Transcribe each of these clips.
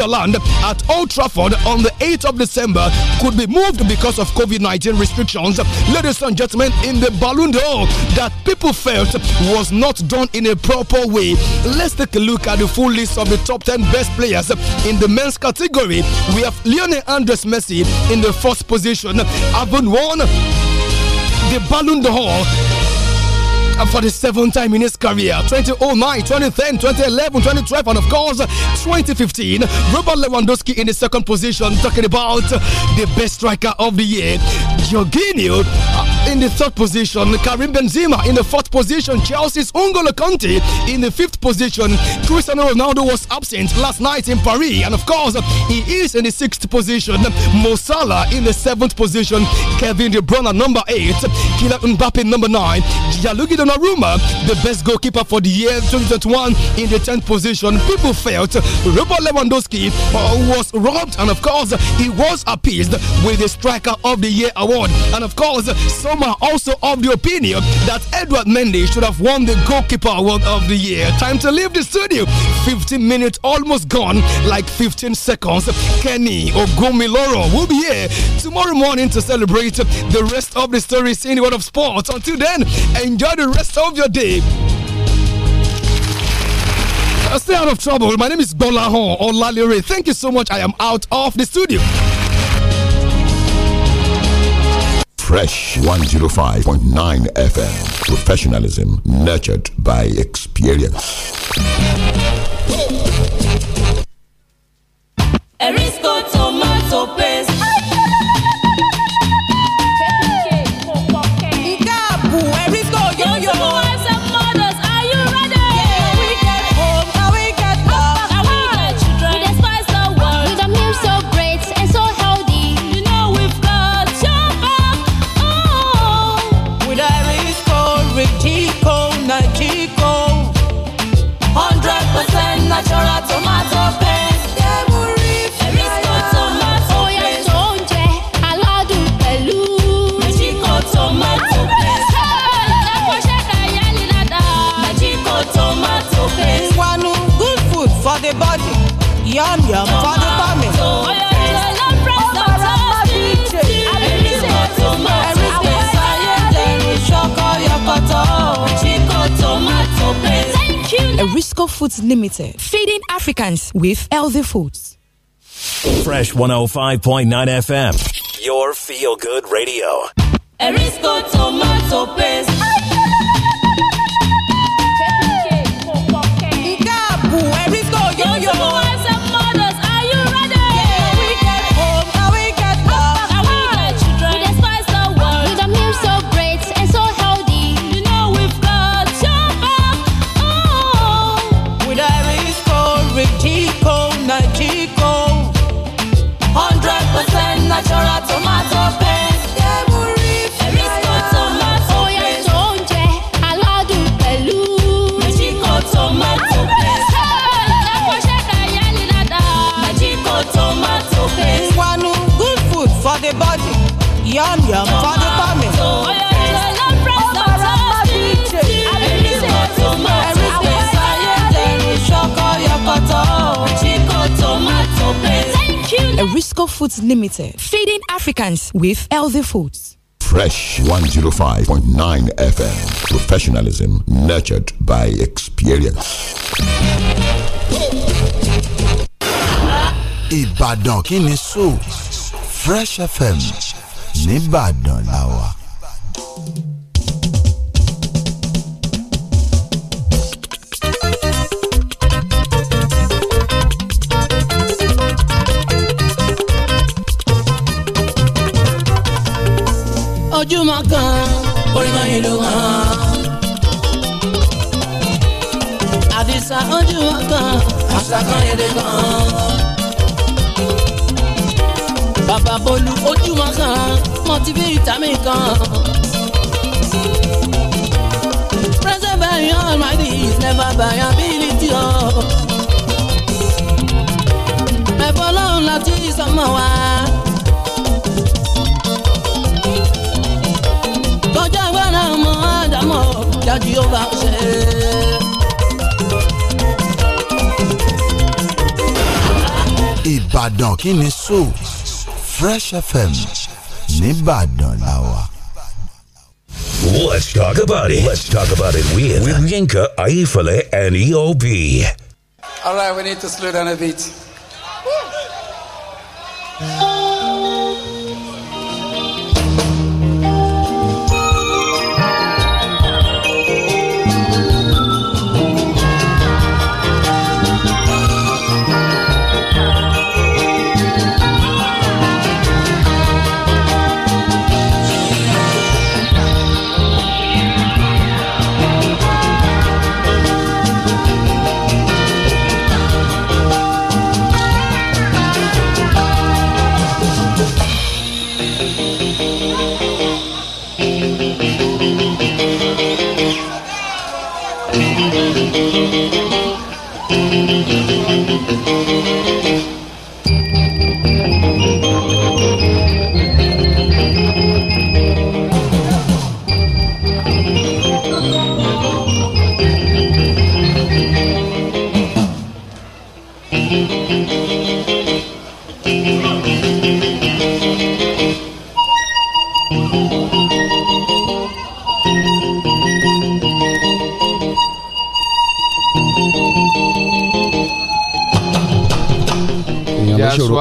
Land at Old Trafford on the 8th of December could be moved because of COVID 19 restrictions. Ladies and gentlemen, in the balloon door that people felt was not done in a proper way. Let's take a look at the full list of the top 10 best players in the men's category. We have Lionel Andres Messi in the first position, having won the Ballon d'Or and uh, for the seventh time in his career, 2009, 2010, 2011, 2012, and of course, 2015, Robert Lewandowski in the second position, talking about the best striker of the year, Jorginho uh, in the third position, Karim Benzema in the fourth position, Chelsea's Ungolo Conte in the fifth position. Cristiano Ronaldo was absent last night in Paris, and of course, he is in the sixth position. Mosala in the seventh position, Kevin De Bruyne number eight, Kylian Mbappe number nine, Gianluigi Donnarumma, the best goalkeeper for the year 2021 in the 10th position. People felt Robert Lewandowski uh, was robbed, and of course, he was appeased with the Striker of the Year award. And of course, some are also of the opinion that Edward Mendy should have won the Goalkeeper Award of the Year. Time to leave the studio. 15 minutes almost gone, like 15 seconds. Kenny Ogumiloro will be here tomorrow morning to celebrate the rest of the stories in the world of sports. Until then, enjoy the rest of your day. Uh, stay out of trouble. My name is Dolahon Olalere. Thank you so much. I am out of the studio. Fresh 105.9 FM. Professionalism nurtured by experience. Erisco Yum yum for the family. Foods Limited, feeding Africans with healthy foods. Fresh 105.9 FM, your feel good radio. Erisco tomato paste. Erisco Foods Limited, feeding Africans with healthy foods. Fresh 105.9 FM. Professionalism nurtured by experience. Ibadan kini so Fresh FM Nibadan lawa. ojúmọ́ kan orin náà yìí ló hàn. àdìsá ojúmọ́ kan àṣà kan èdè kan. bàbá bọ́lú ojúmọ́ kan mọ̀tìbí ìtàmì kan. present by your almighty is never by your ability. ẹ̀fọ́ ọlọ́run láti sọmọ wa. mort qu'à Dieu Ìbàdàn kí ni sọ Fresh FM nìbàdàn làwà. Let's talk about it. Let's talk about it with, with Yinka, Aifale, and EOB. All right, we need to slow down a bit.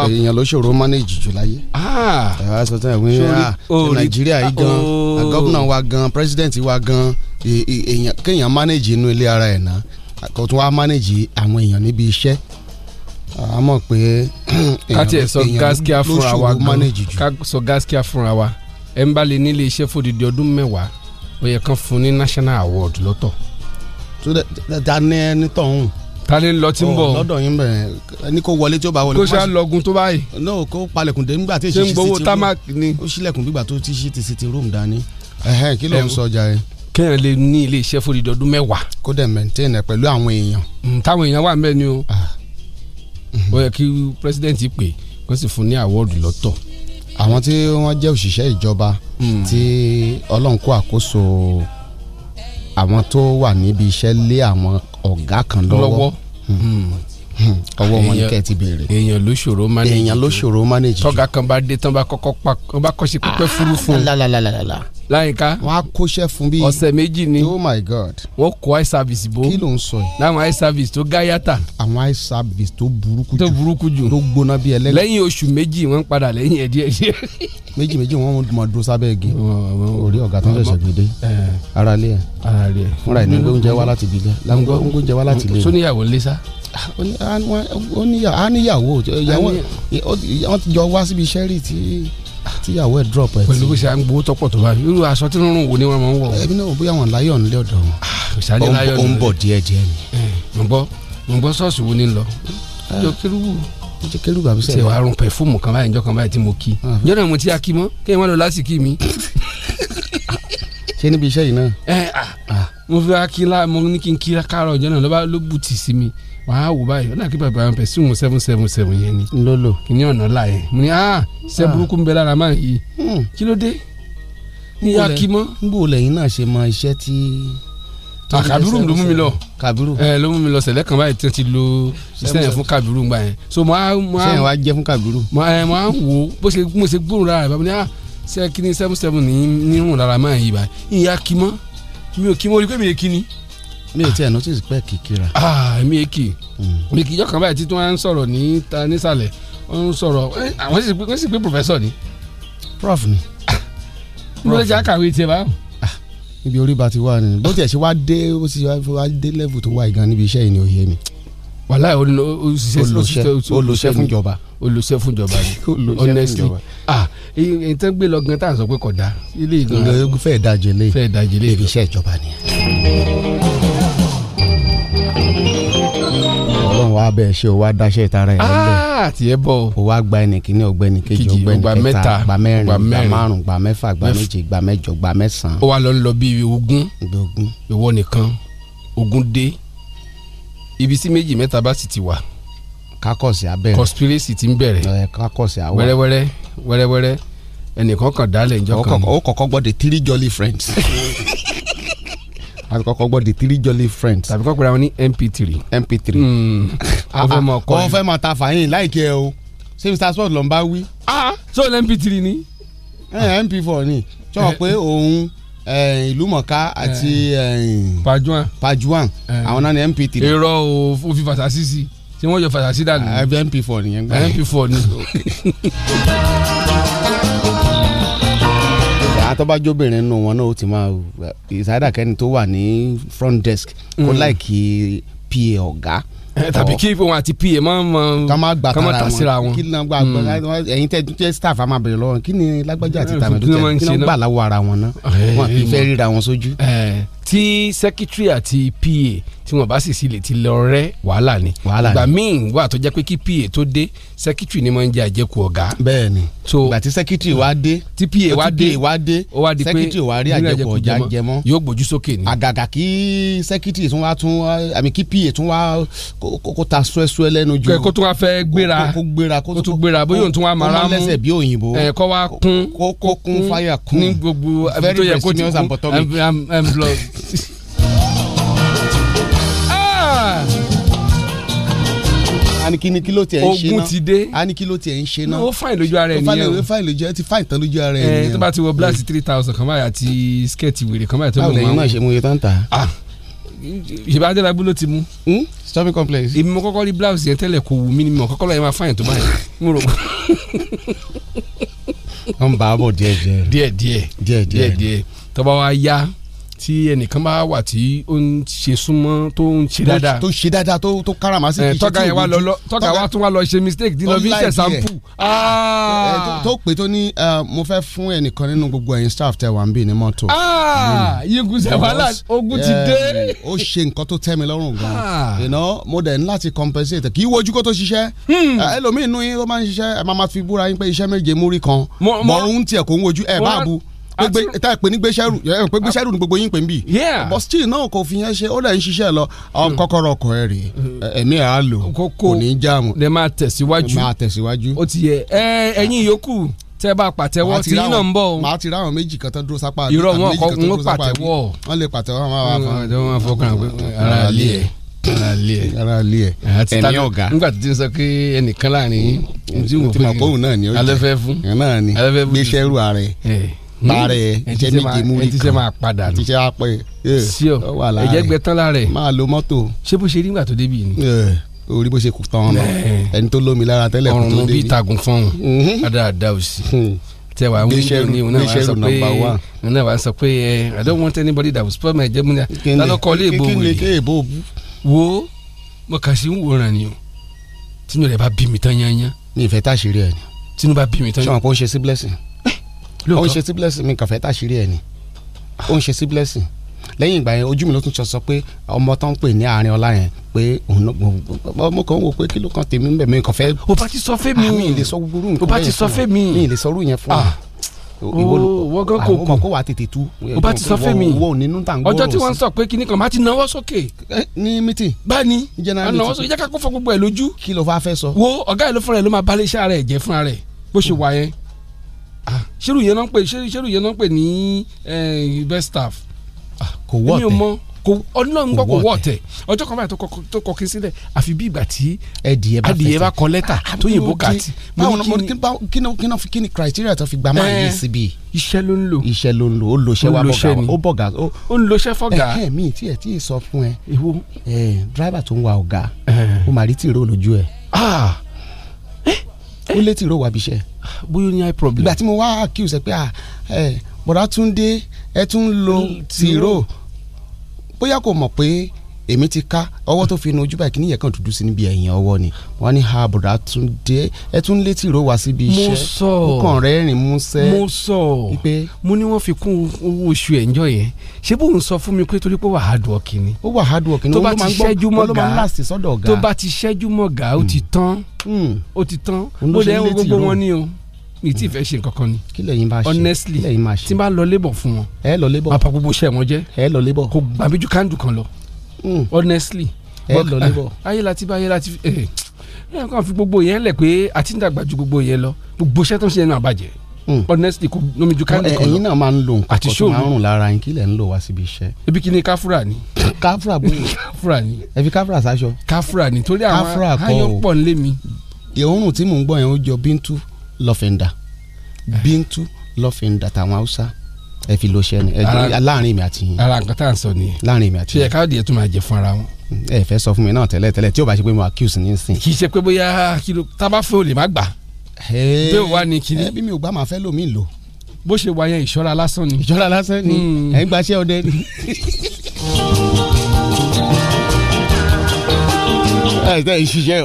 wa. èèyàn ló ṣòro manage jù láyé. Ah. ẹ wá sọ tán ìwé ah, nàìjíríà yìí gan oh. ah, gọ́vùnà wa gan president wa gan e, e, èèyàn kéèyàn manage inú ilé ara ẹ̀ ná kó tún wá manage àwọn èèyàn níbi iṣẹ́ a mọ̀ pé èèyàn ló ṣòro manage jù. ká sọ gáskíà fúnra wa ẹ̀ ń bá lè nílé iṣẹ́ fòdìdí ọdún mẹ́wàá ó yẹ kán fún ní national award lọ́tọ̀. so dani ẹni tọ̀hún ta ni lọ ti ń bọ̀ lọ́dọ̀ yín bẹ̀ ni kò wọlé tí ó bá wọlé. kó ṣe lọgun tó báyìí. no ko palẹ̀kùn dé nígbà tí èsì ti ti rome ó ṣílẹ̀kùn gbígbà tó ti ti ti ti rome dání. ẹhẹ kí ló ń sọ ọjà yẹn. kéèyàn lè ní ilé iṣẹ́ fòdìdì ọdún mẹ́wàá. kó dẹ̀ maintain pẹ̀lú àwọn èèyàn. Hmm, táwọn èèyàn wà mẹ́ni o ah. ó yẹ kí president pè kó sì fún ní award lọ́tọ̀. àwọn tí wọ́n jẹ́ òṣìṣẹ́ ìjọba hmm. tí Ọlọ́run kó àkóso àwọn tó wà níbi iṣẹ́ lé àwọn ọ̀gá kan lọ́wọ́ Hmm. ọwọ́ wọn ni kẹ́ẹ̀ ti béèrè. èèyàn ló ṣòro manage èèyàn ló ṣòro manage. tọ́gà kan bá dé tán bá kọ́kọ́ pa bá kọ́ sí pípẹ́ ah, furu láyìnká. wọn á fún bíi ọ̀sẹ̀ méjì ni oh my god. wọn kó eye service bó. kí ló ń sọ yìí. láwọn eye service tó gáyàtà. àwọn eye service tó burúkú jù. tó burúkú jù. tó gbóná bíi ẹlẹ́gàn. lẹ́yìn oṣù méjì wọ́n padà lẹ́yìn ẹ̀ díẹ̀ díẹ̀. méjì méjì wọn mọ dúró sábẹ́ igi. orí ọ̀gá tó ń ṣẹ̀ṣẹ̀ gbèdé. Eh. ara lé ẹ̀. ara lé ẹ̀. fúnra ẹ̀ ní oúnjẹ wá láti ibi ah, ó níyàwó ó níyàwó ó ti jọ wá síbi iṣẹ́ tí tíyàwó ẹ̀ drop ẹ̀ tí. pẹ̀lú bí sàn gbowó tọ́pọ̀ tó bá irú aṣọ tí rúnrún wo ni wọ́n máa ń wọ̀. ẹbí náà bóyá wọn láyọ̀ nílé ọ̀dọ̀ wọn. Ah, sani láyọ̀ nílé ó ń bọ̀ díẹ̀ díẹ̀ ni. mo gbọ́ mo gbọ́ ṣọ́ọ̀ṣì wo ni lọ. Ah, jọ kérúbù jẹ kérúbù àbí sẹ́yìn. tiwa rún pẹ̀fúmù kan báyìí njọ́ kan báyìí tí mo kí. Ah. jọ́nà mo ti a kí kéèyàn má lọ lásìkí mi. ṣé níbi iṣẹ́ yìí náà. mo fi wá la mo ní kí n kí káàárọ̀ jọ́nà ló bá ló bù sí mi wàá wò báyìí ọlọ́ọ̀kí bàbá wọn pẹ̀sì wọn seven seven seven yẹn ni. lolo kìnìún ọ̀nà là yẹn mo ní a ah, ṣe ah. burúkú ń bẹ lára máa yìí hmm. kí ló dé níyà kí mọ́. n bò lẹ́yìn náà ṣe máa iṣẹ́ tí. Ah, Kabiru. ló mú mi lọ Kabiru. ẹ eh, ló mú mi lọ sẹ̀lẹ̀ kan báyìí tí wọ́n ti lo iṣẹ́ yẹn fún Kabiru. gbà yẹn. so mo á mo á iṣẹ́ yẹn wá jẹ́ fún Kabiru. mo á eh, mo á wò bó ṣe mo ṣe gbóòrò lára bá mi ní a ṣe kíni seven seven ní nírùn mi ò tiẹ̀ notice pé kìkìrà. mi è kì ah, e hmm. mi kì í jọkàn báyìí títí wọn ń sọ̀rọ̀ ní ta nísàlẹ̀ wọn ń sọ̀rọ̀ àwọn sì pé wọ́n sì pé professor ni. prof ni. mo lè jẹ́ àkàwé tiẹ̀ báwọn. níbi ah, orí bá ti wà ni bó tiẹ̀ ṣe wá dé bó ti wá dé level tó wà gan níbi iṣẹ́ yìí ni òye mi. wàhálà olùṣẹ́ fún ìjọba olùṣẹ́ fúnjọba ni honestly ah èyí tó ń gbé lọ́gán tá à ń sọ pé kò dá ilé ìgbọ̀ngàn fẹ́ẹ̀ dájú lé fẹ́ẹ̀ dájú lé ibi iṣẹ́ ìjọba ni. ọlọ́run wa bẹ̀ ṣe o wa dáṣẹ́ ìtara ẹ̀ lọ́lẹ̀ ah, tí ẹ bọ̀ o wa gba ẹnìkíní ọgbẹ́ ẹnìkejì ọgbẹ́ ẹnìkẹta gba mẹ́rin gba márùn gba mẹ́fà gba méje gba mẹ́jọ gba mẹ́sàn ó wà lọ lọ bíi ogún ìwọ nìkan ogún dé ibi tí méjì mẹ́ta bá sì ti wà kákọ̀sì abẹ́rẹ́ conspiracy ti ń bẹ̀rẹ̀ kákọ̀sì àwọn wẹ́rẹ́wẹ́rẹ́ wẹ́rẹ́wẹ́rẹ́ ẹnìkan kan dálẹ̀ ìjọ kan ni. ó kọ́kọ́ gbọ́ three jolly friends a ti kọ́kọ́ gbọ́ three jolly friends. tàbí kọ́kọ́ ra wọn ní mp3. mp3. Hmm. Ah, ó fẹ́ ah, mọ ọkọ yìí ó fẹ́ mọ ta fàyín láìkẹ́ o ṣé mr sport ló ń bá wí. so ah, mp3 ni. Eh, mp4 ni sọ pé òun eh, ìlúmọ̀ká àti. Eh, pajuan pajuan àwọn náà ni mp3. èrò o fífàtà sísì tí wọ́n yọ fàṣàṣì dànù. Ah, mp four nìyẹn gbà mp four ni. àtọ́bájóbìnrin nù wọn náà ó ti máa eh, ìsádàkẹ́ni tó wà ní front desk kó mm. láìkí pa ọ̀gá eh, tàbí kí wọn àti pa máa mọ ká máa gbà kára wọn kí ló ń gbà gbà mm. ẹyin tẹ tẹ staff a máa bèrè lọ́wọ́ kí ni lágbájá àti eh, tàmẹdù tẹ kí ló ń gbà láwọ ara wọn náà wọn kì í fẹ́ ríra wọn sójú. tí secretary àti pa tí wọ́n bá sì sí lè ti lọ rẹ́ wàhálà ni ìgbà míì wà tó jẹ́ pé kí pa tó dé sẹ́kítírì ni máa ń jẹ́ àjẹkù ọ̀gá. bẹ́ẹ̀ni ìgbà tí sẹ́kítírì wá dé tí pa wá dé wá dé sẹ́kítírì wá rí àjẹkù ọ̀gá jẹmọ́ yóò gbójú sókè ni. àgàgà kí sẹ́kítírì tún wá tún àmì kí pa tún wá kó ta sọ́ẹ́sọ́ẹ́ lẹ́nu jù. kó tún wá fẹ́ gbéra kó gbéra kó tún gbéra bóyá òun tún wá mara mú kó lẹ́sẹ̀ bí òyìnbó kó wá kún kó kún fáyà kún ní gbogbo àbí tó yẹ kó ti kún a ní kí ni kí ló tiẹ̀ ń ṣe náà ogun ti dé a ní kí ló tiẹ̀ ń ṣe náà ó fàìn lójú ara ẹ̀ nìyẹn o fàìn lójú ẹ̀ ti fàìn tán lójú ara ẹ̀ eh, nìyẹn o. tó bá ti wọ blast hmm. three thousand kan báyìí àti skẹ́ẹ̀tì wèrè kan báyìí tó lò wọ́n. báwo lẹ́yìn náà ṣe mú iye tán ta. Ah, ìṣèlú adélábù ló ti mú. Hmm? shopping complex. èmi mo kọ́kọ́ rí blouse yẹn tẹ́lẹ̀ kò wù mí ni mo kọ́kọ́ lọ́ọ́ yẹn máa fàìn tó báyìí mo rò wọ́n bá a bọ̀ díẹ̀ díẹ̀ díẹ̀ díẹ̀ díẹ̀ díẹ̀ tó bá wa yá tí ẹnìkan bá wà tí ó ń ṣe súnmọ́ tó ń ṣe dáadáa tó ṣe dáadáa tó tó kárama sí kìí eh, ṣe tó tọ́ka yẹn wá lọ tọ́ka wá tún wá lọ ṣe mistake dín lọ bí ṣe sampo. Eh, ah! tó pé tó ní eh, mo fẹ́ fún ẹnìkan nínú gbogbo ẹ̀yin staff tẹ wà ń bì ní mọ́tò. Ah! Mm. yíkun ṣe wàhálà ogun ti dé. ó ṣe nǹkan tó tẹ́ mi lọ́rùn gan-an ah! mo dẹ̀ ní láti compensate kì í wojú kó tó ṣiṣẹ́ hmm. ẹlòmíín nú yín ló máa ń ṣiṣẹ́ ẹ máa ma fi búra yín pé iṣẹ́ méje múrí kan mọ̀ ohun tiẹ̀ kò ń wojú ẹ̀ máa pé tá a pè ní gbèsèrú pé gbèsèrú ni gbogbo yín pè ń bì. bọ́ still náà kò fi yẹn ṣe ó dẹ̀ ń ṣiṣẹ́ lọ hmm. kọ́kọ́rọ́ ọkọ̀ ẹ̀ hmm. ẹ̀mí ẹ̀ á lò kò ní í jáàmù. lè máa tẹ̀síwájú máa tẹ̀síwájú. ó ti yẹ ẹ̀yin yòókù tẹ bá pàtẹ́wọ́ tí yín náà ń bọ̀ màá ti ra méjì kan tó dúró sápá mi. irọ́ wọn kọ ń pàtẹ́wọ́. wọ́n lè pàtẹ́wọ́ àwọn àwọn afọ. wọ́n fọkàn pé ara ilé ẹ̀ ara ilé ẹ̀ ẹ̀mí ọ̀gá. nígbà tó ti sọ pé ẹnìkan láàrin yín. tí mo pe alẹ́fẹ́ fún alẹ́fẹ́ fún gbèsè ẹrù ààrẹ lára ẹ iṣẹ́ kan ẹ ti ṣe máa padà nù ti ṣe apẹ ẹ ọ gbẹ tán lára ẹ máa lo mọ́tò. ṣé bó ṣe rí nígbà tó débi ni. orí bó ṣe kù tán ọ̀nà ẹni tó lómi lára tẹ́lẹ̀ kù tó débi. ọrùn bíi tagun fọ́ọ̀n adáadáa òsì hmm. tẹ wàá wíńdò ni òun náà sọ pé òun náà sọ pé I don't want anybody that will spoil my Germany lálọ́kọ́ lè bò wò wo mo kà sí wòran ni o tinubu rẹ bá bí mi tán yányán. mi ìfẹ́ tá a ṣe rí ẹ ó ń ṣe sí blessing mi kàn fẹ́ tàṣírí ẹ̀ ni ó ń ṣe sí blessing lẹ́yìn ìgbà yẹn ojú mi ló tún sọ pé ọmọ tó ń pè ní àárín ọlá yẹn pé ọmọ kan wò pé kí ló kan tèmi ń bẹ̀ mí kàn o bá ti sọ fẹ́ mi ah, mi ì lè sọ gbúrú nǹkan yẹn fún mi o bá ti sọ fẹ́ mi mi ì lè sọ rú yẹn fún mi ah. oh, wọ́n gan ah, kò kù àwọn ọmọ tètè tú. o bá ti sọ fún mi ọjọ́ tí wọ́n sọ pé kinní kan máa ti náwó sókè. Eh, eh, ní mítì. báni general mítì ọ̀nà ọ̀sọ̀ ìjẹ́ká kó fọ wo ọ̀gá ìlú fúnra ẹ̀ ló máa balẹ̀ Ah. ṣerú yẹn náà pè ṣerú yẹn náà pè ní eh, best staff ah, kò wọ́ tẹ̀ èmi ò mọ kò ọlọ́run gbọ́ kò wọ́ tẹ̀ ọjọ́ kan báyìí tó kọ kí n sílẹ̀ àfi bí ìgbà tí adìyẹ bá kọ lẹ́tà ah, tó yìnbó kà tí. báwo kí ni kí ni kí ni criteria tó fi gba máa yé eh, síbi. iṣẹ́ ló ń lò iṣẹ́ ló ń lò ó lo iṣẹ́ wa bọ̀gà ó bọ̀gà ó ń lo iṣẹ́ fọ̀gà. ẹ ẹ mi tí ẹ tí ì sọ fún ẹ ẹ eh, dírẹ́bà tó ń wa ọ̀gá ó máa rí tìró lójú ẹ kúnlé tìró wà bíṣẹ́. bóyá ní eye problem. ìgbà tí mo wá accuse ẹ pé ah, bọ̀dá Túndé ẹ tún lo tìró bóyá kò mọ̀ pé èmi ti ká ọwọ́ tó fi nu ojú báyìí kí nìyẹn kan dúdú sí níbi ẹ̀yìn ọwọ́ ni wọ́n ní àbùdá tún dé ẹ tún létí ìró wá síbi iṣẹ́ mo sọ ó kàn rẹ́rìn músẹ́ mo sọ pé mo ní wọ́n fi kún owó oṣù ẹ̀ yẹn ṣé bóun sọ fún mi pé torí pé wà á dùn ni ó wà á dùn ọ̀kì ni ó ló máa ń gbọ́ ló máa ń láàsì sọ́dọ̀ ọ̀gá tó bá ti ṣẹ́jú mọ́ ọ̀gá hmm. hmm. ó ti tán ó ti tán ó lẹ́yìn gbogbo wọn ni hmm. fẹ́ ṣe nǹkankan ni. kí lẹ́yìn máa ṣe honestly tí n bá lọ labour fún wọn. ẹ lọ labour. máa gbogbo iṣẹ́ wọn jẹ́. ẹ lọ labour. kò gbàmíjú kándù kan lọ. Mm. honestly eh, bọ́ọ̀lù ah. lọ́lẹ́bọ̀ ayé láti bá ayé láti ẹ̀ ẹ̀ kàn fi gbogbo yẹn lẹ̀ pé àti ń dàgbà ju gbogbo yẹn lọ gbogbo iṣẹ́ tó ń ṣe ẹnu àbàjẹ́ mm. honestly kò lómi ju káńdì eh, kan lọ ẹ̀yin náà máa ń lo nǹkan kan tó máa ń rùn lára yín kí lẹ̀ ń lò wá síbi iṣẹ́. ibi kí ni káfúrà ni. káfúrà bó ni káfúrà ni. ẹ fi káfúrà sáṣọ. káfúrà ni torí àwọn ayọ̀ pọ̀ nílé mi. òórùn tí mò ń gbọ́ yẹn ó jọ bíntú lọ́fẹ̀ndà eh. bíntú lọ́fẹ̀ndà tàwọn haúsá ẹ fi lo ṣẹ́ ni láàrin mi àti yín. ara nǹkan tá à ń sọ nìyẹn. láàrin mi àti yín. ṣe káàdì ẹ̀ tún máa jẹ fún ara wọn. ẹ fẹ́ sọ fún mi náà tẹ́lẹ̀ tẹ́lẹ̀ tí ó bá ṣe pé mo accuse ní sìn. kì í ṣe pé bóyá kìló tábà fún olè má gbà. bí o wà ní kiri. ẹ mi ò gbà máa fẹ́ lómi lò. bó ṣe wà yẹn ìṣọ́ra lásán ni. ìṣọ́ra lásán ni hmm. ẹ̀ ń gbaṣẹ́ ọdẹ ni ẹ ṣiṣẹ́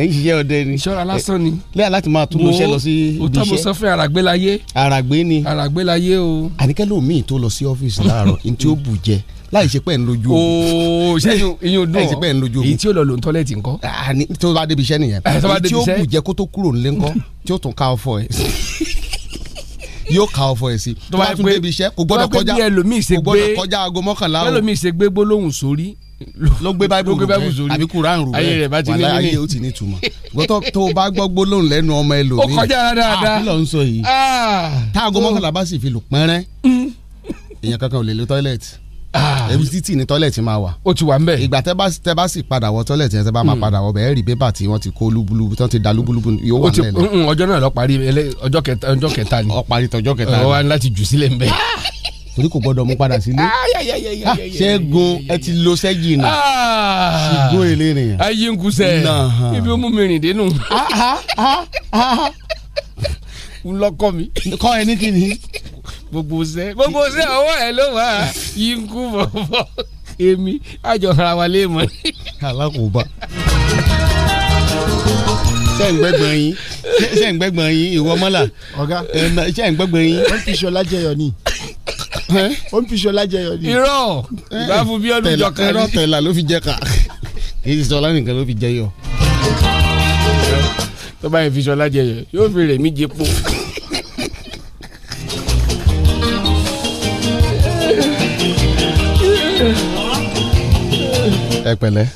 ẹ̀ ń ṣiṣẹ́ ọdẹ ni. ìṣọ́ra lásán ni. lẹ́yà láti máa tún lọ́ṣẹ́ lọ sí ibi iṣẹ́. òótọ́ mo sọ fún àràgbélayé. àràgbé ni. àràgbélayé o. àníkẹ́ lómi tó lọ sí ọ́fíìsì láàárọ̀ ní tí ó bù jẹ láì ṣe pẹ́ ń lójú omi. ooo ṣé iyún dùn ọ láì ṣe pẹ́ ń lójú omi. èyí tí ó lọ lò ń tọ́lẹ̀tì ńkọ́. àní tó bá débi iṣẹ́ nìyẹn. tó bá débi iṣẹ́ èyí tí ó bù jẹ kó tó kúrò nílé ńkọ́ tí ó tún ká ọ fọ ẹ yóò ka ọ̀fọ̀ ẹ sí. tó bá tún débi iṣẹ́ kò gbọ́dọ̀ kọjá kò gbọ́dọ̀ kọjá aago mọ́kànlá o. ẹlòmíì ṣe gbé gbólóhùn sórí ló gbé báíbù sórí àbí kuran rù rẹ ayé rẹ bá ti ní nínú ayé ó ti ní ìtumọ̀ gbọ́tọ̀ tó o bá gbọ́ gbólóhùn lẹ́nu ọmọ ẹ lòmíì ó kọjá dáadáa àbí ah, lọ ń sọ yìí ah. táàgó oh. mọ́kànlá bá sì fi lù pẹ́rẹ́ mm. èèyàn kankan ò lè lo tọ́ílẹ̀tì ẹbí ah. títì ní tọ́lẹ̀tì máa wà. ó ti wà ń bẹ̀. ìgbà tẹ́ bá tẹ́ bá sì padà wọ tọ́lẹ̀tì yẹn tẹ́ bá máa mm. padà wọ bẹ́ẹ̀ rí bébà tí wọ́n ti kó lúbúlúbú tí wọ́n ti da lúbúlúbú yóò wà nílẹ̀. ọjọ́ náà lọ parí ọjọ́ kẹta ni. ó parí tọjọ́ kẹta ni. ó wá láti jù sílẹ̀ ń bẹ̀ torí kò gbọ́dọ̀ mú padà sílé ṣẹ́gun ẹ ti lo sẹ́yìn nà ṣùgbọ́n èlé rìn. ayé ń kusẹ̀ ibi ó mú mi rìn dénú. n lọkọ mi. kọ́ ẹ ní kíni. gbogbo sẹ́ gbogbo sẹ́ ọwọ́ ẹ ló wà yí ń kú bọ̀bọ̀ èmi àjọ ara wa lè mọ̀. alákòóbá ṣe ń gbẹgbọn yín ṣe ń gbẹgbọn yín ìwọ mọ́là ọ̀gá ṣe ń gbẹgbọn yín. wọ́n ti ṣọlá jẹyọ ni ó ń fi ṣọlá jẹyọ ni. irọ́ ìbá fún bí ọdún jọ kan ní. ẹ̀rọ tẹ̀lá ló fi jẹ ká kì í ṣọlá nìkan ló fi jẹyọ. tó bá yẹ fi ṣọlá jẹyọ yóò fi rẹ̀ mí jẹpo. ẹ pẹ̀lẹ́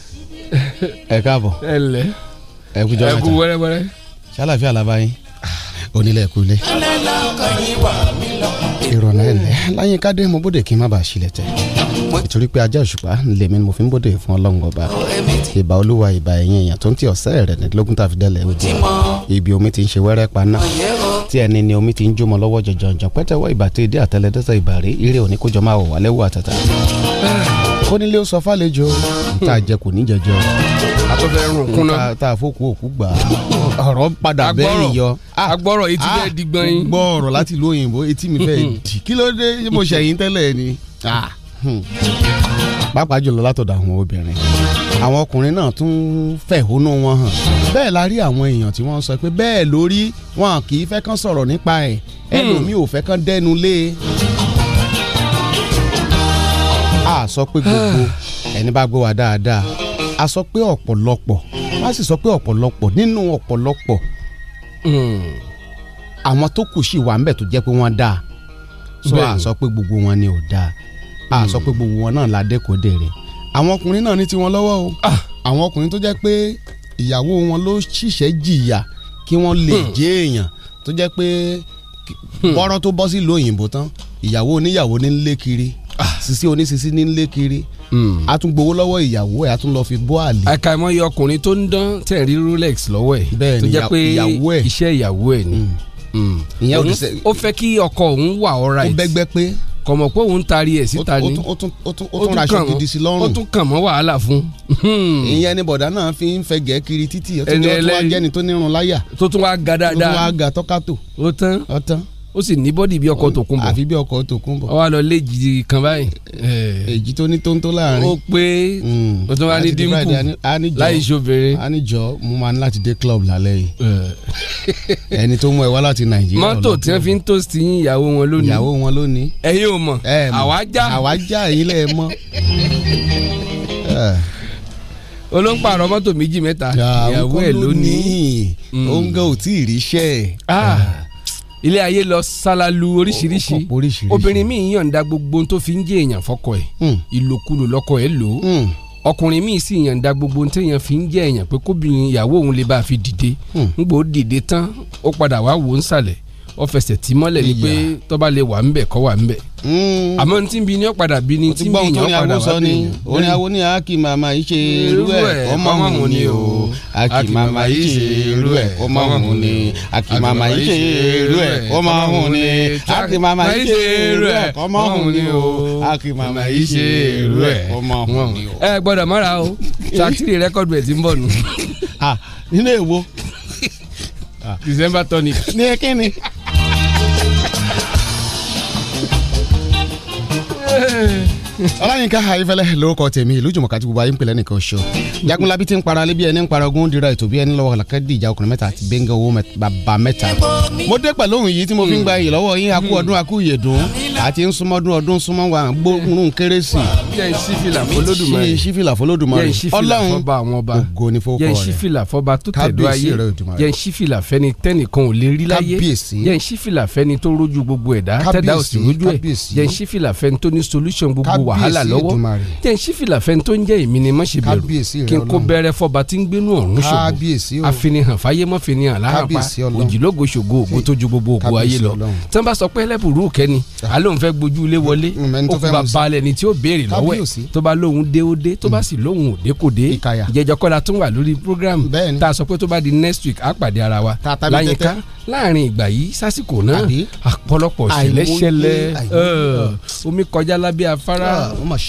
ẹ káàbọ̀ ẹ lẹ ẹ kú jọ ẹ kú wẹ́rẹ́wẹ́rẹ́. ṣàlàfíà làbáyé onílẹ̀ kulé. ẹlẹ́lá ọkàn yìí wà mí ìrọ̀nà ẹ̀lẹ́ láyé ká dé mo bóde kí n má bàa ṣílẹ̀ tẹ̀ nítorí pé ajá òṣùpá lèmi ni mo fi ń bóde fún ọlọ́run ọba ìbà olúwa ìbà ẹ̀yìn èèyàn tó ń ti ọ̀sẹ́ rẹ̀ nílógún tàfi ojú ibi omi ti ń ṣe wẹ́rẹ́ pa tí ẹni ni omi ti ń jómọ lọ́wọ́ jọjọjọ pẹ́tẹ́wọ́ ìbà ìdí àtẹlẹdẹ́sẹ̀ ìbà rí òní kójọ máa wọ̀ wálẹ́wọ̀ àtàtà kónílé ó sọ fálejò tá a jẹ ní jẹjọ àtúntẹ̀rùn kúnná. tá a fọ́kù òkú gbà á ọ̀rọ̀ padà bẹ́ẹ̀ yọ. agbọ́rọ̀ etí bẹ́ẹ̀ ah, di gbọ́n. gbọ́rọ̀ láti ìlú òyìnbó etí mi fẹ́ẹ́ hmm. di kí ló dé mo ṣẹ̀yìn tẹ́lẹ̀ ni. Ah, hmm. pàápàá jùlọ látọ̀dọ̀ àwọn obìnrin àwọn ọkùnrin náà tún fẹ̀hónú wọn hàn bẹ́ẹ̀ la rí àwọn èèyàn tí wọ́n sọ pé bẹ́ẹ̀ lórí wọn kì í fẹ́ kán sọ̀rọ̀ nípa ẹ̀ hmm. ẹlòmíì ò fẹ́ kán dẹnu lé e a sọ pé gbogbo ah. ẹni bá gbọ́ wa dáadáa a sọ pé ọ̀pọ̀lọpọ̀ a sì sọ pé ọ̀pọ̀lọpọ̀ nínú ọ̀pọ̀lọpọ̀ hmm. àwọn tó kù sí wà ń bẹ̀ tó jẹ́ pé wọ́n dáa so a sọ pé gbogbo wọn ni ò dáa a sọ pé hmm. gbogbo wọn náà ládé kò dèrè àwọn ọkùnrin náà ní tiwọn lọ́wọ́ o ah. àwọn ọkùnrin tó jẹ́ pé ìyàwó wọn ló ṣiṣẹ́ jìyà kí wọ́n lè hmm. jẹ́ èèyàn tó jẹ́ pé bọ́rọ́ tó bọ́ sí ìlú òyìnbó tán ìyàwó oníyàwó ní ń lé kiri sisi onísisi ní nlé kiri hmm. a tún gbowó lọ́wọ́ ìyàwó ẹ̀ a tún lọ fi bọ́ àlè. àkàìmọ̀ iye ọkùnrin tó ń dán tẹ̀ rí rolex lọ́wọ́ ẹ̀ tó jẹ́ pé iṣẹ́ ìyàwó ẹ̀ ni hmm. Hmm. ó fẹ́ kí ọkọ òun wà ọ̀ra ẹ̀ ó bẹ́gbẹ́ pé kọ̀mọ̀ pé òun taari ẹ̀ síta ni ó tún raṣọ gidi sí lọ́rùn ó tún kàn mọ́ wàhálà fún. ìyẹn ni bọ̀dá náà fi ń fẹ́ gẹ̀ẹ́ kiri títì ó tún wá tó tún wá ga dáadáa ó ó sì ní bọ́dì bí ọkọ̀ tòkun bọ̀ àfi bí ọkọ̀ tòkun bọ̀ ó wá lọ léjì kan báyìí. Eh, èjì tó ní tóńtó láàrin. ó pé o hmm. tún wá ní dínkù láì ṣobìnrin. a ní jọ mo máa ní láti dé club lálẹ́ yìí eh. ẹni tó mú ẹ wá láti nàìjíríà lọ. mọ́tò tí wọ́n fi ń tó sí ìyàwó wọn lónìí. ìyàwó wọn lónìí. ẹ̀yin ò mọ̀ eh, àwájá àwájá ẹ̀yin lẹ́ẹ̀ mọ́ olóńpà àrọ mọ́tò méjì mẹ́ta ìyàwó ẹ̀ lónìí hmm. òun gan ò tí ì ẹ̀ ilé ayé lọ sálálú oríṣiríṣi obìnrin míì yànda gbogbo tó fi ń jẹ èèyàn fọkọ ẹ hmm. ìlòkulò lọkọ ẹ lò ó hmm. ọkùnrin míì sì yànda gbogbo téèyàn fi ń jẹ èèyàn pé kóbìnrin ìyàwó òun lè bá a fi dìde ńgbò hmm. dìde tán ó padà wá wò ó ń sàlẹ̀ wọ́n fẹsẹ̀ tí mọ́lẹ̀ ni pé tó bá lè wà ń bẹ̀ kọ́ wà ń bẹ̀. Hmm. àmọ́ tí ń bi ni ó padà bi ni tí ń bi èèyàn padà wà bí èèyàn. orin awo ni aki mama yìí ṣe irú ẹ̀ ọmọ mu ni o aki mama yìí ṣe irú ẹ̀ ọmọ mu ni aki mama yìí ṣe irú ẹ̀ ọmọ mu ni aki mama yìí ṣe irú ẹ̀ ọmọ mu ni o aki mama yìí ṣe irú ẹ̀ ọmọ mu ni o. ẹ gbọ́dọ̀ mọ́ra o ṣàtìrì rẹ́kọ̀dù ẹ̀ ti ń bọ̀ nù. Ah, nínú èwo. December tonic. ní kíni. ọláyínká ayífẹ́lẹ́ lórúkọ tèmi ìlú jùmọ̀ká tí gbogbo ayé ń pèlẹ́ nìkan ṣo jagunlabi ti ń para alẹ́ bí ẹni ń para ogun dira ètò bí ẹni lọ́wọ́ kàkẹ́ di ìjà ọkùnrin mẹ́ta àti bẹ́ńgẹ́ owó bàbá mẹ́ta. mo dé pẹ̀lú òun yìí tí mo fi ń gba iyì lọ́wọ́ yín akú ọdún akú ìyèdùn àti nsúmọ́dún ọdún súnmọ́ wa gbórùn kérésì. yẹ ìsífìlà fọlódùmarè yẹ ìsífìlà fọlódùmarè ọlọ́run ògo ni fọkọ rẹ yẹ ìsífìlà fọba tó tẹ̀dọ́ ayé yẹ ìsífìlà fẹni tẹnìkan ò solution gbogbo wàhálà lọ́wọ́ jẹ́ n sífìlà fẹ́ni tó ń jẹ́ èmi ni má ṣe bẹ̀rù kí n kó bẹ̀rẹ̀ fọba tí ń gbénú ọ̀run ṣògo àfinihàn fáyé mọ́ finihàn láàpá òjìlógo ṣògo ògo tó ju gbogbo ògo ayé lọ tí wọ́n bá sọ pé ẹlẹ́bù rú kẹ́ni alóhùn ah. fẹ́ gbójú ilé wọlé mm, ó kú bàbá alẹ́ ni tí ó béèrè lọ́wọ́ ẹ̀ tó bá lóhùn dé ó dé tó bá mm. sì lóhùn òde kò dé ìjẹjọkọ́la tún wà lórí program tá a sọ pé tó bá di next week á pàdé ara wa láyínká láàrin ìgbà yìí sásìkò náà àpọ̀lọpọ̀ ṣẹlẹ̀ omi kọjá lábẹ́ afárá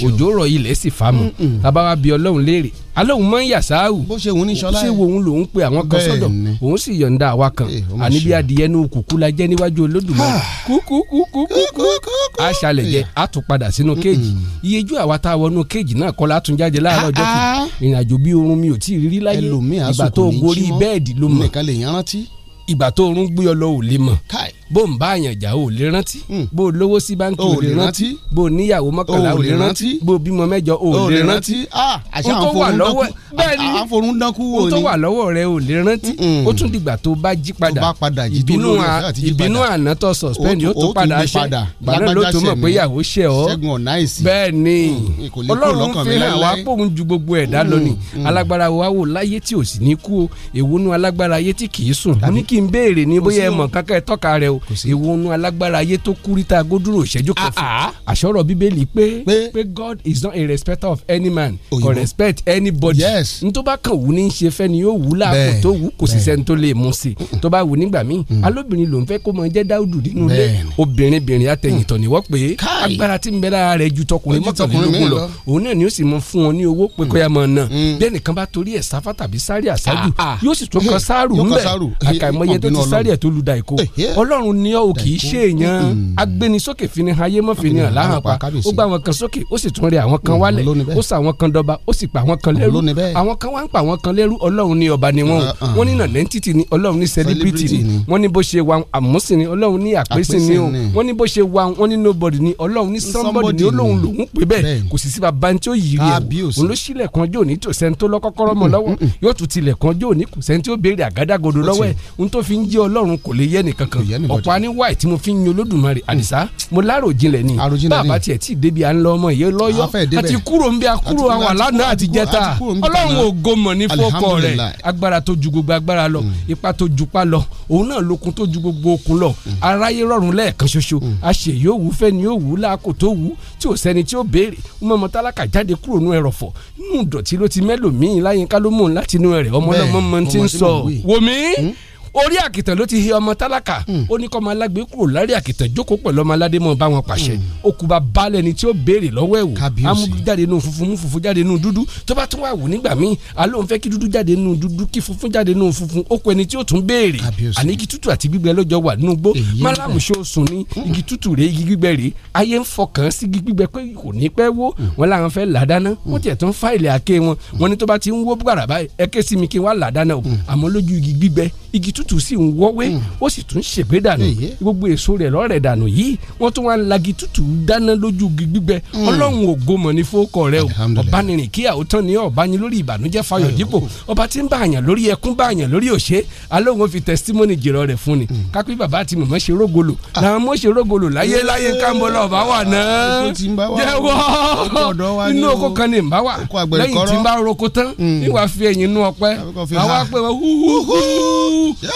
òjò rọ̀ ilẹ̀ sì fa mu tàbá wa bí ọlọ́run léèrè alóhùn mọ́ ń yà sáàwù bó ṣe òun ní sọlá yẹn bó ṣe òun lòun pe àwọn kan sọ́dọ̀ òun sì yọ̀ǹda àwa kan eh, àní bí adìyẹ inú kùkú la jẹ́ níwájú olódùmarè ah. kúkúkúkúkú aṣàlẹ̀ jẹ́ a tún padà sínú kéèjì iyejú àwa tá a wọnú kéèjì náà kọ́ la tún jáde láàárọ̀ ọjọ́ kejì ah, ah. ìrìnàjò bí oorun mi ò tí ì rírí láyé ìgbà tó gorí bẹ́ẹ̀dì ló mọ̀ ìgbà tó oorun gbé ọ lọ ò lè mọ̀ bó ń bá àyàn jà ò lè rántí hmm. bó lówó sí báńkì ò lè rántí bó níyàwó mọ́kànlá ò lè rántí bó bímọ mẹ́jọ ò lè rántí ah, àṣà àforún dánkù wò ni o tó wà lọ́wọ́ rẹ ò lè rántí hmm. ó tún dìgbà tó bá jí padà ìbínú àná tó suspend yóò tó padà ṣe gbàgbọ́n ló tó mọ̀ pé ìyàwó ṣe ọ́ bẹ́ẹ̀ ni hmm, ọlọ́run fi hàn wá pòun ju gbogbo ẹ̀dá lọ ni alágbára wa wò láyé tí ò sì ní kú o ìwọ nu alágbára ayé tó kú ríta agódúró ìṣẹ́jú kan fún ah, ah. àṣọrọ̀ bíbélì pé pé God is not a respecter of any man kò respect anybody n tó bá kàn wù ní í ṣe fẹ́ ni yóò wù láàbò tó wù kò sì sẹ́ni tó lè mú sí tó bá wù nígbà míì mm. alóbìnrin ló ń fẹ́ kó mọ jẹ́ dáúdù nínú ilé obìnrin bìnrin atẹ̀yìntọ̀ ni wọ́n pé mm. agbára tí ń bẹ lára rẹ̀ ju tọkùnrin mọ́kànlélógún lọ òun náà ni ó sì mọ fún wọn ní owó pé kó yá mọ náà mm. bẹ́ẹ̀ nìkan bá torí ẹ̀ sáfà tàbí sáré àsájù ah, yóò sì tún kan sáàrù ńbẹ̀ àkàìmọye tó ti sáré ẹ̀ tó lu da ìkó eh, ọlọ́run ọlọ́run ní ọ ò kì í ṣe èèyàn mm. agbénisókè fini ayé mọ́ fini hàn láhàn pa ó gbá àwọn kan sókè ó sì tún rẹ àwọn kan mm, wálẹ̀ ó sà àwọn kan dọba ó sì pa àwọn kan lẹ́rú àwọn kan wá ń pa àwọn kan lẹ́rú ọlọ́run ní ọba ni wọ́n uh, uh, uh. wọ́n ní nàlẹ́ntìtì ni ọlọ́run ní sẹ́líbírìtì ni wọ́n ní bó ṣe wa àmúsìn ni ọlọ́run ní àpèsìn ni wọ́n ní bó ṣe wa wọ́n ní nobody ni ọlọ́run ní somebody ni olóhùn lòún pè bẹ́ẹ̀ kò sì sí bàbá ní tí ó yí rí ẹ̀ òun ló ṣílẹ̀kùn ọjọ́ òní tó sẹ́ni tó lọ́kọ́kọ́rọ́ mọ́ mm, lọ́wọ́ yóò tún tilẹ̀kùn ọjọ́ òní kò sẹ́ni tó ọ̀pá ní white tí mo fi ń yan olódùmarè hmm. àdìsá mo lárò jinlẹ̀ ni bàbá tiẹ̀ tí débi à ń lọ ọmọ ìyẹn lọ́yọ́ àti kúrò ń bí akúrò àwọn àlànà àti jẹta ọlọ́run ògo mọ̀ ní fọ́kọ rẹ̀ agbára tó ju gbogbo agbára lọ hmm. ipa tó ju pa lọ òun náà lókun tó ju gbogbo okun lọ hmm. aráyé rọrùn lẹ́ẹ̀kan ṣoṣo àṣẹ yóò wù fẹ́ ni yóò wù láàkó tó wù tí ò sẹ́ni tí ó béèrè mọ̀mọ́ tálákà jáde kúrò nú ẹrọ̀fọ̀ nínú ìdọ̀tí ló ti mẹ́lòmíì láyínká ló mọ̀ látinú rẹ̀ ọmọ náà mọ̀mọ́ ti ń sọ wòmí orí àkìtàn ló ti he ọmọ tálákà hmm. ó ní kọ́ ọmọ alágbe kúrò lárí àkìtàn jókòó pẹ̀lú ọmọ aládé mọ́ bá wọn pàṣẹ okùnbà hmm. balẹ̀ ni tí ó béèrè lọ́wọ́ ẹ̀ wò amúdú jáde nù funfun mú funfun jáde nù dúdú tó bá tún wà wò nígbà míì alóhùn fẹ́ kí dúdú jáde nù dúdú kí funfun jáde nù funfun ó ẹni tí ó tún béèrè àní igi tútù àti gbígbẹ lọ́jọ́ wà nínú gbó málàmù ṣó sùn ní hmm. igi tútù rèé igi gbígbẹ rèé ayé ń fọkàn sí igi gbígbẹ pé kò ní pẹ́ wó wọn làwọn igi ìtútù sì ń wọ́wẹ́ hmm. ó sì tún ṣègbé dànù gbogbo èso rẹ̀ lọ́rẹ̀ dànù yìí wọ́n tún wá ń lagi tútù dáná lójú gbígbẹ hmm. ọlọ́run ògo mọ̀ ní rẹ o ọ̀bánirin kíá ó tán ní ọ̀bánin lórí ìbànújẹ́ fayọ̀ dípò ọba tí ń bá àyàn lórí ẹkún bá àyàn lórí òṣè alóhùn fi testimony jìrọ rẹ̀ fún ni hmm. kápẹ́ bàbá àti mọ̀mọ́ ṣe rógolo ah. làwọn mọ̀ ṣe rógolo láyé láyé kámbọ́lá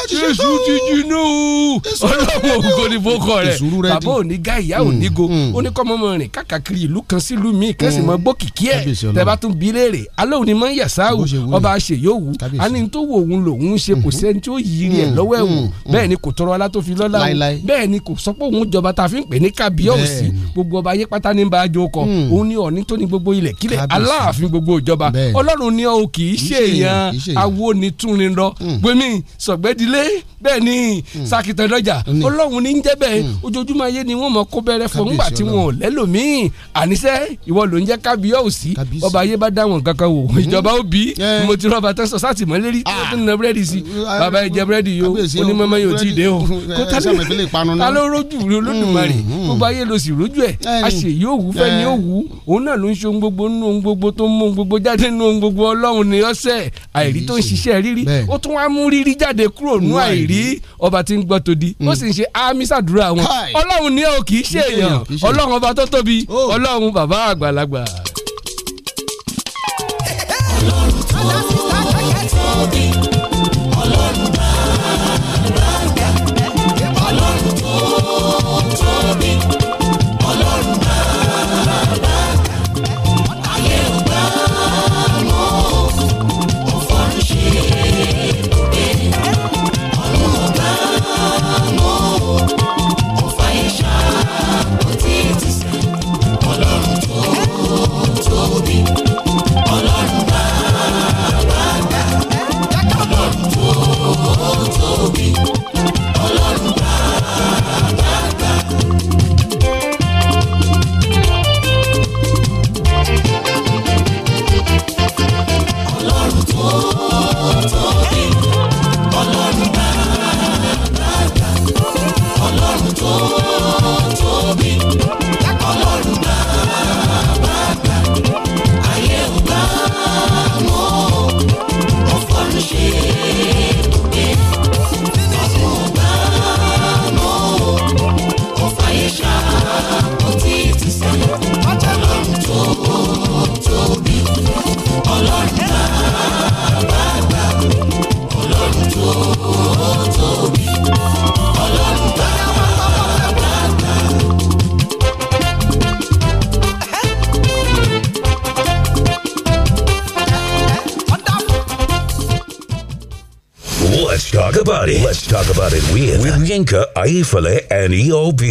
jésù ti jiná o ọlọ́run ògo ni fọkọ rẹ̀ bàbá òní ga ìyá òní hmm, go hmm. ó ní kọ́ mọ́mọ́ rìn káàkiri ìlú kan sílùú míì kẹ́sì hmm. mọ́ gbókìkí ẹ̀ tẹ́bá tún bí léèrè alẹ́ òní mọ́ yẹ̀sà o ọba àṣẹ yóò wù á ní tó wò òun lòun ṣe kò sẹ́ni tí ó yí rí ẹ̀ lọ́wọ́ ẹ̀ wò bẹ́ẹ̀ ni kò tọrọ ọlá tó fi lọ́lá o bẹ́ẹ̀ ni kò sọ pé òun jọba tá a fi ń pè ní kábíyọ̀sì gbogbo ọba ayé pátá ní bá a jó kọ òun ni ọ̀ní tó ní gbogbo ilẹ̀ kílẹ̀ aláàfin gbogbo ìjọba ọlọ́run ni ọ kì í ṣe èèyàn awo ni túnrin lọ gbẹmí sọ̀gbẹ́d ìdílé bẹ́ẹ̀ ni sakitan hmm. dọjà ọlọ́run ní ń jẹ́ bẹ́ẹ̀ hmm. ojoojúmọ́ ayé ni wọ́n mọ̀ kó bẹ̀rẹ̀ fún nígbà tí wọn ò lẹ́lòmíì àníṣe ìwọ ló ń jẹ́ kábíyọ̀sì ọba ayé bá dá wọn kankan wò hmm. ìjọba ó bí mo ti rọba tẹ́sán sáàtì mọ́ lérí kí ah. wọ́n tún na búrẹ́dì sí uh, uh, bàbá ẹ jẹ búrẹ́dì yó onímọ̀mọ́ yóò tí ì dé o kó ta eh, ló rójú olódùmarè gbogbo ayé ló sì rójú ẹ̀ eh. a ṣe yóò wú fẹ́ ni ó eh. wú òun náà ló ń ṣe ohun gbogbo nínú ohun gbogbo tó ń mú ohun gbogbo jáde nínú ohun gbogbo ọlọ́run ni rònú àìrí ọba tí ń gbọ́ tòdí hmm. ó sì ń ṣe àmì wọn ọlọ́run ní o kì í ṣe èèyàn ọlọ́run ọba tó tóbi oh. ọlọ́run bàbá àgbàlagbà. ọlọ́run tó tóbi. Yinka Ayefele and EOB.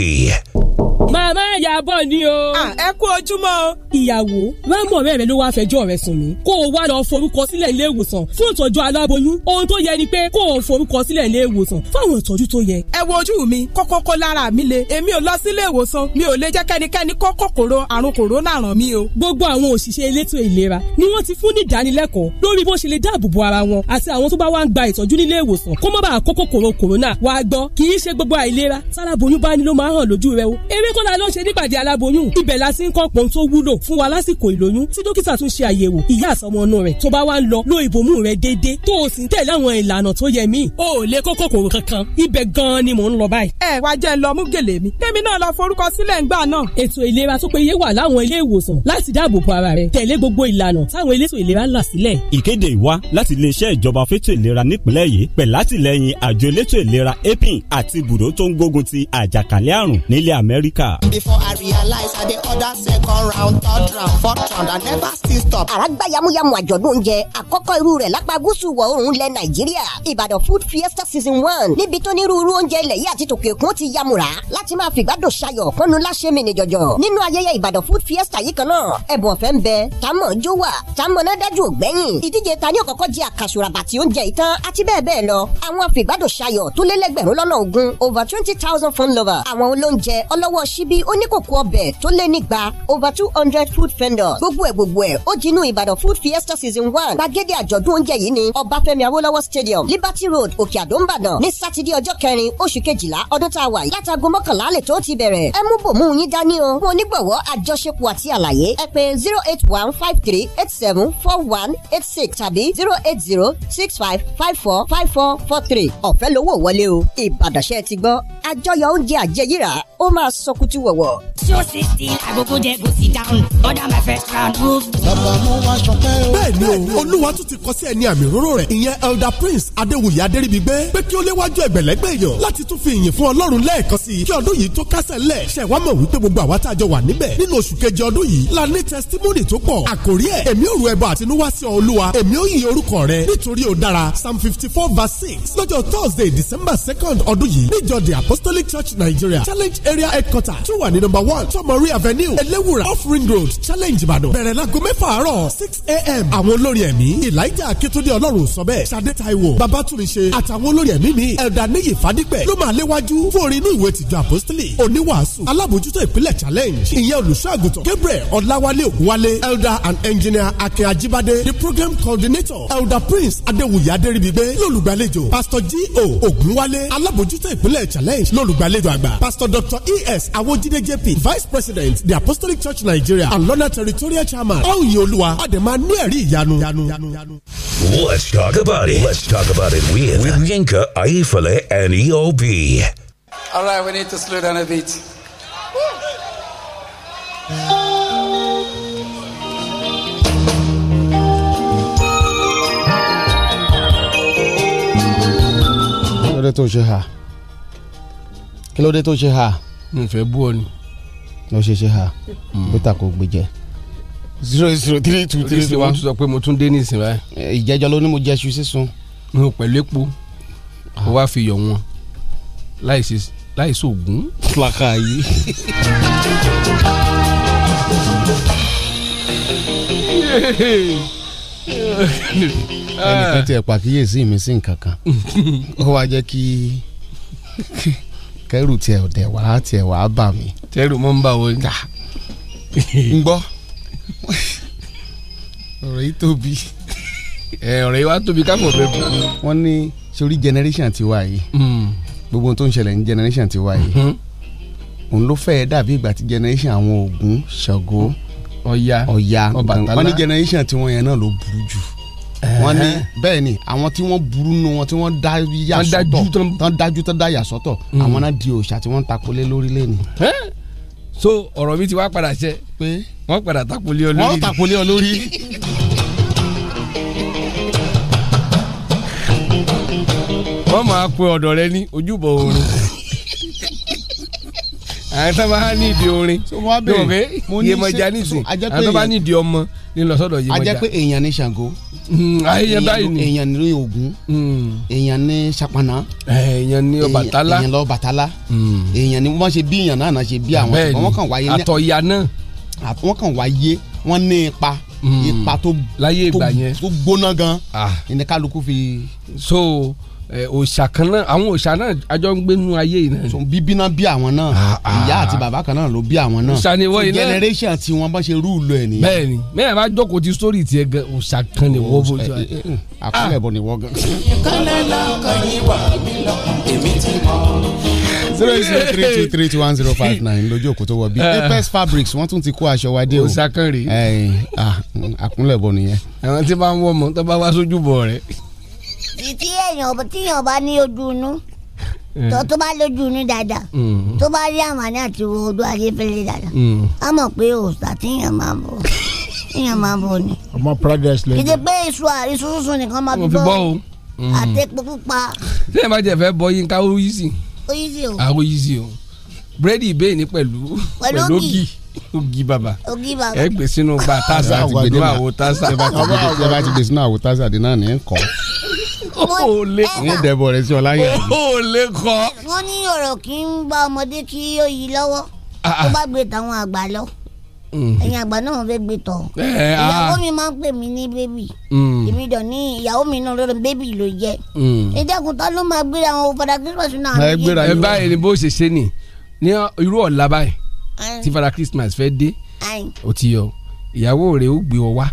Màmá ẹ̀yà bọ̀ ni o. Ẹ kú ojúmọ́. Ìyàwó, rámọ̀ rẹ̀ rẹ̀ ló wá fẹjọ́ rẹ̀ sùn mí. Kó o wá lọ forúkọ sílẹ̀ ilé ìwòsàn fún ìtọ́jú aláboyún. Ohun tó yẹ ni pé kó o forúkọ sílẹ̀ ilé ìwòsàn fún àwọn ìtọ́jú tó yẹ. Ẹ ẹ wo ojú mi kókókó lára mi le èmi ò lọ sílé ìwòsàn mi ò lè jẹ́ kẹ́nikẹ́ni kó kòkòrò àrùn kòrónà ràn mí o. gbogbo àwọn òṣìṣẹ́ elétò ìlera ni wọ́n ti fún ní ìdánilẹ́kọ̀ọ́ lórí bó ṣe lè dáàbòbo ara wọn àti àwọn tó bá wá ń gba ìtọ́jú nílé ìwòsàn kó má bàa kó kòrónà wàá gbọ́ kì í ṣe gbogbo àìlera tálábòyún bá ní ló máa hàn lójú rẹ o eré ló ń ṣe nípàdé aláboyún ibẹ̀ la sì ń kọ́ pọ́n tó wúlò fún wa lásìkò ìlóyún tí dókítà tún ṣe àyẹ̀wò ìyá àsọmọnú rẹ̀ tó bá wá ń lọ lo ìbomú rẹ̀ déédéé tó o sì ń tẹ̀lé àwọn ìlànà tó yẹ mí. o ò lè kó kòkòrò kankan ibẹ̀ gan-an ni mò ń lọ báyìí. ẹ wá jẹ́ lọ mú gèlè mi kémi náà lọ forúkọ sílẹ̀ ńgbà náà. ètò ìlera tó péye wà láwọn ilé ìwòsàn láti dáàbò bo ara rẹ tẹ̀lé gbogbo ìlànà táwọn elétò ìlera là sílẹ̀. ìkéde ìwá láti iléeṣẹ́ ìjọba fétò ìlera nípìnlẹ̀ yìí pẹ̀ látìlẹ́yìn àjọ elétò ìlera apin àti ibùdó tó ń gbógun ti àjàkálẹ̀ àrùn nílẹ̀ Amẹ́ríkà before I realize I did order second round, third round, fourth round, I never still stop. Àràgbá yamuyamu àjọ̀dún oúnjẹ àkọ́kọ́ irú rẹ̀ lápá gúúsù wọ̀ oòrùn ilẹ̀ Nàìjíríà. Ìbàdàn Food Fiesta Season one níbi tó nírúurú oúnjẹ ilẹ̀ yìí àti tòkè òkun ti yamura láti máa fìgbádùn ṣayọ̀ fọ́nù láṣẹ mi ní jọjọ. Nínú ayẹyẹ Ìbàdàn Food Fiesta yìí kan náà, ẹ̀bùn ọ̀fẹ́ ń bẹ, támọ̀ jó wà, támọ̀ náà dájú ògbẹ́yìn. Ìdíje ta ni ó kọ́kọ́ jẹ àkàṣùràbàtì oúnjẹ ìtàn àti bẹ́ẹ̀ bẹ́ẹ̀ lọ. Àwọn fìgbádùn ṣayọ̀ tó lé lọ́nà ogún over twenty thousand fun lovers. Àwọn olóúnjẹ ọlọ́wọ́ ṣíbí bíi oníkòkò ọbẹ̀ tó lé nígba over two hundred food vendors gbogbo ẹ̀ gbogbo ẹ̀ ó jinú Ìbàdàn food fiesta season one gbàgede àjọ̀dún oúnjẹ yìí ní Ọbáfẹ́mi awolowo stadium Liberty Road Òkè Àdó ńbàdàn ní sátidé ọjọ́ kẹrin oṣù kejìlá ọdún tá a wà yìí látago mọ́kànlá lè tó ti bẹ̀rẹ̀ ẹ mú bòmú yín dání o fún onígbọ̀wọ́ àjọṣepọ̀ àti àlàyé ẹ pè zero eight one five three eight seven four one eight six tàbí zero eight zero six five five four five four four three ọ̀fẹ́ lówó wọlé o Ìbàdàn ṣe ti gbọ́ àjọyọ̀ oúnjẹ àjẹyìrà ó máa sọkùtù wọ̀wọ̀. tí ó sì still agogo jẹ go down order my first round move. bàbá mo wá ṣọpẹ́ o. bẹ́ẹ̀ni o olúwa tún ti kọ sí ẹni àmì òróró rẹ̀ ìyẹn elder prince adéwòye adéríbigbé pé kí ó léwájú ẹgbẹ̀lẹ́gbẹ̀ èèyàn láti tún fi ìyìn fún ọlọ́run lẹ́ẹ̀kan sí i kí ọdún yìí tó kásẹ̀ lẹ̀ ṣe wá mọ̀ wípé gbogbo àwa tá a jọ wà níbẹ̀ nínú oṣù keje ọdún yìí la ní testimony tó pọ̀ àkòrí ẹ̀ èmi ò ru ẹbọ àtinúwá sí ọ olúwa èmi ò yìn orúkọ rẹ nítorí ó dára psalm fifty four verse six lọ́jọ́ thursday december second ọdún yìí níjọ the apostolic church nigeria challenge area headquarters tún wà ní number one sọmọrí avenue eléwùrà off ring road challenge ìbàdàn bẹ̀rẹ̀ láago mẹ́fà àárọ̀ six a.m. àwọn olórí ẹ̀mí elijah akitunde ọlọ́run sọ bẹ́ẹ̀ sade taiwo babatunmise àtàwọn olórí ẹ̀mí mi ẹ̀dà níyì fadípẹ̀ ló máa léwájú fún orin inú ìwé tìjọ apostoli oníwàásù alábòjútó ìpínlẹ̀ challenge ìyẹn olùṣọ́àgùtàn gabriel ọláwálé ògúnwálé elder and engineer akin ajibade the program coordinator elder prince adéwùyí adéríbigbé lólùgbàlejò pastor g o ògúnwálé alábòjútó ìpínlẹ̀ challenge lólùgbàlejò àgbà pastor dr es awo Babajide JP, Vice President, the Apostolic Church Nigeria, and London Territorial Chairman, Aoyeoluwa Adema Yanu. Let's talk about it. Let's talk about it with, with Yinka, Aifale, and EOB. All right, we need to slow down a bit. kí ló dé tó ṣe hà kí ló dé tó ṣe hà. mo fẹ́ bú ọ ni. lọ ṣe ṣe ha bóta hmm. kò gbé jẹ zero zero three two three one. oríṣiríṣi wọn tún sọ pé mo tún dé ní ìsìn báyìí. Eh, ìjẹjọ ló ní mo jẹ ṣu sísun. mo pẹ̀lú epo ah. mo wá fi yọ̀ wọn láì sóògùn. flaka yìí. ẹnìkan tiẹ̀ pàkíyèsí mi sí nǹkan kan ó wá jẹ́ kí. kẹ́rù tiẹ̀ ọ̀dẹ̀ wá tiẹ̀ wá bà mí. tẹ́rù mọ́ ń bà wọ́n. gà ń gbọ́ ọ̀rọ̀ yìí tóbi. ọ̀rọ̀ yìí wá tóbi ká bẹ́ẹ̀ bí. wọ́n ní sórí generation tiwa yìí hmm. gbogbo ohun tó ń ṣẹlẹ̀ ní generation tiwa yìí hmm. òun ló fẹ́ dàbí ìgbà tí generation àwọn Ògún Ṣàngó Ọya Ọya Ọbàtálá wọ́n ní generation tiwọn yẹn náà ló burú jù wọ́n ní bẹ́ẹ̀ ni àwọn tí wọ́n burú nu wọn tí wọ́n dá yà sọ́tọ̀ tán dájú tán dá yà hmm. àwọn náà di òòṣà tí wọ́n takolé lórílẹ̀ ni. so ọ̀rọ̀ mi ti wá padà ṣe pé wọ́n padà takolé olórí. wọ́n takolé olórí. wọ́n máa pe ọ̀dọ̀ rẹ ní ojúbọ oorun àwọn tó bá ní ìdí orin mo ní ṣe mo ní ìdí ọmọ nílọ sọ́dọ̀ Yemọja. a jẹ́ pé èèyàn ní Ṣàngó. èèyàn hmm, báyìí ni èèyàn ní Ògún. Hmm. èèyàn ní Ṣapana. Eh, èèyàn ní Ọbàtálá. èèyàn ní Ọbàtálá. Hmm. èèyàn ní wọ́n ṣe bí èèyàn náà náà ṣe bí àwọn. bẹ́ẹ̀ni wọ́n kàn wáyé ní àtọ̀yà náà. wọ́n kàn wáyé wọ́n ní ipa ipa tó gbóná gan. Ah. ní fi. so Eh, òòṣà kan náà àwọn òòṣà náà àjọ ń gbé nínú ayé yìí náà. bíbí náà bí àwọn náà ah, ah. ìyá àti bàbá kan náà ló bí àwọn náà. òòṣà ni wọ́n yìí náà generation tí wọ́n bá ṣe rúùlù ẹ̀ nìyẹn. bẹ́ẹ̀ni mẹ́rin bá jókòó ti sórí tiẹ̀ gan òòṣà kan ni wọ́n bó jọ. Eh, eh, àkọlẹ̀ bọ̀ ni wọ́n gan. kálẹ̀ lọ́kàn yìí wà mí lọ́kàn èmi ti mọ̀ zero zero three two three two one zero five nine lójú òkú tó wọ bí apex fabrics wọ́n tún ti kó aṣọ wa dé o òsàkànrè ah, àkúnlẹ̀bọ nìyẹn. àwọn tí bá ń wọ ọmọ tó bá wá sójú bọ̀ rẹ̀ tí èèyàn tíyàn bá ní ojú inú mm. tó tó bá lójú inú dáadáa mm. tó bá rí àǹfààní àti wo ojú ayé fẹ́lẹ́ dáadáa á mm. mọ̀ pé òòsà tíyàn máa bọ̀ tíyàn máa bọ̀ ni. ọmọ progress lẹ́yìn. kìdí pé iṣu àrísú sísun nìkan máa fi bọ́ o àtẹ̀pọ̀ pupa. tí ẹ bá jẹ fẹ́ bọ yín ká ó yí sí. ó yí sí o. a ah, ó sí o búrẹ́dì ìbéèni pẹ̀lú pẹ̀lú ògì ogi baba ogi baba ẹ gbèsè nù bá tásà àti gbèdémà àwò tásà. ẹ bá ti gbèsè nù àwò tásà dín náà ní kọ́ ó lè kọ́ ní dẹ̀bọ̀ rẹ̀ sí ọláyé ó lè kọ́. wọ́n ní ọ̀rọ̀ kì í gba ọmọdé kí ó yí lọ́wọ́ ah, ah. tó bá gbé tàwọn àgbà lọ mm. ẹ̀yin àgbà náà wọ́n fẹ́ gbé tọ̀ eh, eh, ah. ìyàwó mi máa ń pè mí ní bébì mm. èmi dọ̀ ní ìyàwó mi náà lọ́dọ̀ bébì ló jẹ́ ìdẹ́kun mm. tá ló máa gbéra àwọn fada Christmas náà. Eh, ẹ gbéra ẹ báyìí ni bó ṣe ṣe nì ní irú ọ̀la báyìí tí fada Christmas fẹ́ dé ó ti yọ ìyàwó rẹ̀ ó gbé ọ wá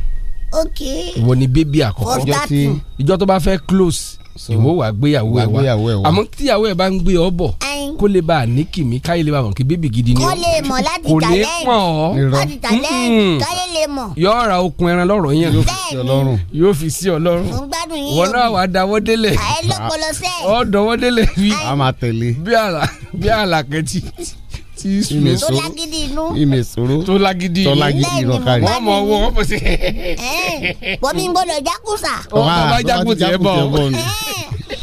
ok ìwọ ni bébí àkọ́kọ́ ìjọ tó bá fẹ́ close ìwọ wà gbéyàwó ẹ wá àmọ́ tíyàwó ẹ bá ń gbé ọ bọ̀ kó lè bá a ní kìmí káyé lè bá mọ̀ kí bébì gidi ni o kó lè mọ̀ láti tàlẹ́ kò ní pọ̀ ọ́ láti tàlẹ́ káyé lè mọ̀. yóò ra okun ẹran lọ́rọ̀ yẹn yóò fi sí ọ lọ́rùn wọn náà wàá dáwọ́ délẹ̀ ọ dọwọ́ délẹ̀ bí àlàkẹ́tì tí sùúrù tó ìmẹ̀ sòrò tó lágídí inú lágídí inú kárì. wọ́n mọ̀ owó wọ́n pèsè. bọ́mí ń gbọ́dọ̀ jákùsà. ọba jákùsà ẹ bọ̀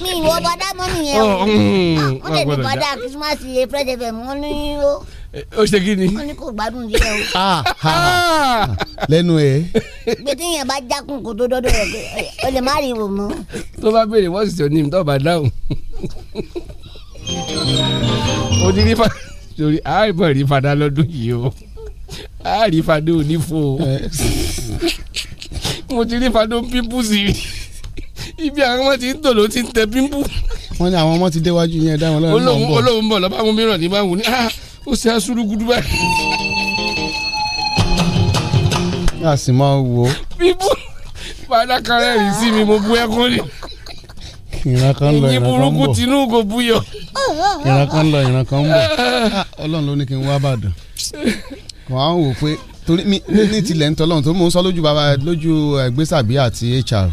mi ìwọ bàdá mọ́ nìyẹn o oh, mm, ah, wọ́n lè bàdá kírísímàsì yẹn Fresh FM wọ́n ní o. ó ṣe kí ni. wọ́n ní kò gbádùn yẹ o. Ah, ah! lẹ́nu ẹ̀. gbèsè yẹn bá jákun kò tó dọ́dọ̀ rẹ̀ o lè má rí wò mọ́. tó bá béèrè what's your name tó bá dáhùn. o ti torí àìbọ̀ rí fada lọ́dún yìí o àárí fada ò ní fò o eh. mo ti rí fada pímpù sí ibi àwọn ọmọ ti ń tò ló ti ń tẹ pímpù. wọ́n ní àwọn ọmọ ti déwájú yẹn dáhùn lọ́wọ́ náà ń bọ̀ olóhùn bọ̀ lọ́ba àwọn mìíràn ní bá wù ní ah, ó ṣe aṣúrúgudu báyìí. a sì máa wo. pímpù fada kan rẹ̀ rí sí mi mo bú ẹkún ni ìran kan lọ ìran kan bọ̀ ìyìn burúkú tinubu buyọ. ìran kan lọ ìran kan bọ̀ ah, ọlọ́run ló ní kí n wá bàdàn wọ́n á wò pé torí mi ní tilẹ̀ ń tọ́lọ́run tó mò ń sọ lójú bàbá lójú ẹgbẹ́sàbí àti HR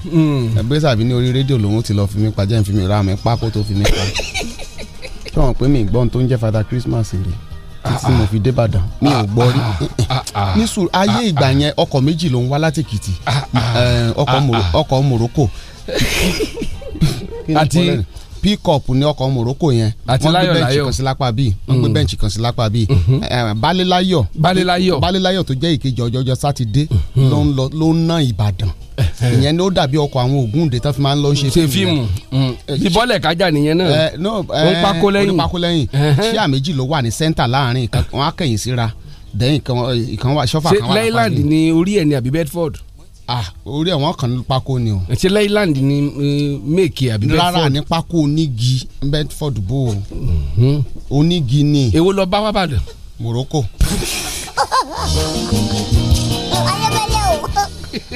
ẹgbẹ́sàbí hmm. ní orí rédíò lòun ti lọ fi mi pa jẹ́ ìfimi ra mi pákó tó fi mi pa tí wọ́n pè mí ìgbọ́n tó ń jẹ́ Father Christmas rèé títí mo fi dé Ìbàdàn mi ò gbọ́ rí ní sùúrù ayé ìgbà yẹn ọkọ̀ méjì ló ń wá láti ah, ah, ọkọ̀ Morocco àti pickup ní ọkọ̀ Morocco yẹn àti láyọ̀ láyọ̀ wọ́n gbé mm. bẹ́ǹchì kan sí lápá bíi wọ́n mm-hmm. gbé bẹ́ǹchì kan sí lápá bíi balẹ̀láyọ̀ balẹ̀láyọ̀ balẹ̀láyọ̀ tó jẹ́ ìkejì ọjọ́jọ́ sátidé mm-hmm. ló ń ná Ìbàdàn ìyẹn ni ó dàbí ọkọ̀ àwọn Ògúndé tó fi máa ń lọ ṣe fíìmù mm. eh, bíbọ́lẹ̀ kájà nìyẹn náà eh, ó ń eh, pákó lẹ́yìn ó ń pákó lẹ́yìn ṣíà méjì ló wà ní sẹ́ńtà láàrin wọn á kẹ̀yìn síra dẹ́yìn ìkan wà ṣọ́fà kan wà lápá ni orí ni àbí Bedford ah orí àwọn kan ní pákó ni o. ṣe leyland ni eh, méèkì àbí bedford. rárá ní pákó onígi bedford bò ó mhm. onígi ni. èwo lọ bá wá bàdàn. morocco. ayébẹ́lẹ́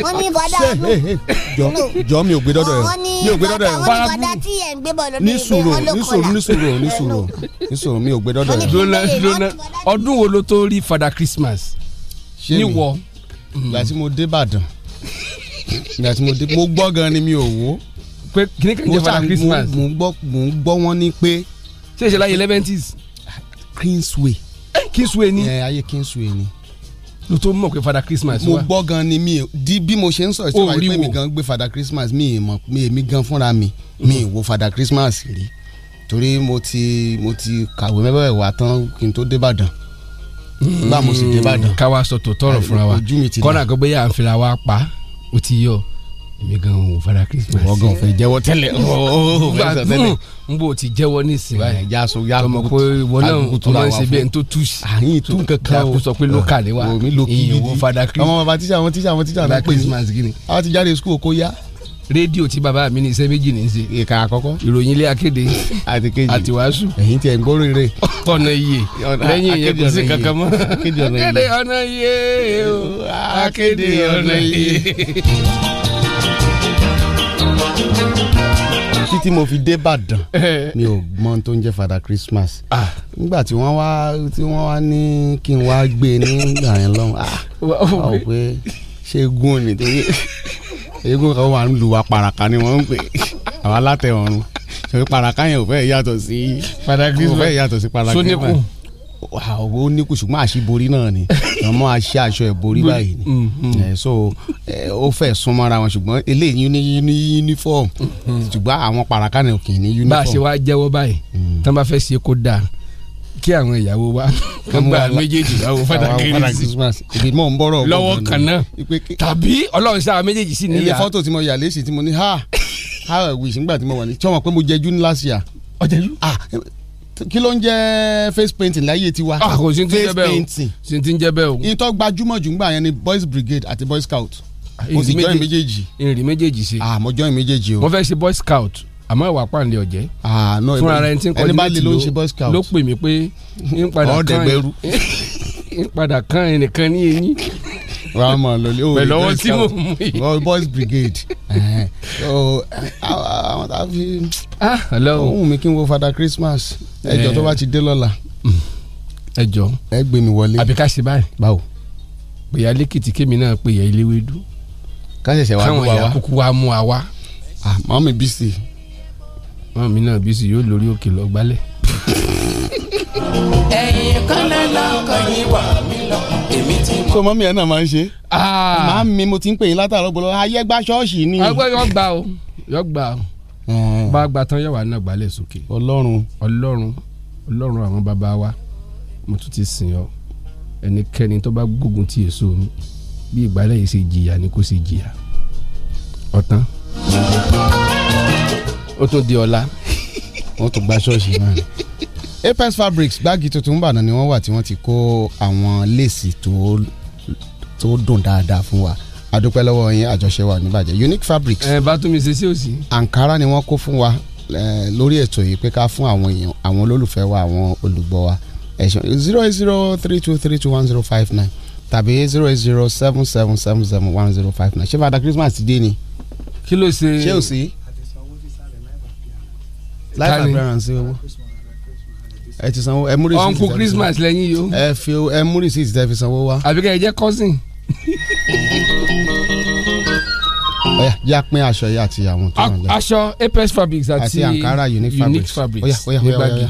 o wọ́n ní bọ́dà ọdún. Eh, eh, jọ jọ mi ò gbé dọ́dọ̀ yẹn mi ò gbé dọ́dọ̀ yẹn. wọ́n ní bọ́dà tí ẹ̀ ń gbé bọ̀ lóde ìgbé ọlọ́kọ̀ọ́lá. ní sùúrù ní sùúrù ní sùúrù ní sùúrù mi ò gbé dọ́dọ̀ yẹn. ọdún wo ló tó rí father christmas. ṣé mi níwọ. ìgbà tí mo dé Ìbàdàn ìgbà tí mo dé mo gbọ́ gan ni mi ò wò pé kí ni kàn jẹ́ fada Christmas. mo gbọ́ mo gbọ́ wọn ni pé. ṣé ìṣẹ̀lẹ̀ ayé eleventies. Kingsway. Kingsway ni. ẹ ayé Kingsway ni ló tó mọ̀ pé fada christmas wa. mo gbọ́ gan ni mi di bí mo ṣe ń sọ̀rọ̀ síwájú pé mi gan gbé fada christmas mi mọ̀ èmi gan fúnra mi mi mm. wo fada christmas rí torí mo ti mo ti kàwé mẹ́fẹ̀ẹ́ wá tán kí n tó dé Ìbàdàn Mm. báwo sì dé Ìbàdàn. káwa sọ tòótọ́ ọ̀rọ̀ fúnra wa kọ́nà kan bóyá à ń fira wa pa ó ti yọ èmi gan ò fara Christmas. wọ́n gan fẹ́ jẹ́wọ́ tẹ́lẹ̀ ooo fẹ́ sọ n bò ti jẹ́wọ́ ní ìsìn báyìí. yaso yaso tọmọ pé wọn náà wọn máa ń ṣe bẹ́ẹ̀ n tó tù sí. àyìn tó kankan o sọ pé lókà ni wa èyí wọ fada Christmas. ọmọ bàbá tíṣà àwọn tíṣà àwọn tíṣà náà pè é àwọn ti jáde school kó yá rédíò tí bàbá mi ní iṣẹ́ méjì ní í ṣe. ìka àkọ́kọ́. ìròyìn ilé akéde. àti kejì àti wàásù. ẹ̀yin tí ẹ̀ ń kórè rẹ̀. ọ̀nà iye lẹ́yìn ìyẹn kò sí kankan mọ́. akéde ọ̀nà iye o akéde ọ̀nà iye. títí mo fi dé Ìbàdàn mi ò mọ tó ń jẹ́ Father Christmas ah. nígbà tí wọ́n wá tí wọ́n wá ní kí n wá gbé e nígbà yẹn lọ́wọ́ ah wọ́n pé ṣé gún ni torí eégún kan wà ń lu wa paraka ni wọ́n ń pè àwa látẹ̀ ọ̀run sọ̀rọ̀ paraka yẹn ò fẹ́ yàtọ̀ sí ò fẹ́ yàtọ̀ sí paraka yẹn báyìí ó ní kù ṣùgbọ́n àṣìborí náà ni ọmọ àṣẹ aṣọ ìborí báyìí ni mm, mm. so ó fẹ́ súnmọ́ra wọn ṣùgbọ́n eléyìí ní uniform mm, ṣùgbọ́n àwọn paraka náà kì í ní uniform. bá a ṣe wá jẹ́wọ́ báyìí tí wọ́n bá fẹ́ ṣe kó dáa kí àwọn ìyàwó wa kán gba méjèèjì láwo fada kérésì ibi ń bọ̀rọ̀ lọ́wọ́ kan tàbí ọlọ́run sáà méjèèjì sì níyà. ilé fọ́tò tí mo yà lẹ́sì tí mo ní ha ha wìsí nígbà tí mo wà ní tí wọ́n mọ̀ mo jẹjú ní last year. ọjẹjú. Ah, kí ló ń jẹ́ face painting láyé tiwa. a ah, kò sí ti ń jẹ́ bẹ́ẹ̀ o sí ti gbajúmọ̀ jù ń yẹn ni boys brigade àti boy scout. mo sì join méjèèjì. ìrìn méjèèjì sí. ah mo join méjèèjì o. mo fẹ́ ṣe boy scout àmọ́ ìwà pàǹdé ọ̀jẹ́ ah, fúnra rẹ̀ ti ń kọ́ nílẹ̀ tìló ló pè mí pé ń padà kán ń padà kán ẹnìkan ní eyín rama lọlé o pẹ̀lú ọwọ́ tí mo mú yìí well boys brigade àwọn tá a fi ah, ohun mi kí n wo Father Christmas ẹjọ́ tó bá ti dé lọ́la mm. ẹjọ́ ẹ gbé mi wọlé àbí ká ṣe báyìí báwo bóyá lẹ́kìtì kémi náà pè yẹ ilé wẹ́dú káwọn ẹ̀yà kúkú wa mú wa wá. Ah, mọ́mí bísí wọn mi náà bísí yóò lórí òkè lọ gbálẹ̀. ẹ̀yìn kan náà lọ́kọ̀ yìí wà mí lọ èmi ti mọ̀. so mọ́mí ẹ̀ náà máa ń ṣe. Ah. màá mi mo ti ń pè yín látàrọ̀ gbọ́dọ̀ ayẹ́gbá ṣọ́ọ̀ṣì ni. ọgbẹ́ yọ gbà o yọ gbà o eh. bá a gbà tán yẹ wà náà gbálẹ̀ sókè. ọlọ́run ọlọ́run ọlọ́run àwọn bàbá wa mo tún ti sìn ọ ẹnikẹ́ni tó bá gbógun ti èso mi bí ìgbàlẹ̀ yìí ṣe jìyà ni kò ṣe jìyà ọ̀tán ó tún di ọ̀la. wọ́n tún gba ṣọ́ọ̀ṣì náà. Apex Fabrics gbági tuntun Ìbàdàn ni wọ́n wà tí wọ́n ti kó àwọn léèsì tó tó dùn dáadáa fún wa adúpẹ́ lọ́wọ́ yín àjọṣe wa níbàjẹ́ unique fabrics. ẹ bá tún mi ṣe sí òsì. Ankara ni wọ́n kó fún wa lórí ètò yìí pé ká fún àwọn èèyàn àwọn olólùfẹ́ wa àwọn olùgbọ́ wa ẹ̀sán zero eight zero three two three two one zero five nine tàbí zero eight zero seven seven seven seven one zero five nine ṣé fada Christmas ti dé ni. kí ló ṣe ṣé ò sí life appearance owó ẹ ti sanwó ẹ múrí sí ọ̀nkù Christmas lẹ́yìn yìí o ẹ fi ẹ múrí sí ìtẹ́ fi sanwó wa. àbí kẹ́ ẹ jẹ́ cousin. ọ̀yà yà pín aṣọ yìí àti àwọn tó wà lẹ́yìn. aṣọ Apex Fabrics àti àti Ankara Unique Fabrics ọ̀yà ọ̀yà ọ̀yà ọ̀yà.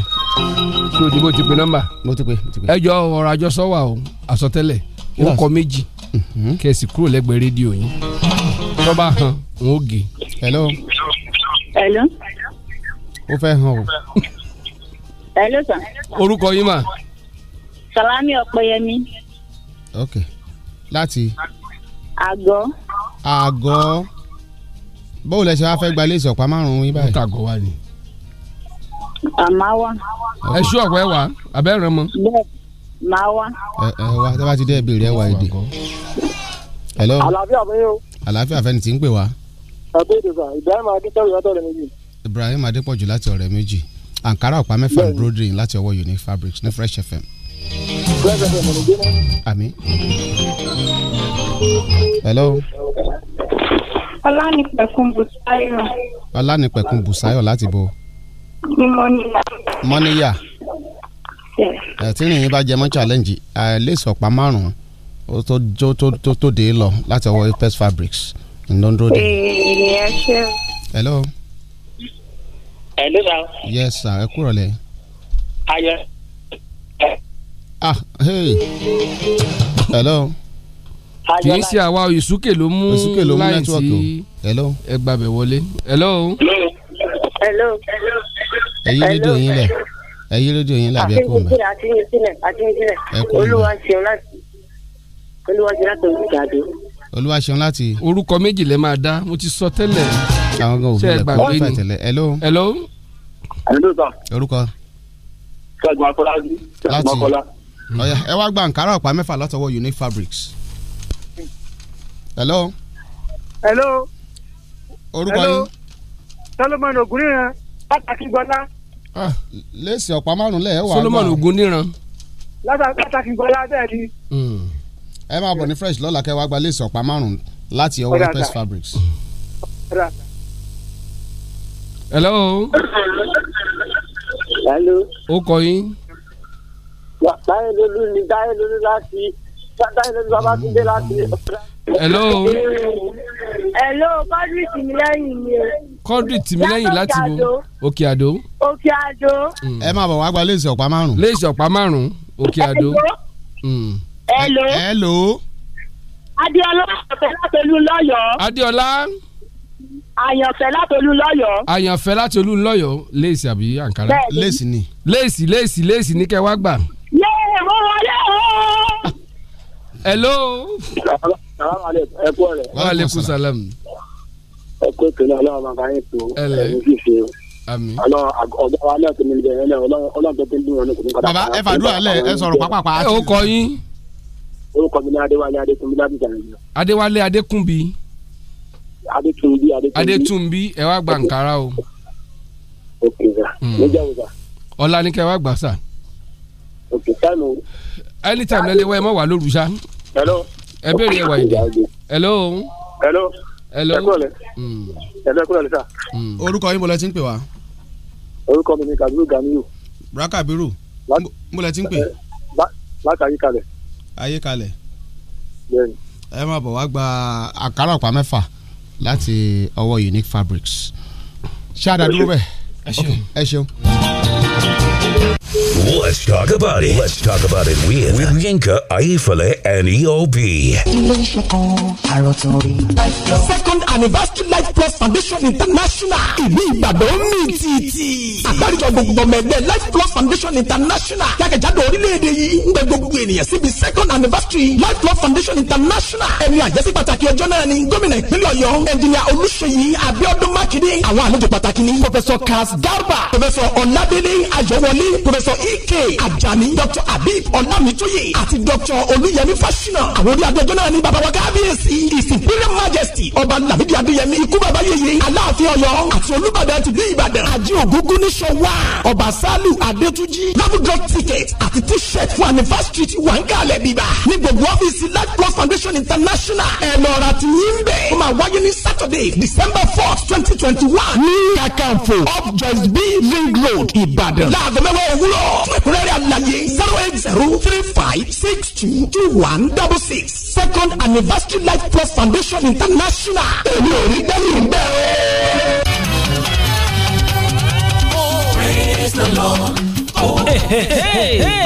ṣé o ti mo ti pe nọ́mbà. mo ti pe mo ti pe. ẹ jọ ọ̀rọ̀ àjọsọ wà o àsọtẹ́lẹ̀ wọn kọ méjì mm-hmm. kẹsì kúrò lẹ́gbẹ̀ẹ́ rédíò yín tọ́ba hàn wọn ò gé. hello. hello ó fẹ́ hàn o. ẹ sàn. orúkọ yín mà. Salami Ọ̀pẹ́yẹmí. ok láti. àgọ́. àgọ́ báwo lẹ ṣe wá fẹ́ gba ilé ìsọ̀pá márùn-ún yín báyìí. ó wa ni. àmà wa. ẹ ọ̀pẹ wa abẹ́ rẹ mọ́. bẹ́ẹ̀ máa wá. ẹ ẹ wa tí a bá ti dé ẹ wà èdè. hello. ń pè wá. àbẹ́ẹ̀dẹ̀ sà ìdáhùn akíntọ́rọ̀ yàtọ̀ rẹ̀ méjì. Ibrahim Adépọ̀jù láti ọ̀rẹ́ méjì Ankara ọ̀pá mẹ́fà embroidery láti ọwọ́ Unique Fabrics ní Fresh FM. Fresh FM ọ̀nà gbẹ́nà. àmì. hello. Ọlánipẹ̀kun Bùsáyọ̀. Ọlánipẹ̀kun Bùsáyọ̀ láti bo. ní mọ́níyà. mọ́níyà. ẹ̀ tí nìyí bá jẹ mọ́ challenge ẹ̀ lè sọ̀pá márùn-ún ó tó jó tó tó tó dé lọ láti ọwọ́ Apex Fabrics ńlọrọdì. ẹ ẹ ṣe. hello hello sir. yes sir ẹ kúrọ̀ lẹ. ayọ. ah hey hello. kì í ṣe àwa ìsúkè ló mú láì sí ẹgbàbẹ̀ wọlé. hello. hello. èyí rédíò yín lẹ̀ èyí rédíò yín làbí ẹkún mẹ. àti ní sílẹ̀ àti ní sílẹ̀ olúwa ṣeun láti olúwa ṣeun láti olùkàdé. olúwa ṣeun láti. orúkọ méjì lẹ máa dá mo ti sọ tẹ́lẹ̀ àwọn gan òbí rẹ̀ kọ́ fẹ́ tẹ̀lé hello. hello. hello sir. orúkọ. ṣẹ́gun ẹ wá gba àǹkárá ọ̀pá mẹ́fà látọwọ́ unique fabrics. hello. hello. orúkọ yín. solomon ogunniran pàtàkì gbọ́lá. Ah, léèsì ọ̀pá márùn-ún lẹ̀ ẹ̀ wà. solomon ogunniran. látàkì gbọ́lá bẹ́ẹ̀ ni hmm. ẹ máa bọ̀ ní fresh lọ́la kẹ́ wá gba léèsì ọ̀pá márùn-ún láti ọwọ́ Express Fabrics hello. hello. ó kọ yín. táyé lolú ni táyé lolú láti táyé lolú babátúndé hello. hello kọ́dùrì tì mí lẹ́yìn mi o. kọ́dùrì tì mí lẹ́yìn láti wo òkè àdó. òkè àdó. Mm. ẹ máa bọ̀ wá gba léèsì ọ̀pá márùn-ún. léèsì ọ̀pá márùn-ún òkè àdó. hello. Mm. hello. Adéọlá Àpẹlá pẹ̀lú lọ́yọ̀ọ́. Adéọlá àyànfẹ́ láti olúńlọ́yọ̀. àyànfẹ́ láti olúńlọ́yọ̀ léèsì àbí àǹkárá. léèsì ni. léèsì léèsì léèsì ní kẹ́ wá gbà. yé mo wọlé o. hello. ẹkú rẹ. wa salam. ẹkú ìpínlẹ̀ ọlọ́run máa bá yín tó ẹ̀mí fífi o. àmín. wa náà ti mi bẹ̀rẹ̀ ẹ̀ ọlọ́run tó ti dùn ẹ̀ ní kò ní padà. bàbá ẹ fàdúrà ẹ sọ̀rọ̀ pápákọ̀ àti. ẹ ó kọ yín. orúkọ mi ni adéwálé adékúnbí lábìjà Adétúnbí Adétúnbí. Adétúnbí ẹ wá gba Ankara o. ok sir ló hmm. jẹ́ òòsà. ọ̀la ni kẹ́ wá gbà sà. ok táìmù. anytime lẹ́lẹ́wọ́ ẹ mọ̀ wá lóru sa. hello. ẹ béèrè ẹwà èdè. hello. hello. hello. ẹ kúrọ̀lẹ́. Hmm. ẹ bẹ́ẹ̀ kúrọ̀lẹ́ sà. Hmm. orúkọ yín bọ̀lẹ́ ti ń pè wá. orúkọ mi ni Kabiru Ganiyu. Rakabiru mo lẹ ti ń pè. Eh, láti ayékalẹ̀. ayékalẹ̀. bẹ́ẹ̀ni. ẹ máa bọ̀ wá gba àkàrà ọ̀pá mẹ́fà láti ọwọ́ unique fabrics ṣáà dàdúró bẹ́ẹ̀ ẹ ṣeun. Let's talk about it. Let's talk about it with, with Yinka, Aifale, and EOB. Second anniversary Life Plus Foundation International. Ìlú Ìbàdàn mi tìtì. Àgbáríjọ gbogbo mẹ́gbẹ́ Life Plus Foundation International. Jákèjádò orílẹ̀-èdè yìí ń gbẹ gbogbo ènìyàn síbi second anniversary Life Plus Foundation International. Ẹni àjẹsí pàtàkì ọjọ́ náà ni gómìnà ìpínlẹ̀ Ọ̀yọ́, ẹnjìnìà Olúṣèyí Abíọ́dún Mákindé. Àwọn àlejò pàtàkì ni Pọfẹ́sọ̀ Kass Garba, Pọfẹ́sọ̀ Ọ̀ládélé Ayọ̀wọlé. Adéwọlé, Professor E.K. Ajani, Dr. Abib Ọlámítúyè àti Dr. Olúyẹmí Fáṣínà. Àwọn orí adéjọ́ náà ní bàbá wa kábíyèsí. His Imperial Majesty Ọba Làmídì Adéyẹmí ikú bàbá yèyé. Aláàfin Ọ̀yọ́ àti Olúbàdàn ti bí Ìbàdàn. Àjí ògúngún ní Ṣọwá. Ọba Sálù Adétúnjì. Lábùdọ̀ ticket àti t-shirt fún anniversary ti wà ń kalẹ̀ bíbá. Ní gbogbo ọ́fíìsì Life Plus Foundation International. Ẹ lọ ra ti yín bẹ̀. Ó máa wáyé ní Saturday, December fourth, twenty twenty one. Ní Kakanfo, of Just Be Ring Road, Ìbàdàn. Láàgọ́ mẹ́wàá àárọ̀ òwúrọ̀ fún ẹ̀kúnrẹ́rẹ́ àlàyé zero eight zero three five six two two one double six second anniversary life plus foundation international èmi ò rí dẹ́rù ń bẹ̀rẹ̀. praise the lord.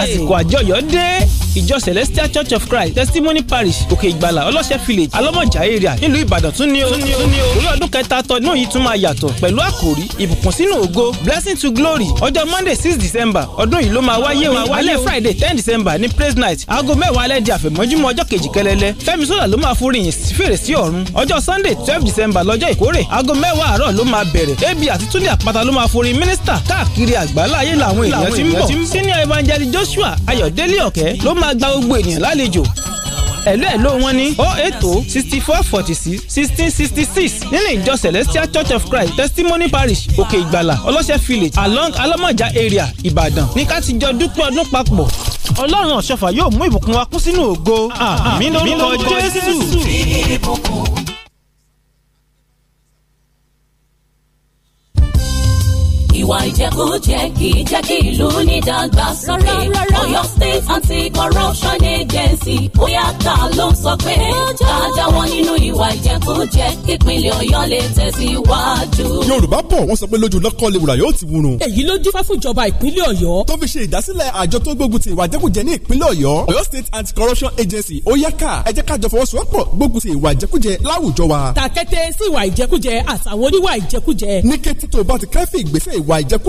àsìkò àjọyọ̀ dé ìjọ celestial church of christ testimony parish òkè ìgbàlà ọlọ́sẹ̀ village alọ́mọjà area nílùú ìbàdàn tún ní o orí ọdún kẹta tọdún yìí tún máa yàtọ̀ pẹ̀lú àkòrí ìbùkún sínú ògo blessing to glory ọjọ́ monday six december ọdún yìí ló máa wáyé o alẹ́ friday ten december ní praise night aago mẹ́wàá alẹ́ di àfẹ̀mọ́júmọ́ ọjọ́ kejì kẹlẹ́lẹ́ fẹ́mi sọ́là ló máa foríyìn fèrè sí ọ̀run ọjọ́ sunday twelve december lọ́jọ́ ìkórè aago mẹ́wàá àárọ̀ ló máa bẹ̀rẹ̀ ebi àti túnde àpáta ló máa forin mínísítà káàkiri àgbáláyé làwọn èèyàn ti ń bọ̀ senior evangelist joshua ayọ̀délé ọ̀kẹ́ ló máa gba gbogbo ènìyàn lálejò ẹ̀lú ẹ̀lú wọn ní o oh ètò oh sixty four forty six sixteen sixty six nínú ìjọ celestial church of christ testimony parish òkè ìgbàlà ọlọ́sẹ̀ village along alọ́mọjà area ìbàdàn ní ká ti jọ dúpẹ́ ọdún papọ̀ ọlọ́run ọ̀ṣọ́fà yóò mú ìbùkún wa kún sínú ògo àmín lórúkọ jésù. ìjẹkújẹ kì í jẹ́ kí ìlú ní ìdàgbàsókè Ọ̀yọ́ State Anti-Corruption Agency bóyá ta ló ń sọ pé ká jáwọ́ nínú ìwà ìjẹkújẹ kípínlẹ̀ Ọ̀yọ́ lè tẹ̀síwájú. Yorùbá bọ̀ wọ́n sọ pé lójú lọ́kọ́ lewura yóò ti wúrun. èyí ló dífá fún ìjọba ìpínlẹ̀ Ọ̀yọ́. tó fi ṣe ìdásílẹ̀ àjọ tó gbógun ti ìwà ìjẹkújẹ ní ìpínlẹ̀ Ọ̀yọ́ Ọ̀yọ́ State Anti-Corruption Agency ó yá ká ẹ jẹ́ ká jọ fọwọ́sowọ́pọ̀ gbógun ti wa. tàkété sí ìwà ìjẹkújẹ àtàwọn oníwà ìjẹkújẹ. ní kété tó ti kẹ́fì ìgbésẹ̀ ìwà ìjẹkújẹ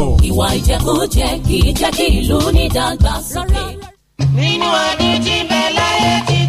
rọrùn. ìwà ìjẹkújẹ kì í jẹ́ kí ìlú ní ìdàgbàsókè. nínú ọdún tí bẹ́ẹ̀ láyé ti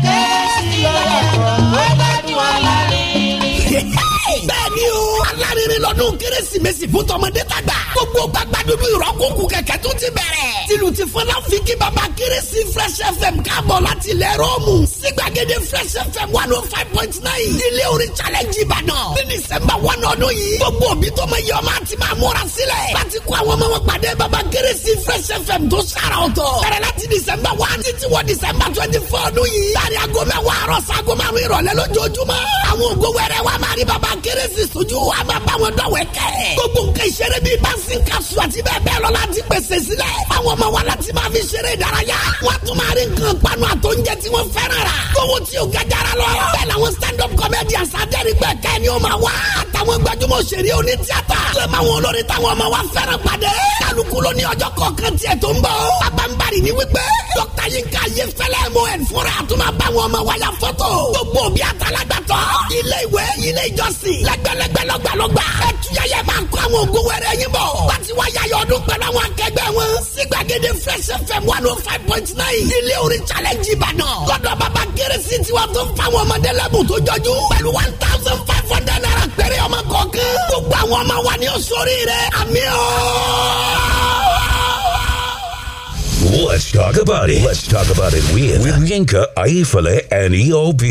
rere lọ́dún kérésìmesì fún tọmọdé tàgbà. gbogbo gbàgbádùn ìrọ́kùnkùn kẹ̀kẹ́ tó ti bẹ̀rẹ̀. tìlù ti fọlá fi kí baba kérésì fresh fm káàbọ̀ láti ilẹ̀ rọ́ọ̀mù. sí gbàgede fresh fm one oh five point nine. ilé orin challenge ìbàdàn. ní december one ọdún yìí. gbogbo òbí tó mọ iye ọmọ àti máa múra sílẹ̀. láti kó àwọn ọmọ wọn pàdé baba kérésì fresh fm tó sára ọ̀tọ̀. bẹ̀rẹ̀ láti december one títí wọ december twenty four ọdún yìí. láàrin aago mẹ́wàá àárọ̀ sago márùn-ún ìrọ̀lẹ́ baba kérésì sójú wa báwọn dọ̀wẹ́ kẹ́. gbogbo nǹkan ìṣeré bíi báńsì kapsu àti bẹ́ẹ̀ bẹ́ẹ̀ lọ láti pèsè sílẹ̀. báwọn ọmọ wa láti máa fi ṣeré ìdárayá. wọ́n tún máa rí nǹkan panu àtọ́njẹ tí wọ́n fẹ́ràn rà. kówó tí o ga jara lọ. bẹ́ẹ̀ làwọn stand up comedian sadẹ́rì pẹ̀ kẹ́ ni o máa wá. àtàwọn gbajúmọ̀ òṣèré oní tíátà. lè máa olórí táwọn ọmọ wa fẹ́ràn pàdé. kálukú ló ní ọjọ́ kọ̀ọ̀kan tiẹ̀ tó ń bọ̀. abambari ni wípé. dókítà yín ká yé fẹ́lẹ́ mọ ẹ̀ fúnra àtúmọ̀ báwọn ọmọ wa ya fọ́tò. gbogbo òbí àtàlágbàtọ́. ilé ìwé ilé ìjọsìn lẹ́gbẹ̀lẹ́gbẹ̀ lọ́gbàlọ́gb kó àwọn ògùn wẹrẹ yín bọ̀. wá ọdún pẹ̀lú àwọn akẹgbẹ́ wọn. fresh fm one oh five orin challenge ìbàdàn. bàbá kérésì fa ọmọdé lẹ́bùn tó jọjú. pẹ̀lú one thousand five hundred naira péré ọmọ kọ̀ọ̀kan. gbogbo àwọn ọmọ wa ni ó sórí rẹ̀. àmì ọ̀. Let's talk about it. Let's talk about it with, with Yinka, Aifale, and EOB.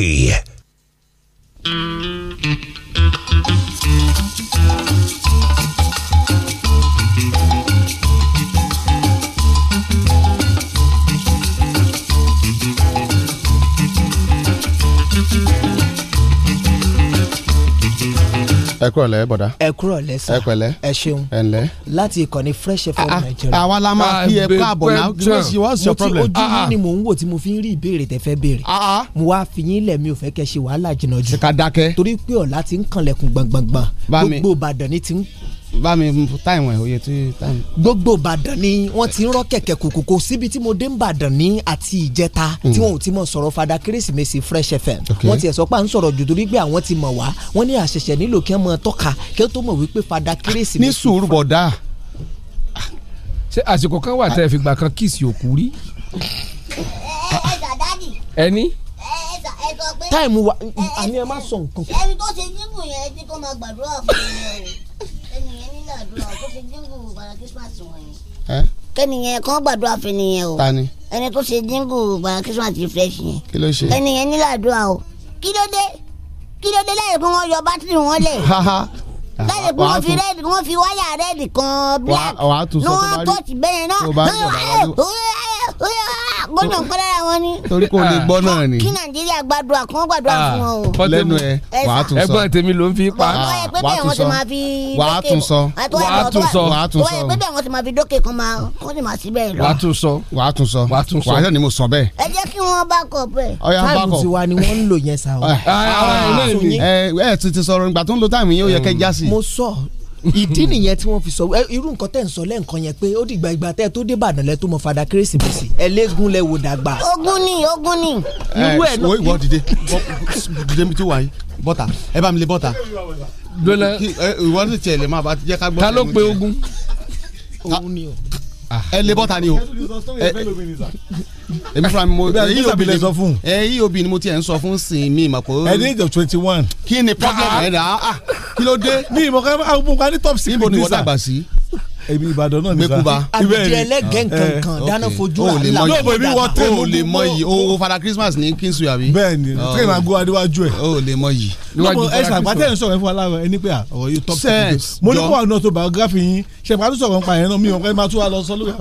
ẹ kúrọ̀lẹ́ bọ̀dá. ẹ kúrọ̀lẹ́ sá ẹ pẹ̀lẹ́ ẹ ṣeun ẹ ǹlẹ́. láti ìkànnì fresh fm ah, ah. nàìjíríà. àwa la máa fi ẹ káàbọ̀ náà what's your problem. mo ti ojú yín ah, ni mò ń wò tí mo fi ń rí ìbéèrè tẹ fẹ́ béèrè. mo wá fi yín lẹ̀ mi ò fẹ́ kẹ́ ṣe wàhálà jìnnà jù. ẹ ká dákẹ́. torí pé ọ̀la ti ń kanlẹ̀kùn gbàngbàngbàn gbogbo ìbàdàn ni ti ń bá mi táìmù ẹ̀ òye tí táìmù. gbogbo ìbàdàn ni wọ́n ti ń rọ́ kẹ̀kẹ́ kòkòkò síbi tí mo dé ń bàdàn ní àti ìjẹta tí hmm. wọn ò ti mọ̀ sọ̀rọ̀ fada kérésìmesì fresh fm wọ́n ti ẹ̀ sọ pé à ń sọ̀rọ̀ jù torí pé àwọn ti mọ̀ wá wọ́n ní àṣẹ̀ṣẹ̀ nílò kí wọ́n mọ̀ tọ́ka kí wọ́n tó mọ̀ wípé fada kérésìmesì. Ah, ní sùúrù bọ̀dá ah, ṣé àsìkò kan wà tẹ́ ẹ fi gbà kan kíìsì òkú rí. Eh, ẹni eh, eh, táìmù wa àní ẹ má sọ nǹkan. ẹni tó ṣe jígùn yẹn ti kó máa gbàdúrà fún mi gbàdúrà kó ṣe jíǹgù kẹ́niyẹn kàn gbàdúrà fún nìyẹn o. tani. ẹni tó ṣe jíǹgù gbàdúrà Christmas refresh yẹn. kí ló ṣe. kẹ́niyẹn ní làdúrà o. kí ló dé kí ló dé lẹ́yìn pé wọ́n yọ bátìrì wọn lẹ̀. lẹ́yìn pé wọ́n fi rẹ́ẹ̀dì wọ́n fi wáyà rẹ́ẹ̀dì kan black. wàá tún sọ tó bá rí tó bá rí ọ̀dà wájú gbọ́dọ̀ pẹ́ lára wọn ni. torí kò lè gbọ́ náà ni. kí nàìjíríà gbàdúrà kí wọ́n gbàdúrà fún wọn o. lẹ́nu ẹ wàá tún sọ ẹ̀gbọ́n tèmi ló ń fi pa. wàá tún sọ wàá tún sọ wàá tún sọ wàá tún sọ. wọ́n yẹ pé bẹ́ẹ̀ wọ́n ti máa fi dókè kan máa kó sì máa sí bẹ́ẹ̀ lọ. wàá tún sọ wàá tún sọ wàá tún sọ wàá tún sọ ni mo sọ bẹ́ẹ̀. ẹ jẹ́ kí wọ́n bá kọ̀ bẹ́ẹ̀. ọ̀ya bá kọ̀ táìmù tiwa ni wọ́n ń lò yẹn sa o. ẹ ẹ ti ti sọ̀rọ̀ ìgbà tó ń lo táìmù yẹn ó yẹ kẹ́ jásì. mo sọ ìdí nìyẹn tí wọ́n fi sọ irú nǹkan tẹ̀ ń sọ lẹ́ǹkan yẹn pé ó dìgbà ìgbà tẹ́ tó dé Ìbàdàn lẹ́ tó mọ fada kérésìmesì ẹlẹ́gùn lẹ wò dàgbà. ogun ni ogun ni. irú ẹ̀ náà wọ́n ìwọ dìde dìde mi ti wà yìí bọ́tà ẹ bá mi lè bọ́tà. dọ́là ìwọ ní tiẹ̀ lè máa bá jẹ́ ká gbọ́. ta ló pe ogun. ogun ni o. Ah. ẹ lè bọ́ta ni o èmi fúnra mi mo eob ni sọ fún ni mo tiẹ̀ ń sọ fún sin mi ma ko. at the age of twenty one. kí ni problem ẹ̀ dà á kí ló dé. mi ìmọ̀ ká ní top secret níbo ni wọ́n dàgbà sí ibi ìbàdàn náà nìkan gbẹkúba àbídí ẹlẹgẹ nkankan dáná fojú àlà yóò bọ ibi wọ tẹnu o oh. lè mọ yìí o fada christmas ní kinsu àbí. bẹ́ẹ̀ni tẹ̀lé máa gbó adéwájú ẹ̀. o lè mọ yìí. lọ́mọ ẹ ṣàgbátẹ́ ẹ̀ sọ̀rọ̀ ẹ fún wa láwọn ẹni pé ah, ọ̀rọ̀ yìí tọ́ mo ní kó wà nọ́ọ̀tò biography yín ṣèpàdé sọ̀rọ̀ nípa yẹn mi ò fẹ́ máa tún wa lọ sọ lóra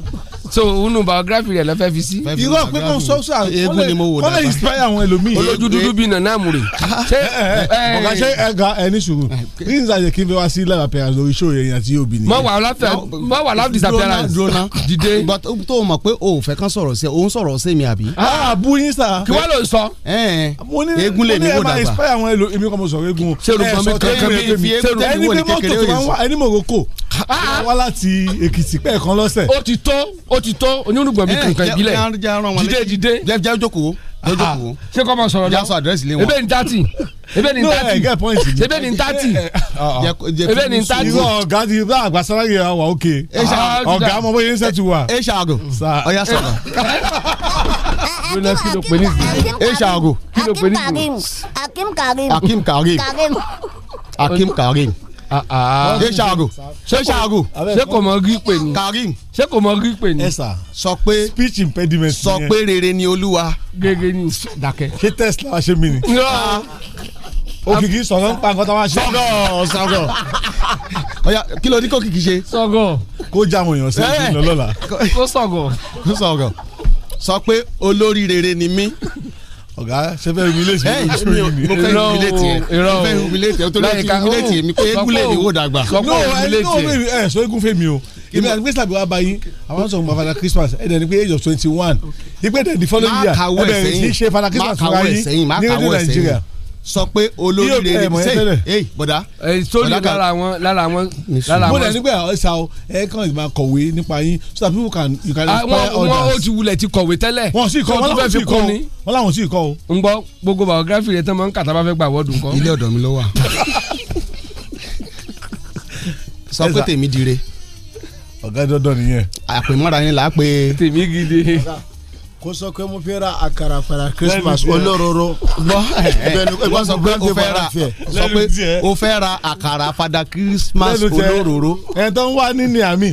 so unu biography rẹ lọ fẹ fi sí. irọ́ pé kò sọ sọ eégún ni mo wò dáadáa kọ́lẹ̀ inspire àwọn ẹlòmíì. olójú dúdú bíi nàná àmúre. ọ̀gá ṣe ẹ̀ga ẹni sùúrù ní ìsàlẹ̀ kí n fẹ́ wá sí lára pẹ̀lú àti orí yẹn àti yóò bí ni. mọ wà láfẹ bá wà láti disappearance. drona drona But um, tó o mọ̀ pé o ò fẹ́ kán sọ̀rọ̀ sí ẹ o ń sọ̀rọ̀ sí mi àbí. aa ah, ah, ah, bu yín sa. kí wàá ló ń sọ. eégún lè mi wò dàgbà. mo ní ẹ máa inspire àwọn èlò èmi kan mo sọ̀rọ̀ eégún. sẹ́rù kan mi kankan mi fi eégún tẹ̀ ẹni pé mọ́tò tó máa ń wá ẹni mọ̀gòkò. wá láti Èkìtì pẹ́ẹ́ kan lọ́sẹ̀. ó ti tó ó ti tó onírúgbọ̀n mi kankan ìbílẹ̀ dìde dìde. jẹ́ jẹ́ jókòó lójókòó ṣé kọ́ mọ sọ̀rọ̀ náà yasọ àdírẹ́sì lé wọn ebe ní tati ebe ní tati ebe ní tati uh-uh. ebe ní tati. ìwọ ọ̀gá ti bá àgbàsára yẹ wa òkè ọ̀gá ọmọ bóyá ẹsẹ̀ ti wà. ẹ ṣaago ọ̀ya sọ̀rọ̀. lónà kí ló pè ní ìsìn. Akim Karim Akim Karim Akim Karim. Ah, ah. ṣé ṣaago ṣé ṣaago ṣé kò mọ rí pè ní. karim ṣé kò mọ rí pè ní. ẹ sọ pé speech impediment sọ pé rere ni olúwa. rere ni dákẹ́. ṣé test la ṣe mí ni. òkìkí sọ̀rọ̀ ń pa nǹkan tó wá ṣe. sọ̀rọ̀ sọ̀rọ̀ ọ̀ya kí ló ní kò kìkì ṣe. sọ̀rọ̀. kó já àwọn èèyàn sẹ́yìn eh. lọ́lọ́la. kó sọ̀rọ̀. kó sọ̀rọ̀ sọ pé olórí rere ni mí ọ̀gá ṣe fẹ́ humilate mi lórí mi. mo fẹ́ humilate yẹn mo fẹ́ humilate yẹn torí o ti humilate yẹn mi pé egúnlé ni wò dàgbà. no no ẹ sọ egun fẹ mi o ibi àti pẹ́sìlá bí wàá bá yín àwọn sọ̀rọ̀ mọ́ fada Christmas ẹ̀ dẹ̀ pé age of twenty one ìpè dẹ̀ the following year ẹ̀ bẹ̀ ṣe fada Christmas fún wa yín ní rédíò Nàìjíríà sọ pé olóríire ni mo ṣe èyí bọ̀dá. sórí lára wọn lára wọn lára wọn. mo dẹ̀ nígbà ọ̀sà o ẹ kàn máa kọ̀wé nípa yín so that people can you can ah, inspire others. wọn ó ti wulẹ̀ ti kọ̀wé tẹ́lẹ̀. wọn sì kọ́ wọn láwọn sì kọ́ o wọn láwọn sì kọ́ o. ń gbọ́ gbogbo biography rẹ̀ tán máa ń kàtà bá fẹ́ gbà wọ́ọ̀dù kọ́. ilé ọ̀dọ̀ mi ló wà. sọ pé tèmi dire. ọ̀gá dandan nìyẹn. àpèmọ́ra yín là á pe. tèmi gidi kó sọ pé mo fẹ́ ra àkàrà fara christmas olóróró. ẹgbẹ́ sọ pé o fẹ́ ra sọ pé o fẹ́ ra àkàrà fada christmas olóróró. ẹ̀ tó ń wá nínú àmì.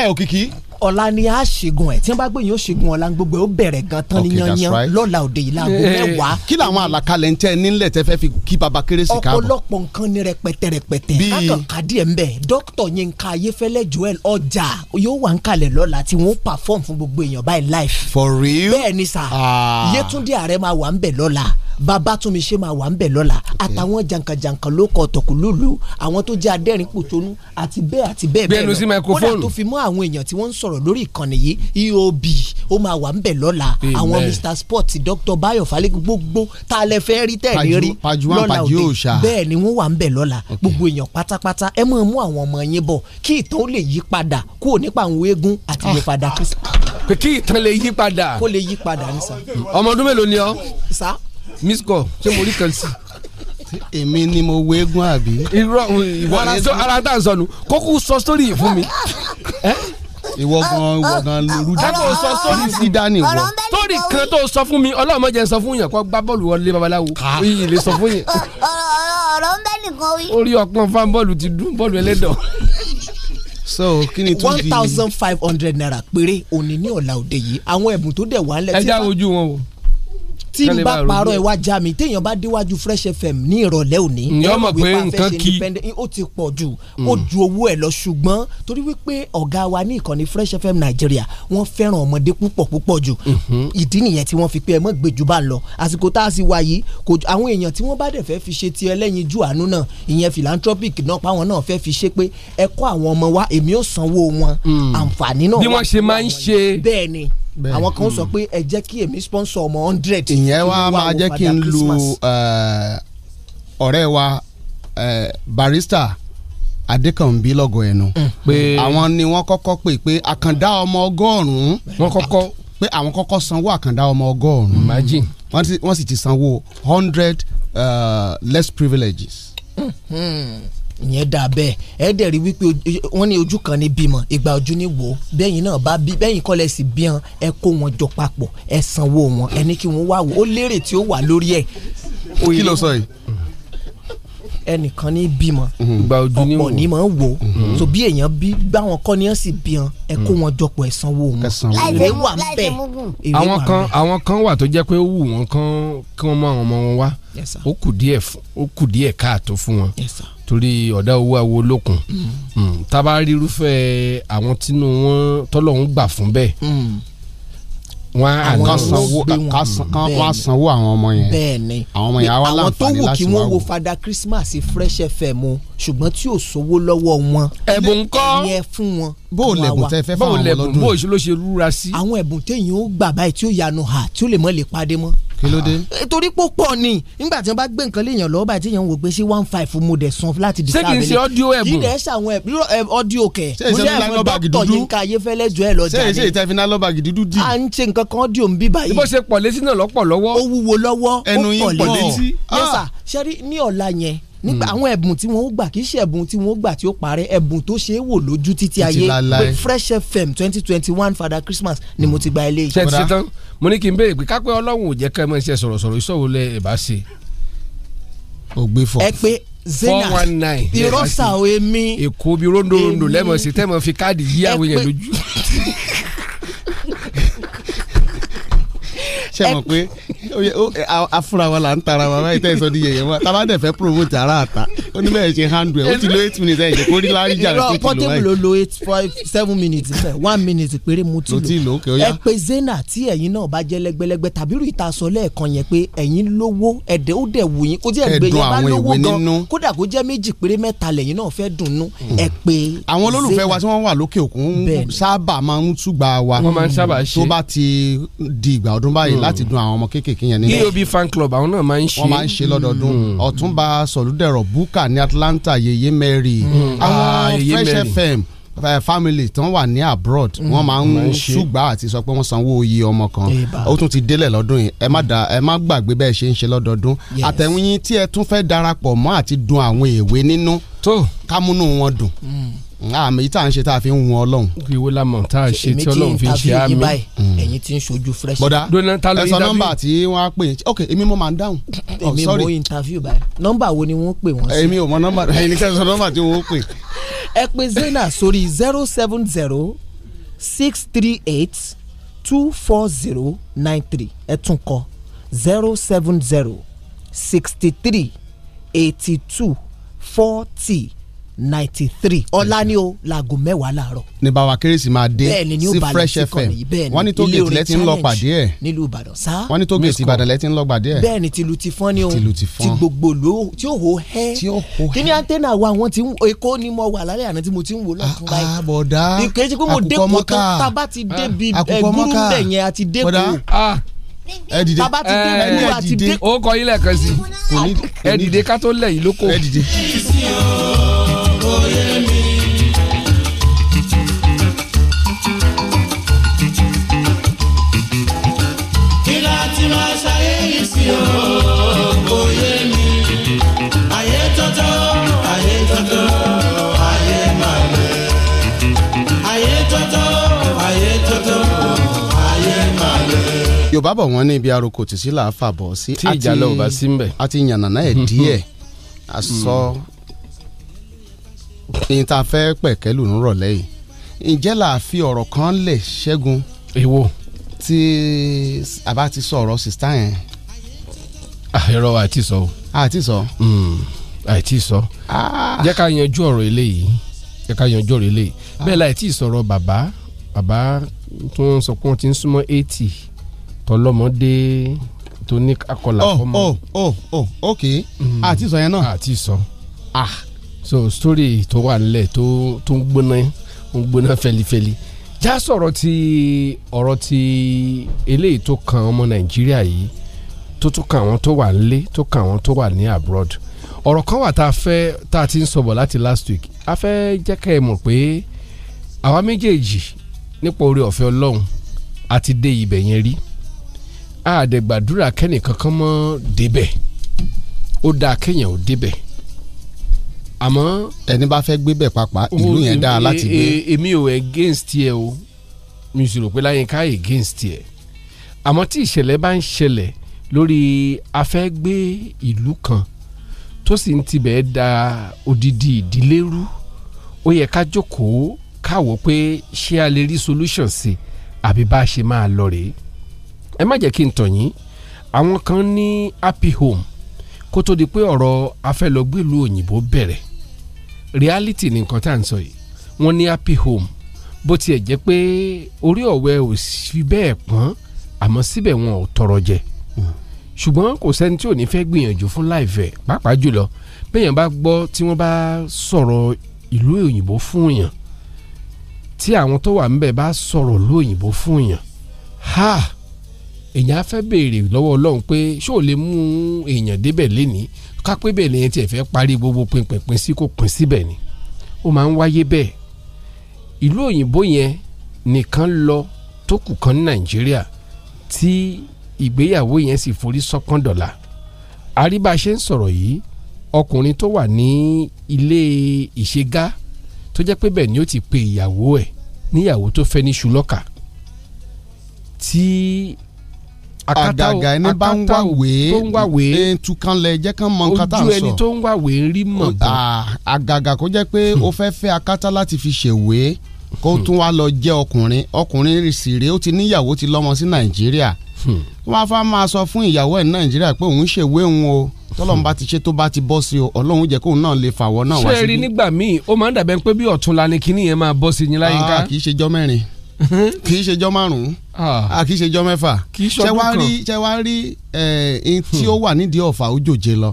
ẹ òkìkí ọ̀la ni a ṣègùn ẹ̀ tí wọ́n bá gbé yín ó ṣègùn ọ̀la gbogbo ẹ̀ ó bẹ̀rẹ̀ gan tán ní yanyan lọ́la òde yìí láago eh. mẹ́wàá. kí làwọn àlàkalẹ̀ ń tẹ́ ẹ nílẹ̀ tẹ́ fẹ́ fi kí baba kérésì káàbọ̀. ọ̀pọ̀lọpọ̀ nǹkan ni rẹpẹtẹ rẹpẹtẹ kákan ká díẹ̀ ń bẹ̀ dókítà Yínká Ayéfẹ́lẹ́ Joel ọjà yóò wà ń kalẹ̀ lọ́la tí wọ́n perform fún gbogbo èèyàn báyìí live. for real bẹ́ẹ̀ ni sà ah. Yétúndé Ààrẹ máa wà ń bẹ̀ lọ́la Babátúnmi Ṣe máa wà ń bẹ̀ lọ́la àtàwọn jàǹkàjàǹkàn ló kọ tọkùlùlù àwọn tó jẹ́ adẹ́rìn pòtónú àti bẹ́ẹ̀ àti bẹ́ẹ̀ bẹ́ẹ̀ lọ sọ̀rọ̀ lórí ìkànnì yìí eob ó máa wà ń bẹ̀ lọ́la àwọn mr sport dr bayo falẹ́gun gbogbo tá a lẹ fẹ́ rí tẹ̀lé rí lọ́la òde bẹ́ẹ̀ ni wọ́n wà ń bẹ̀ lọ́la gbogbo èèyàn pátápátá ẹ máa mú àwọn ọmọ yín bọ̀ kí ìtàn ó lè yí padà kúrò nípa àwọn eégún àti ah. ìyípadà pé kí ìtàn lè yí padà kó lè yí padà ní sà. ọmọ ọdún mélòó ni ọ. sà. miss call ṣé mo rí kan sí i èmi ni mo wégún àbí. irọ́ ìwọ ara tá à ń kókó sọ sórí yìí mi. ìwọ gan ìwọ gan lóru ah, dákò sọ sórí sí dání wọ. torí kan tó sọ fún mi ọlọ́run mọ̀jẹ̀ sọ fún yẹn kó gbá bọ́ọ̀lù wọlé babaláwo iye lè sọ fún yẹn. ọ̀rọ̀ ń bẹ́ nìkan wí. orí ọpọ́n fan bọ́ọ̀lù ti dún bọ́ọ̀lù ẹlẹ́dọ̀. so kí ni tún di. one thousand five hundred naira péré òní ní ọ̀la òde yìí àwọn ẹ̀bùn tó dẹ̀ wà ń lẹ́tí. ẹ já ojú wọn o tí n bá parọ́ ẹ wá já mi téèyàn bá déwájú Fresh FM ní ìrọ̀lẹ́ òní ǹyọ́ mọ̀ pé nǹkan kí ó ti pọ̀ jù hmm. ó ju owó ẹ̀ lọ ṣùgbọ́n torí wípé ọ̀gá wa ní ìkànnì Fresh FM Nàìjíríà wọ́n fẹ́ràn ọmọdé púpọ̀ púpọ̀ jù mhm. ìdí nìyẹn tí wọ́n fi pé ẹ mọ̀ gbèjú bá lọ àsìkò tá a sì wá yìí kò àwọn èèyàn tí wọ́n bá dẹ̀ fẹ́ fi ṣe ti ẹlẹ́yin jù àánú náà ìyẹn philanthropic náà páwọn náà fẹ́ fi ṣe pé ẹ kọ́ àwọn ọmọ wa èmi ò sanwó wọn hmm. àǹfààní náà wà bí wọ́n àwọn kan sọ hmm. pé ẹ jẹ́ kí èmi sponsor ọmọ hundred. ìyẹn wá máa jẹ́ kí n lu uh, ọ̀rẹ́ wa uh, barista adékànbí lọ́gọ̀ ẹnu hmm. pé àwọn ni wọ́n kọ́kọ́ pè pé àkàndá ọmọ ọgọ́rùn-ún wọ́n kọ́kọ́ pé àwọn kọ́kọ́ sanwó àkàndá ọmọ ọgọ́rùn-ún wọ́n sì ti sanwó hundred uh, less privileges. Mm-hmm ìyẹn dà bẹ́ẹ̀ ẹ dẹ̀ rí wípé wọ́n ní ojú kan ní bímọ ìgbà ojú ní wò ó bẹ́yìn náà bá bí bẹ́yìn kọ́lẹ̀ sì bíyan ẹ kó wọn jọ papọ̀ ẹ sanwó wọn ẹ ní kí wọ́n wá wò ó lérè tí ó wà lórí ẹ̀. kí ló sọ yìí ẹnìkan ní bímọ mhm. ọ̀pọ̀ ní mọ̀ wò ó mhm. so bí èèyàn bí báwọn kọ́ ni wọ́n sì bíyan ẹ kó mhm. wọn jọpọ̀ ẹ sanwó wọn èrè wà ń bẹ̀. àwọn kan àwọn kan wà tó jẹ́ pé ó wù wọ́n kán kí wọ́n mú àwọn ọmọ wọn wá ó kù díẹ̀ káàtó fún wọn torí ọ̀dá owó awo olókun mm. mm. tábà rí àwọn tínú wọn tọ́lọ̀ ń gbà fún bẹ́ẹ̀ mm. wọn àwọn sanwó àwọn ọmọ yẹn bẹ́ẹ̀ni àwọn ọmọ yẹn àwọn láǹfààní láti wá wò. àwọn tó wù kí wọn wo fada Christmas Fresh FM o ṣùgbọ́n tí ò sówó lọ́wọ́ wọn ẹ̀bùn kọ́ ẹ̀yẹ fún wọn bó o lẹ̀bùn tẹ fẹ́ fáwọn ọmọ lọ́dún bó o ló ṣe rúra sí. àwọn ẹ̀bùn téèyàn ó gbà báyìí tí ó yanu ha tí ó lè mọ́ lè padé mọ́. kí ló dé. Ah, torí pé ó pọ̀ ni nígbà tí wọ́n bá gbé nǹkan léèyàn lọ́wọ́ báyìí téèyàn wò pé sí one five mo dẹ̀ san láti di sábẹ́lẹ̀. ṣé kì í ṣe ọ́díò ẹ̀bùn. yìí dẹ̀ ṣe àwọn ọ́díò eh, kẹ̀. ṣé ìṣe ìfinalọ́bàgì dúdú. ṣé ìṣe ìfinalọ́bàgì dúdú dì. à ń ṣe nǹkan kan ọ́díò ń bí báyìí. bó ṣe pọ̀ létí náà lọ́pọ̀ lọ́wọ́. ó wúwo lọ́wọ́ ó pọ̀ létí. ẹnu yín pọ̀ létí. Ah! ṣé rí ní ọ̀la yẹn nígbà hmm. àwọn ẹ̀bùn tí wọ́n ó gbà kì í ṣe ẹ̀bùn tí wọ́n ó gbà tí ó parẹ́ ẹ̀bùn tó ṣe é wò lójú títí ayé Fresh FM twenty twenty one Father Christmas ni mo ti gba ilé yìí. ṣètì ṣetán mo ní kí n béèrè pé kápẹ́ Ọlọ́run ò jẹ́ ká ẹ mọ̀ sọ̀rọ̀sọ̀rọ̀ ìṣòwò lẹ́ ẹ̀ bá ṣe. o gbé fọ. ẹ pé zena ìrọ́sà èmi. èkó bí rondo rondo lẹ́mọ̀ tẹ́mọ̀ fi káàdì yí àwọn èèyàn lójú. ṣe mọ̀ pé afúnra wa là ń tara wa báyìí tẹ́ di yẹ̀yẹ̀ wa tá a bá dẹ̀ fẹ́ promote ara àta ó ní bẹ́ẹ̀ ṣe handle ẹ̀ ó ti lo eight minutes ẹ̀ jẹ́ kó rí láyé jà ló ti lò ló lo eight five seven minutes bẹ́ẹ̀ one minute péré mo ti lò ẹ pé zena tí ẹ̀yin náà bá jẹ́ lẹ́gbẹ́lẹ́gbẹ́ tàbí rú ìta sọ lẹ́ẹ̀kan yẹn pé ẹ̀yin lówó ẹ̀dẹ̀ ó dẹ̀ wù yín kó tí ẹ̀ gbé yẹn bá gan kó jẹ́ láti dun àwọn ọmọ kéékèèké yẹn nínú. eob fan club àwọn náà máa ń ṣe. wọ́n máa ń ṣe lọ́dọọdún hmm. ọ̀túnba sọ̀lúdẹ̀rọ̀ búkà ní Atlanta yeye Mary hmm. ah, àwọn Fresh FM eh, family tán wà ní abroad hmm. wọ́n máa ń ṣùgbà àti sọ pé wọ́n sanwó oyè ọmọ kan ó tún ti délẹ̀ lọ́dún yìí ẹ má da ẹ má gbàgbé bẹ́ẹ̀ ṣe ń ṣe lọ́dọọdún àtẹ̀yìn tí ẹ tún fẹ́ darapọ̀ mọ́ àti dun àwọn èwe nínú kámúnú wọn dùn àmì ah, tá à ń ṣe tá a fi ń hun ọlọ́run. ìwé la mọ̀ tá a ṣe tí ọlọ́run fi ń ṣe àmì. èmi tí ń tàbí yín báyìí mm. ẹ̀yin tí ń ṣojú fresh. bọ́dà ẹ sọ nọ́mbà tí wọ́n á pè é ok èmi mo máa ń dáhùn. èmi oh, mo interview báyìí nọ́mbà wo ni wọ́n pè wọ́n sí. èmi ò mọ nọ́mbà ẹ̀yin kẹ́ sọ nọ́mbà tí wọ́n pè. ẹ pe zena sórí zero seven zero six three eight two four zero nine three ẹ tún kọ zero seven zero sixty three eighty two forty ninety three ọ̀la ni o laago mẹ́wàá láàárọ̀. ní bàbá kérésì máa dé sí fresh fm wọ́n ní tógèètì lẹ́tí ń lọ pàdé ẹ̀ nílùú ìbàdàn sá. wọ́n ní tógèètì ìbàdàn lẹ́tí ń lọ pàdé ẹ̀. bẹ́ẹ̀ ni tìlù ti fọ́n ni o tìlù ti fọ́n ti gbogbo lo tí ó hó hẹ́ kí ni antenna wa wọn ti ń ni mo wà lálẹ́ àná tí mo ti ń wò lọ́tún ah, báyìí. àbọ̀dá ah, àkùkọ mọ́ká tábà ti dé bi ah, gúrúndẹ̀ yẹn àti dé kù ẹ dìde ó kọ ilẹ̀ kan sí ẹ dìde ká lóko. ẹ yorùbá bọ̀ wọ́n ní ibi aroko tìsí là á fà bọ̀ sí. tí ìjàlẹ̀ ò bá sí ń bẹ̀. a ti yànnàná ẹ̀ díẹ̀ a hmm. sọ ní ta fẹ́ pẹ̀kẹ́lù nírọ̀lẹ́ yìí ǹjẹ́ là á fi ọ̀rọ̀ kan lẹ̀ ṣẹ́gun. èwo. tí a bá ti sọ ọ̀rọ̀ sista yẹn. ẹ̀rọ àti sọ. àti sọ. àti hmm, sọ. Ah. jẹ́ ká yanjú ọ̀rọ̀ eléyìí jẹ́ ká yanjú ọ̀rọ̀ eléyìí bẹ́ẹ̀ ah. láì tí sọ̀rọ̀ bàbá bàbá tó ń sọ pé wọ́n ti ń súnmọ́ eighty tọlọmọdé tó akọlà oh, fọmọ. oh oh oh ok àti hmm. sọ yẹn náà. àti sọ ah so story tó wà nílẹ̀ tó tó ń gbóná ń gbóná fẹlifẹli já sọ̀rọ̀ ti ọ̀rọ̀ ti eléyìí tó kan ọmọ nàìjíríà yìí tó tún kan àwọn tó wà nílé tó kan àwọn tó wà ní abroad ọ̀rọ̀ kan wà tá a fẹ́ tá a ti ń sọ̀bọ̀ láti last week a fẹ́ jẹ́ ká ẹ mọ̀ pé àwa méjèèjì nípa oore ọ̀fẹ́ ọlọ́run a dé ibẹ̀ yẹn rí àdẹ̀gbàdúrà kẹ́nìkankan mọ́ débẹ̀ ó dáa kéèyàn ó débẹ̀ àmọ́. ẹni bá fẹ́ gbé bẹ̀ pàápàá ìlú yẹn dáa láti gbé. E, e, èmi ò against ẹ o mi sì rò pé láyínká against ẹ àmọ́ tí ìṣẹ̀lẹ̀ bá ń ṣẹlẹ̀ lórí afẹ́gbé ìlú kan tó sì ń tibẹ̀ da odidi ìdílé rú ó yẹ ká jókòó káwọ́ pé ṣé a lè rí solution sí àbí bá a ṣe máa lọ rèé ẹ má jẹ́ kí n tàn yín àwọn kan ní happy home kó tó di pé ọ̀rọ̀ afẹ́lọ́gbèlú òyìnbó bẹ̀rẹ̀ reality ni nǹkan tá à ń sọ yìí wọ́n ní happy home bó tiẹ̀ jẹ́ pé orí ọ̀wẹ́ ò fi bẹ́ẹ̀ pọ́n àmọ́ síbẹ̀ wọn ò tọrọ jẹ hmm. ṣùgbọ́n kò sẹ́ni tí ò ní fẹ́ gbìyànjú fún láìfẹ́ pàápàá jùlọ bẹ́ẹ̀yàn bá gbọ́ tí wọ́n bá sọ̀rọ̀ ìlú òyìnbó fún yàn tí àwọn tó wà ń bẹ̀ bá sọ̀rọ̀ lóyìnbó fún yàn ha èèyàn á fẹ́ béèrè lọ́wọ́ ọlọ́run pé ṣó lè mú èèyàn débẹ̀ lẹ́ni ká pé bẹ́ẹ̀ lẹ́yìn tí ẹ̀ fẹ́ parí gbogbo pinpin sí kò pin síbẹ̀ ni ó máa ń wáyé bẹ́ẹ̀ ìlú òyìnbó yẹn nìkan lọ tó kù kan ní nàìjíríà tí ìgbéyàwó yẹn sì forí sọ́pọ́n dọ̀la àríbá ṣe ń sọ̀rọ̀ yìí ọkùnrin tó wà ní ilé ìṣègá tó jẹ́ pé bẹ́ẹ̀ ni ó ti pe ìyàwó ẹ̀ níyàwó tó fẹ́ ní ṣùlọ́kà tí àgàgà ẹni bá ń wà wé ntukanlẹ̀ jẹ́ kán mọ nǹkan tá à ń sọ ojú ẹni tó ń wà wé ń rí mọ̀ bọ́. Ah, àgàgà kó jẹ́ pé ó fẹ́ fẹ́ akátá láti fi ṣèwé kó hmm. tún wá lọ jẹ́ ọkùnrin ọkùnrin sì rèé ó ti níyàwó ti lọ́mọ sí nàìjíríà hmm. wọ́n á máa sọ fún ìyàwó ẹ̀ nàìjíríà pé òun ṣèwé òun o tọ́lọ́run bá ti ṣe tó bá ti bọ́ sí o ọlọ́run jẹ́ kóun náà lè fàwọ́ náà wá síbí. ṣé ẹ nígbà míì ó máa ń dàbẹ́ pé bí ọ̀túnla ni kinní yẹn máa bọ́ sí yín láyínká. Ah, kì í ṣe jọ́ mẹ́rin kì í ṣèjọ́ márùn-ún ah. a kì í ṣèjọ́ mẹ́fà ṣé wàá rí ṣé wàá rí ẹ̀ẹ́n hmm. tí ó wà nídìí ọ̀fà ojoojé lọ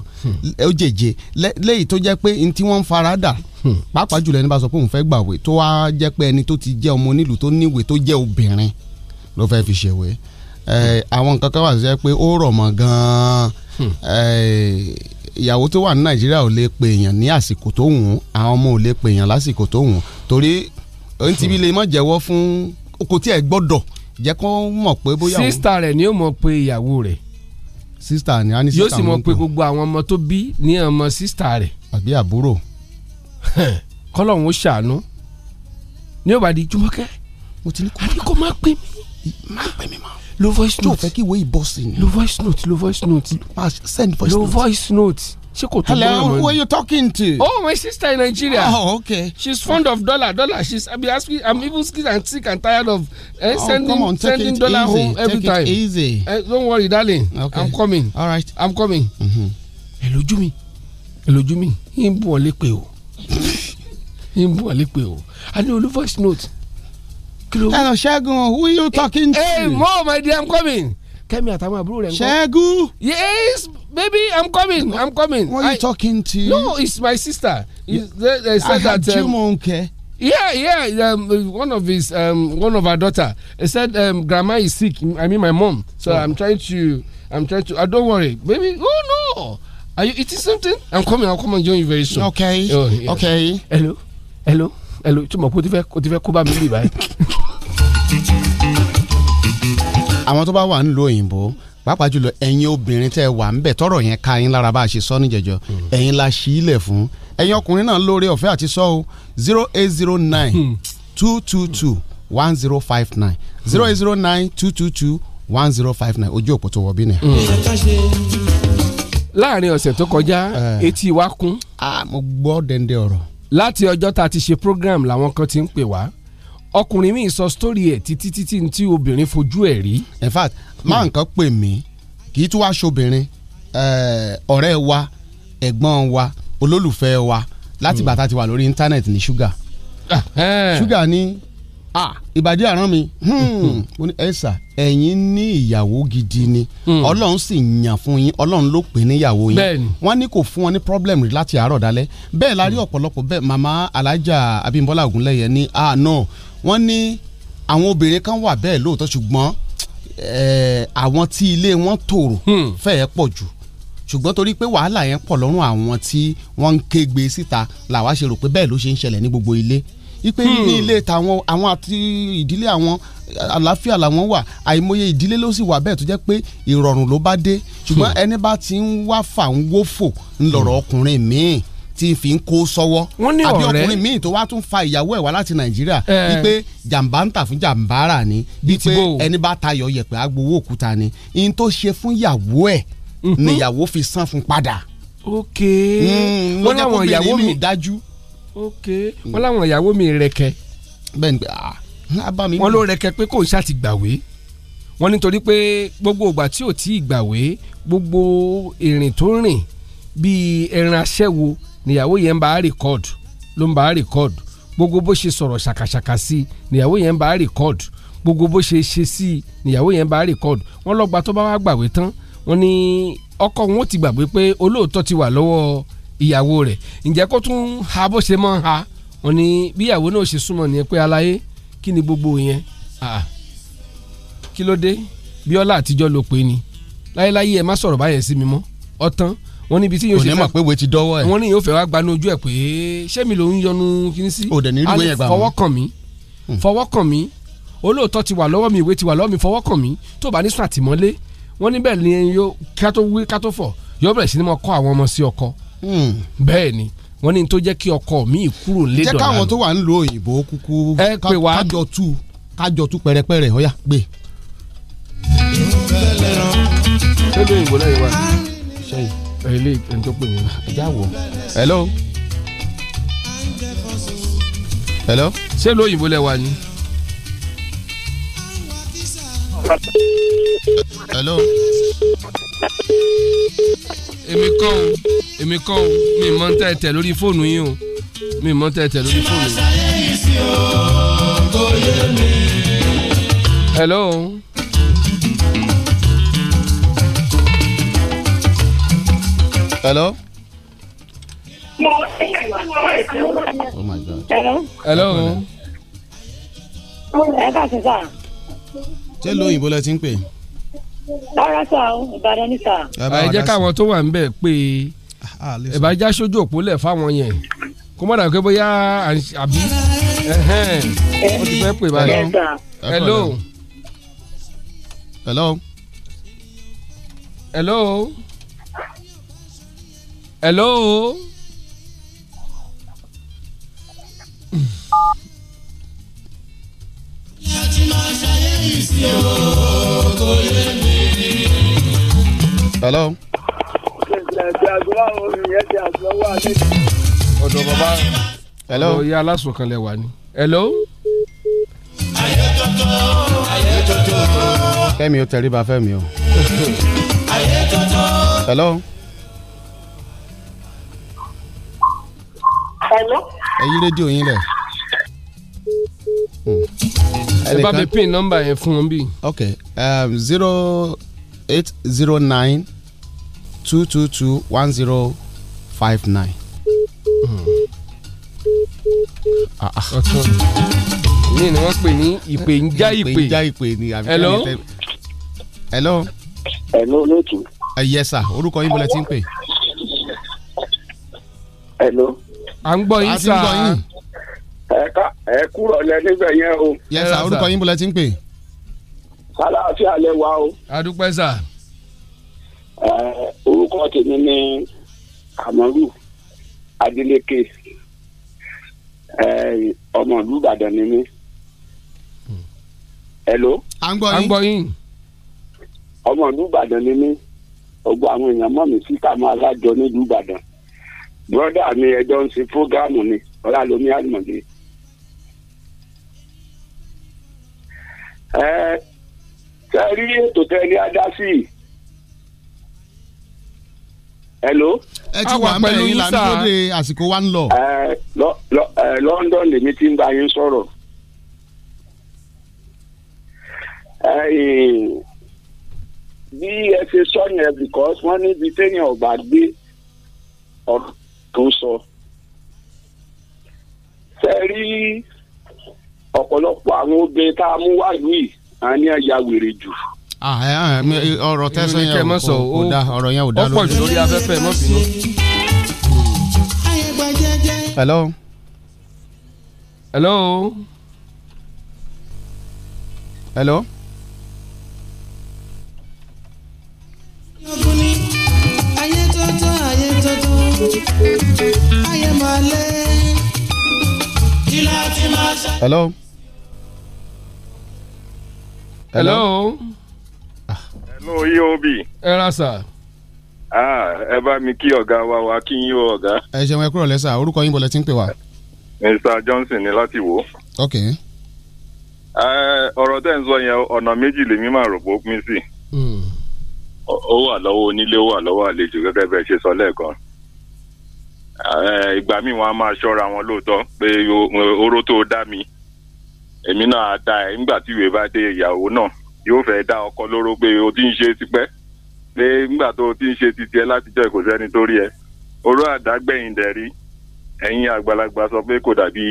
ojoojé hmm. léyìí tó jẹ́ pé n tí wọ́n ń faradà hmm. pàápàá jùlọ ẹni bá sọ pé òun fẹ́ gbàwé tó wá jẹ́ pé ẹni tó ti jẹ́ ọmọ onílùú tó níwèé tó jẹ́ obìnrin ló fẹ́ fi ṣèwé àwọn nǹkan kan wà tó jẹ́ pé ó rọ̀ mọ́ gan-an ìyàwó tó wà ní nàìjíríà ò lè pè èèyàn ní àsìkò tó wù ú àwọn ọmọ ò lè pè èèyàn lásìkò tó wù ú torí ohun tí ibi lè mọ̀ jẹ́wọ́ fún kò tí ẹ̀ gbọ́dọ̀ jẹ́ kó mọ̀ pé bóyá òun. sísítà rẹ̀ ni ó mọ̀ pé ìyàwó rẹ̀. sísítà ni a ní sísítà wọn. yóò sì mọ̀ pé gbogbo àwọn ọmọ tó bí ní ọmọ sísítà rẹ̀. àbí àbúrò. kọ́lọ́hún ó ṣàánú ní ó di jùmọ̀kẹ́ mo ti ní kó. àní kò má pè mí má pè mí mọ́. lo voice note. tó fẹ́ kí ìwé ìbọ̀sìn. lo voice note lo voice note. send voice note. lo voice note ṣé kò tó bóyá mọ́ hello who are you talking to. oh my sister in Nigeria. oh okay. she's fond of dollar dollar she's i be asking i'm even sick and sick and tired of eh, oh, sending come on, sending dollar easy. home every take time. take it easy. Eh, don't worry darling. okay i'm coming. all right i'm coming. Mm-hmm. ẹ lójú mi ẹ lójú mi yín bù ọ lépè o yín bù ọ lépè o a ní olú voice note. hello Ṣẹ́gun who are you talking eh, to. hey eh, mo my dear i'm coming kẹ́mi àtàwọn àbúrò rẹ̀ ń kọ́. ṣẹ́gun. yes baby i'm coming i'm coming. what are you talking to. no it's my sister. Yeah. They, I had two um, Jumonke. Yeah, yeah. Um, one of his, um, one of her daughter. He said, um, "Grandma is sick. I mean, my mom. So yeah. Oh. I'm trying to, I'm trying to. I uh, don't worry, baby. Oh no, are you eating something? I'm coming. I'll come and join you very soon. Okay. Oh, yes. Okay. Hello, hello, hello. Tí mo kò tí fẹ́ kó bá mi bí báyìí. àwọn tó bá wà ń lo òyìnbó pàápàá jùlọ ẹ̀yin obìnrin tẹ́ wà ń bẹ̀ tọrọ yẹn ka yín lára bá a ṣe sọ níjẹjọ hmm. ẹ̀yin la ṣí ilẹ̀ fún ẹ̀yin ọkùnrin náà lóore ọ̀fẹ́ àti sọ o zero eight zero nine hmm. two two two one zero five nine hmm. zero eight zero nine two two two one zero five nine ojú òpó tó wọ bí nẹ. láàrin ọ̀sẹ̀ tó kọjá eh. etí wa kún. Ah, mo gbọ́ dẹ́ndé ọ̀rọ̀. láti ọjọ́ tá ti ṣe program làwọn kan ti ń pè wá ọkùnrin mi sọ sítórì ẹ̀ títí títí tí obìnrin fojú ẹ̀ rí. in fact máa hmm. nǹkan pè mí kì í tún wá ṣobìnrin eh, ọ̀rẹ́ wa ẹ̀gbọ́n wa olólùfẹ́ wa láti bàtà hmm. ti wà lórí íńtánẹ́ẹ̀tì ní ṣúgà ah, eh. ṣúgà ni ah. ìbàdí àrán mi hmm. ẹ̀sà ẹ̀yin ní ìyàwó gidi ni ọlọ́run sì yàn fún yín ọlọ́run ló pè níyàwó yín wọ́n ní kò fún wọn ní problem rí láti àárọ̀ dalẹ́ bẹ́ẹ̀ la rí ọ̀pọ̀lọpọ̀ bẹ́ẹ̀ màmá alájà Abímbọ́lá Ògúnlẹ́yẹ ní ah no wọ́n ní àwọn obìnrin kan wà bẹ́ẹ̀ lóòótọ́ ṣùgbọ́n eh, àwọn tí ilé wọn tòrò hmm. fẹ́ẹ̀ pọ̀ jù ṣùgbọ́n torí pé wàhálà yẹn pọ̀ lọ́rùn àwọn tí wọ́n ń kégbe síta làwa ṣe rò pé bẹ́ẹ̀ ló ṣe ń ṣẹlẹ̀ ní gbogbo ilé ipe hmm. ní ilé tàwọn àwọn àti ìdílé àwọn àlàáfíà làwọn wà àìmọye ìdílé ló sì wà bẹ́ẹ̀ tó jẹ́ pé ìrọ̀rùn ló bá dé ṣùgbọ́n hmm. ẹni bá ti ń wá fà ń wófò ńlọrọ̀ ọkùnrin míì tí fi ń kó sọ́wọ́ àbí ọkùnrin míì tó wá tún fa ìyàwó ẹ̀ wá láti nàìjíríà wípé jàǹbá ń tà fún jàǹbá rà ni wípé ẹni bá tayọ̀ yẹ̀pẹ̀ agbowó òkúta ni ihun tó ṣe fún ìyàwó ẹ̀ mhm. níyàwó fi san fún padà. ok hmm, wọ́n láwọn ìyàwó mi dájú. ok hmm. wọ́n láwọn ìyàwó mi rẹ̀kẹ̀. bẹ́ẹ̀ni abá ah, mi. wọ́n ló rẹ̀kẹ̀ pé kò ṣàtìgbàwé wọ́n nítorí pé gbogbo ìgbà bíi ẹran aṣẹ́wo níyàwó yẹn ń bá a record ló ń bá a record gbogbo bó ṣe sọ̀rọ̀ ṣàkàṣàkà sí níyàwó yẹn ń bá a record gbogbo bó ṣe ṣe sí níyàwó yẹn ń bá a record wọ́n lọ́gba tó bá wá gbàwé tán wọ́n ní ọkọ wọn ti gbàgbé pé olóòótọ́ ti wà lọ́wọ́ ìyàwó rẹ̀ ǹjẹ́ kó tún ha bó ṣe mọ́ ha wọ́n ní bí ìyàwó náà ṣe súnmọ́ nìyẹn pé aláyé kí ni gbogbo yẹn kí ló dé bíọ́lá àtijọ́ ló pe ni láyéláyé ẹ má sọ̀rọ̀ báyẹn sí mi mọ́ ọ̀tán wọ́n níbi tí yóò ṣe sá onímọ̀ pé wo ti dọ́wọ́ ẹ̀ wọ́n ní yóò fẹ́ wá gbanú ojú ẹ̀ pé ṣé mi ló ń yọnu kíní sí òdẹ ní ìwé yẹn gbà wọ́n fọwọ́ kàn mí hmm. fọwọ́ kàn mí olóòótọ́ ti wà lọ́wọ́ mi ìwé ti wà lọ́wọ́ mi fọwọ́ kàn mí tó bá ní sùn àtìmọ́lé wọ́n níbẹ̀ ni yóò ká tó wí ká tó fọ̀ yóò bẹ̀rẹ̀ sí ni mo kọ́ àwọn ọmọ sí ọkọ hmm. bẹ́ẹ̀ ni wọ́n ní tó jẹ́ kí ọkọ mi kúrò lé dọ̀là. jẹ́ káwọn tó wà ń lo òyìnbó kúkú kájọ tú kájọ tú pẹ̀rẹ̀pẹ̀rẹ̀ ọ̀yà gbé. ṣé ló ń wọlé yìí wá? ṣẹ́yìn ilé ẹni tó pè mí ẹjá wò. hello hello ṣé lóyìnbó lẹ wà ni. hello èmi kọ́ o èmi kọ́ o mi mọ́ tẹ́ tẹ́ lórí fóònù yín o mi mọ́ tẹ́ tẹ́ lórí fóònù yín. hello. hello. oh my god. hello. hello. ẹ ká sí sá. ṣé lóyìnbó lẹ ti ń pè. rárá sá o ìbàdàn ni sá. ẹ jẹ́ káwọn tó wà ń bẹ̀ pé ah, ah, ẹ bá já sójú òpó lẹ̀ fáwọn yẹn kó má dàgbé bóyá àbí ó ti fẹ́ pè báyìí. hello. hello. hello hello. hello. ọ̀dọ̀ bàbá hello. ọ̀dọ̀ ìyá alásùnkanlẹ̀ wà ní. hello. kẹ́mi ó tẹríba fẹ́mi o. hello. hello. ẹ yí rédíò yín lẹ̀. Hmm. ẹ bá mi pin nọ́mbà yẹn fún un bí. ok um, zero eight zero nine two two two one zero five nine. ní hmm. ah, ah. ni wọ́n pè ní ìpè ń já ìpè. ìpè ń já ìpè ni àbí hello. hello. hello lóòtú. ẹ yẹ sà orúkọ yín bọ́lá ti ń pè. hello à ń gbọ́ yín sà ẹ kúrò lẹ níbẹ̀ yẹn o. yẹ sà orúkọ yín bọ́lá ti ń pè. aláàfin alẹ́ wa o. adúpẹ́ sà. orúkọ tèmi ni kamaru adeleke ọmọ ìlú ìbàdàn ni mí. hello. à ń gbọ́ yín. ọmọ ìlú ìbàdàn ni mí gbogbo àwọn èèyàn mọ̀ mí sí máa lájọ nílùú ìbàdàn bọ́dà mi ẹjọ́ ń ṣe fúgàmù ni ọlálómi àlùmọ̀dé. ẹ ṣe rí ètò tẹ ní adásí. hello. ẹ ti wà pẹ̀lú ìlànà lóde àsìkò wa ń lọ. London lèmi ti ń bá yín sọ̀rọ̀. bí ẹ ṣe sọ yẹn because wọ́n níbi téèyàn ò gbé ọ̀rọ̀ tó sọ ṣe rí ọ̀pọ̀lọpọ̀ àwọn obìnrin tá a mú wá ìlú yìí a ní ẹ̀yà wèrè jù. Ah, ọ̀rọ̀ tẹ́sán yẹn ò dá ọ̀rọ̀ yẹn ò dá lórí afẹ́fẹ́ mọ́ bínú. hello. hello. hello. hello. hello. hello eob. E ẹ ra sà. ẹ bá mi kí ọ̀gá wa wá kí yín o ọ̀gá. ẹ ṣeun ẹ kúrò lẹ́sà orúkọ yín bọ̀lẹ́ tí ń pè wá. mr johnson ni láti wò. ok. ọ̀rọ̀ tẹ́ ń sọ yẹn ọ̀nà méjì lèmi máa rò pé ó pín sí. Hmm. ó wà lọ́wọ́ onílé ó wà lọ́wọ́ àlejò gẹ́gẹ́ bẹ́ẹ̀ ṣe sọ lẹ́ẹ̀kan. Eh, ìgbà míì wọn a máa ṣọ́ra wọn lóòótọ́ pé oró tó dá mi èmi náà á ẹ nígbà tí ìwé bá dé ìyàwó náà yóò fẹ́ dá ọkọ lóró pé o ti ń ṣe tipẹ́ pé nígbà tó o ti ń ṣe titi ẹ látijọ́ kò sẹ́ni tó rí ẹ oró àdágbẹ̀yìn dẹ̀ rí ẹ̀yin àgbàlagbà sọ pé kò dàbí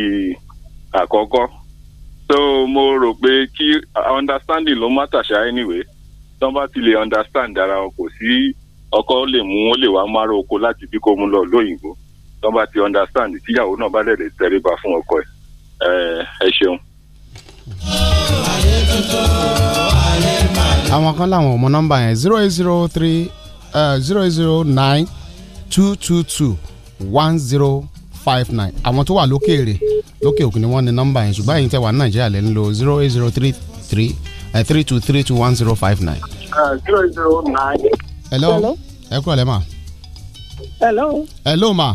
àkọ́kọ́ so mo rò pé kí understanding ló má tàṣà anyway tán bá ti lè understand ara wọn kò sí ọkọ lè mú ó lè wá márò oko láti bí kò mú lọ lóyìnbó tó bá ti understand tíyàwó náà bá lẹ̀lẹ̀ tẹríba fún ọkọ ẹ̀ ẹ ṣeun. àwọn kan láwọn ò mọ nọ́mbà yẹn zero eight zero three zero eight zero nine two two two one zero five nine àwọn tó wà lókèèrè lókè òkun ni wọ́n ní nọ́mbà yẹn ṣùgbọ́n ẹ̀yin tẹ́ wà ní nàìjíríà lẹ́nu lo zero eight zero three three three two three two one zero five nine. Ah, zero eight zero nine. hello ẹ kúrò lẹ́ mà. hello. hello ma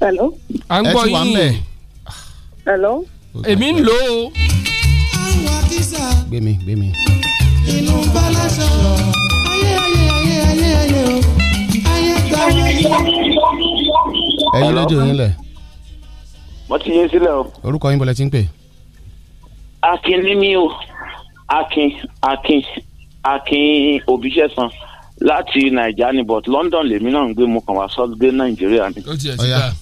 hello. à ń gbọ́ yín hello. èmi ń lò ó. gbé mi inú balaṣọ o ayé gba mi. ẹyin lójú yín lẹ. mo ti yé sílẹ̀ o. orúkọ yín bọ̀lẹ̀ tí ń pè. akin ni mí o akin akin akin òbíṣẹ́sán láti nàìjíríà ní but london lèmi náà ń gbé mu kàn wá sọ́dún dé nàìjíríà ni. ó ti ẹ̀ ti dáa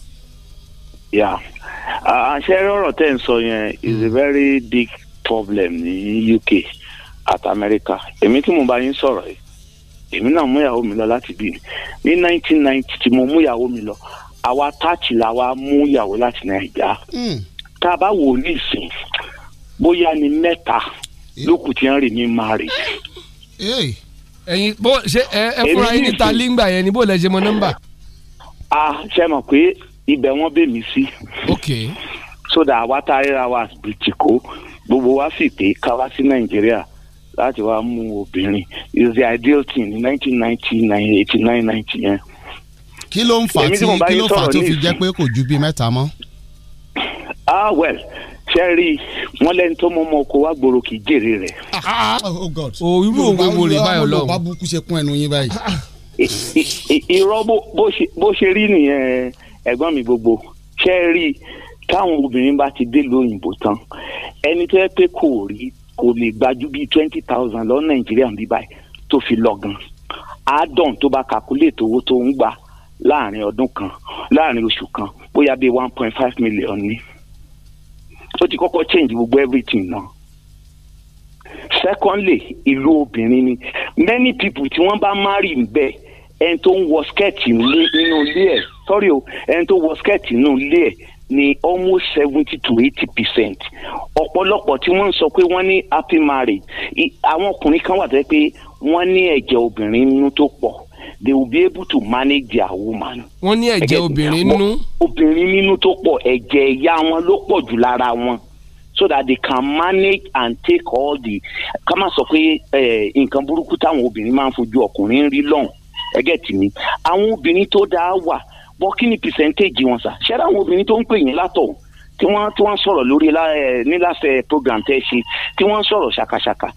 yeah àṣẹ ọ̀rọ̀ tẹ́ ń sọ yẹn is a hmm. very big problem ní UK at America èmi tí mo bá yín sọ̀rọ̀ yìí èmi náà mú ìyàwó mi lọ láti bí ní nineteen ninety tí mo mú ìyàwó mi lọ àwa táàtì la wa mú ìyàwó láti nàìjíríà hmm. tá a bá wò ní ìsìn bóyá ni mẹ́ta eh. lókù tí ń rìn ní marriage. ẹ̀yin bó ṣe ẹ fúnra yín níta lẹ́ngbà yẹn ni bó lẹ ṣe mọ nọ́mbà. a ah, ṣe mọ̀ pé ibẹ̀ wọ́n bẹ̀ mí sí. ok. so that àwa tá ríra wa bìtìkó gbogbo wa sì pé ká wá sí nàìjíríà láti wá mú obìnrin is the ideal thing in nineteen ninety nine eighty nine ninety yẹn. kí ló ń fà tí kí ló fà tó fi jẹ́ pé kò ju bíi mẹ́ta mọ́. ah well ṣe rí i wọn lẹni tó mọ ọmọ oko wa gbòòrò kì í jèrè rẹ. Ah, ah. oh god o oh, irú òwe wo rè báyọ̀ lọ. bá bukú ṣe kún ẹnu yín báyìí. irọ́ bó ṣe rí nìyẹn ẹ̀gbọ́n mi gbogbo ṣe é rí táwọn obìnrin bá ti dé lóyìnbó tán ẹni tó yẹ pé kò rí kò lè gbajú bíi twenty thousand lọ nàìjíríà bí báyìí tó fi lọ gan àádọ́n tó bá calculate owó tó ń gbà láàrin ọdún kan láàrin oṣù kan bóyá bíi one point five million ni ó ti kọ́kọ́ change gbogbo everything náà secondly ìlú obìnrin ni many people tí wọ́n bá marry ń bẹ́ẹ̀ ẹni tó ń wọ skẹ́ẹ̀tì nínú ilé ẹ̀ sorry o ẹni tó wọ skẹ́ẹ̀tì nínú ilé ẹ̀ ní almost seventy to eighty percent ọ̀pọ̀lọpọ̀ tí wọ́n ń sọ pé wọ́n ní happy marriage àwọn ọkùnrin kan wà tẹ́ pé wọ́n ní ẹ̀jẹ̀ obìnrin nínú tó pọ̀ they will be able to manage their woman. wọ́n ní ẹ̀jẹ̀ obìnrin nínú. obìnrin nínú tó pọ̀ ẹ̀jẹ̀ ìyá wọn ló pọ̀ jù lára wọn so that they can manage and take all the ká má sọ pé eh, nǹkan burúkú táwọn obìnrin máa ń fojú ọkùnrin rí lọ́hùn ẹgẹ́tì mi àwọn obìnrin tó dáa wà bọ́ kí ni percentage wọn sà ṣẹ́rẹ́ àwọn obìnrin tó ń pè yín látọ̀ tí wọ́n tí wọ́n sọ̀rọ̀ lórí níláṣẹ program tẹ́ ṣe tí wọ́n sọ̀rọ̀ ṣàkàṣàkà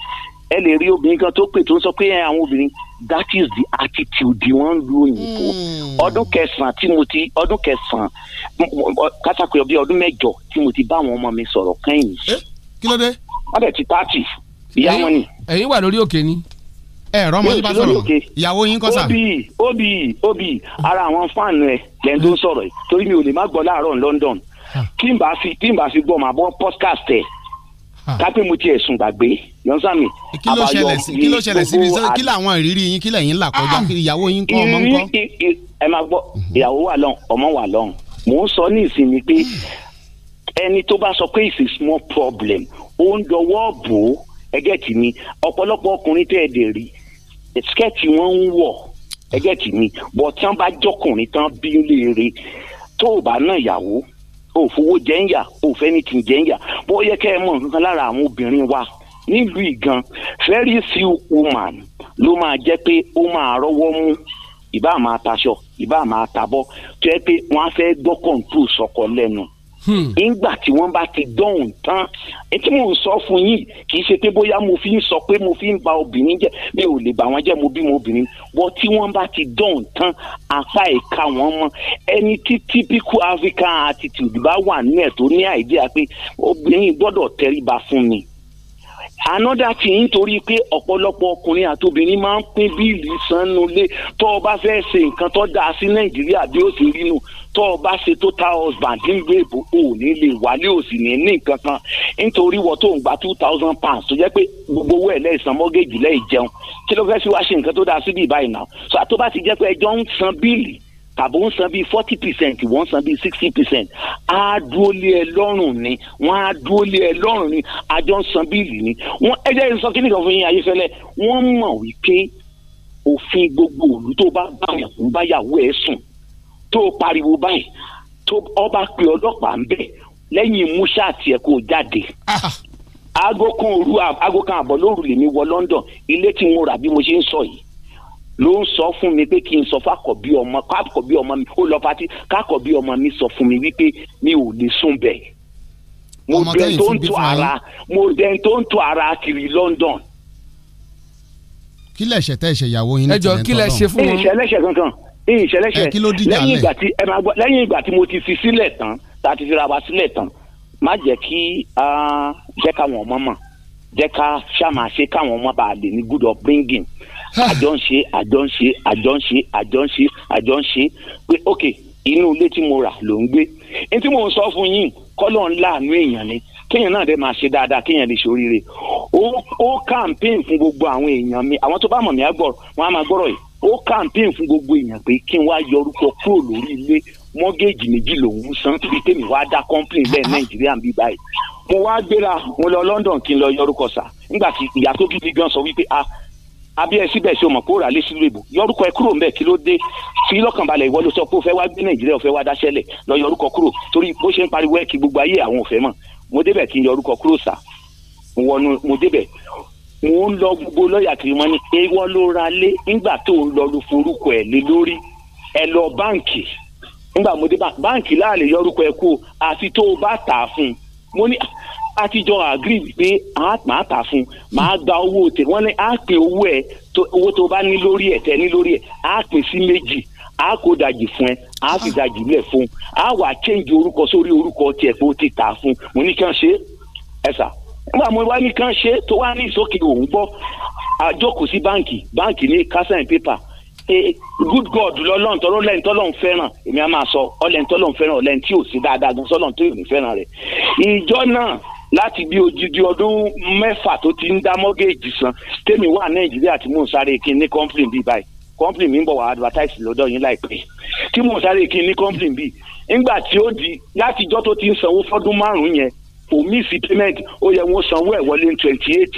ẹ lè rí obìnrin kan tó pè tó ń sọ pé àwọn obìnrin that is the attitude wọ́n lu òyìnbó hmm. ọdún kẹsàn-án tí mo ti ọdún kẹsàn-án kátàkùn ọbí ọdún mẹ́jọ tí mo ti bá àwọn ọmọ mi sọ̀rọ̀ kẹ́yìn. Eh, kí ló dé. wọ́n dẹ̀ ti tààtì ìyá wọn ni. ẹ̀yin wà lórí òkè ni ẹ rọmọ yín bá sọ̀rọ̀ ìyàwó yín kọ sà. obi obi obi ara àwọn fáànù ẹ lẹ́nu tó ń sọ̀rọ̀ yìí torí mi ò lè má gbọ́ láàárọ̀ ní London tí n bá fi tí n bá fi gbọ́ màá bọ́ podcast ẹ̀ kápẹ́ mo ti ẹ̀sùn gbàgbé yọ̀nsá mi. kí ló ṣẹlẹ̀ sí kí ló ṣẹlẹ̀ sí kí làwọn ìrírí yín kí lẹ̀yin là kọjá ah, ìyàwó yín kọ́ ọmọ ńkọ́. ẹ máa gbọ́ mhm. ìyàwó wà lọ́n ọmọ wà lọ́n mò ń sọ ní ìsinmi pé hmm. ẹni tó bá sọ pé it's a small problem ó ń dọwọ́ bò ó ẹgẹ́ tì mí ọ̀pọ̀lọpọ̀ ọkùnrin tẹ́ ẹ dè rí skẹ́ẹ̀tì wọn ń wọ̀ ẹgẹ́ tì mí bọ̀ tí wọ́n bá jọkùnrin tán bí léèrè tó o bá náà yàwó o fowó jẹ́ ń yà o fẹ́ ní tì jẹ́ ń yà bó yẹ kẹ́ ẹ mọ̀ nǹkan lára àwọn obìnrin wa nílùú ìgan very few woman ló máa jẹ́ pé ó máa rọ́wọ́ mú ìbá máa taṣọ ìbá máa tabọ́ tó yẹ pé wọ́n á fẹ́ gbọ́ kọ̀ǹtù sọkọ lẹ́nu Hmm. nígbà tí wọ́n bá ti dọ̀hùn tán etí mò ń sọ fún yín kì í ṣe pé bóyá mo fi ń sọ pé mo fi ń ba obìnrin jẹ́ mi ò lè bà wọ́n jẹ́ mo bí mo obìnrin wọ́n tí wọ́n bá ti dọ̀hùn tán apá ìka wọn mọ́ ẹni tí typical African attitude bá wà ní ẹ̀ tó ní àìdíyà pé obìnrin gbọ́dọ̀ tẹríba fún mi another thing Tori, pé ọ̀pọ̀lọpọ̀ ọkùnrin àti obìnrin máa ń pín bíìlì sanulé tó o bá fẹ́ ṣe nǹkan tó dáa sí nàìjíríà bí ó sì rí nù tó o bá ṣe total husband nílùú èbó ò ní lè wálé ò sì ní ní nǹkan kan nítorí wọ́n tó ń gba two thousand pounds tó jẹ́ pé gbogbo owó ẹ̀ lẹ́ẹ̀sán mọ́gẹ́jì lẹ́ẹ̀ jẹun kí ló fẹ́ fi wá ṣe nǹkan tó dáa sí bíi báyìí náà tó bá ti jẹ́ pé ẹjọ́ ń san bíìlì tàbí wọ́n san bíi forty percent wọ́n san bíi sixty percent á dúró lé ẹ lọ́rùn ni wọ́n á dúró lé ẹ lọ́rùn ni àjọ ń san bíìlì ni wọ́n ẹ jẹ́ sọ kí nìkan fún yín ayéfẹ́lẹ́ wọ́n mọ̀ wípé òfin gbogbo òlu tó bá báyà ń báyàwó ẹ sùn tó pariwo báyìí tó ọba pe ọlọ́pàá ń bẹ̀ lẹ́yìn musa àti ẹ̀ kó jáde ah. aago kan òru aago kan àbọ̀ lóru lèmi wọ London ilé tí mo rà bí mo ṣe ń sọ yìí ló ń sọ fún mi pé kí n sọ fákọ̀bí ọmọ kákọ̀bí ọmọ mi ó lọ pati kákọ̀bí ọmọ mi sọ fún mi wípé mi ò lè sùn bẹ̀. mo dẹni tó ń tu ara mo dẹni tó ń tu ara kiri London. kí lẹ̀ṣẹ̀ tẹ́ ẹ̀ṣẹ̀ ìyàwó yín ní tẹ̀lé tọ́lọ́ ẹjọ́ kí lẹ ṣe fún wọn. ìṣẹ̀ lẹ́ṣẹ̀ kankan ìṣẹ̀ lẹ́ṣẹ̀ lẹ́yìn ìgbà tí mo ti fi sílẹ̀ tán tá fi ra wa sílẹ̀ tán má jẹ́ kí jẹ́ káwọn ọmọ mọ̀ jẹ́ ká ṣàmàṣe káwọn ọmọ bá a lè ní good upbringing àjọ ń ṣe àjọ ń ṣe àjọ ń ṣe àjọ ń ṣe àjọ ń ṣe pé ok inú ilé tí mo rà ló ń gbé ní tí mò ń sọ fún yín kọ́lọ̀ ń láàánú èèyàn ni kéèyàn náà dé máa ṣe dáadáa kéèyàn lè ṣoríire ó kàmpéìn fún gbogbo àwọn èèyàn mi àwọn tó bá mọ̀ mí á gbọ́ wọn á máa gbọ́rọ̀ yìí ó kàmpéìn fún gbogbo èèyàn pé kí n wá yọ orúkọ kúrò lórí ilé mọ́gẹ́jì méjì lòún san bí tèmi wá dá kọ́ńpìn bẹ́ẹ̀ nàìjíríà bí báyìí mo wá gbéra mo lọ London kí n lọ yọ orúkọ sà nígbà tí ìyá tó bí mi gan sọ wípé ah abíyẹ síbẹ̀ sí o mọ̀ kó rà lé sílùú èbò yọrùkọ ẹ kúrò ńbẹ kí ló dé fi lọ́kànbalẹ̀ ìwọ ló sọ pé o fẹ́ wá gbé nàìjíríà o fẹ́ wá dáṣẹ́lẹ̀ lọ yọrùkọ kúrò torí bó ṣe ń pariwo ẹ kí gbogbo ayé àwọn ò fẹ́ mọ̀ mo débẹ̀ kí n yọrùkọ kúrò sà mo wọnú mo débẹ̀ mo ń lọ gbogbo lọ́ọ̀yà kiri mọ́ ni ewọ́ ló ra lé nígbà tó ń lọ lu forúkọ ẹ̀ lé lórí ẹ lọ báǹkì nígbà mo dé báǹkì láàlè yọrùkọ ẹ kú a ti jọ agree pé màá tà fún màá gba owó tẹ wọ́n ní a pín owó ẹ̀ owó tó bá ní lórí ẹ̀ tẹ́ ní lórí ẹ̀ a pín sí méjì a kó dajì fún ẹ a fi ah. dajì lẹ̀ fún a wà change orúkọ sórí orúkọ tiẹ̀ pé ó ti tà fún mo ní kàn ṣe ẹ sà nígbà mo wá ní kàn ṣe tó wá ní ìsókè òun gbọ́ àjókòó sí báǹkì báǹkì ní kásá ẹ̀ pépà e, good god lọ́lọ́run tọ́lọ́ lẹ́yìn tọ́lọ́run fẹ́ràn èmi á máa sọ ọlẹ́yìn tọ́lọ́run fẹ́ràn ọlẹ́yìn tí ò sí dáadáa gan sọ́lọ́run tó ìrìn fẹ́ràn rẹ̀ ìjọ náà láti bí odidi ọdún mẹ́fà tó ti ń dá mọ́gẹ́ẹ̀jì san tèmi wà nàìjíríà tí mò ń sáré kí n ní complain bíi báyìí complain mi ń bọ̀ wá advertise lọ́dọ̀ yín láìpẹ́ tí mò ń sáré kí n ní complain bíi ńgbà tí ó di láti ijọ́ tó ti ń sanwó fọ́dún márùn-ún yẹn kò mísì payment ó yẹ wọ́n sanwó ẹ̀ wọlé ní twenty eight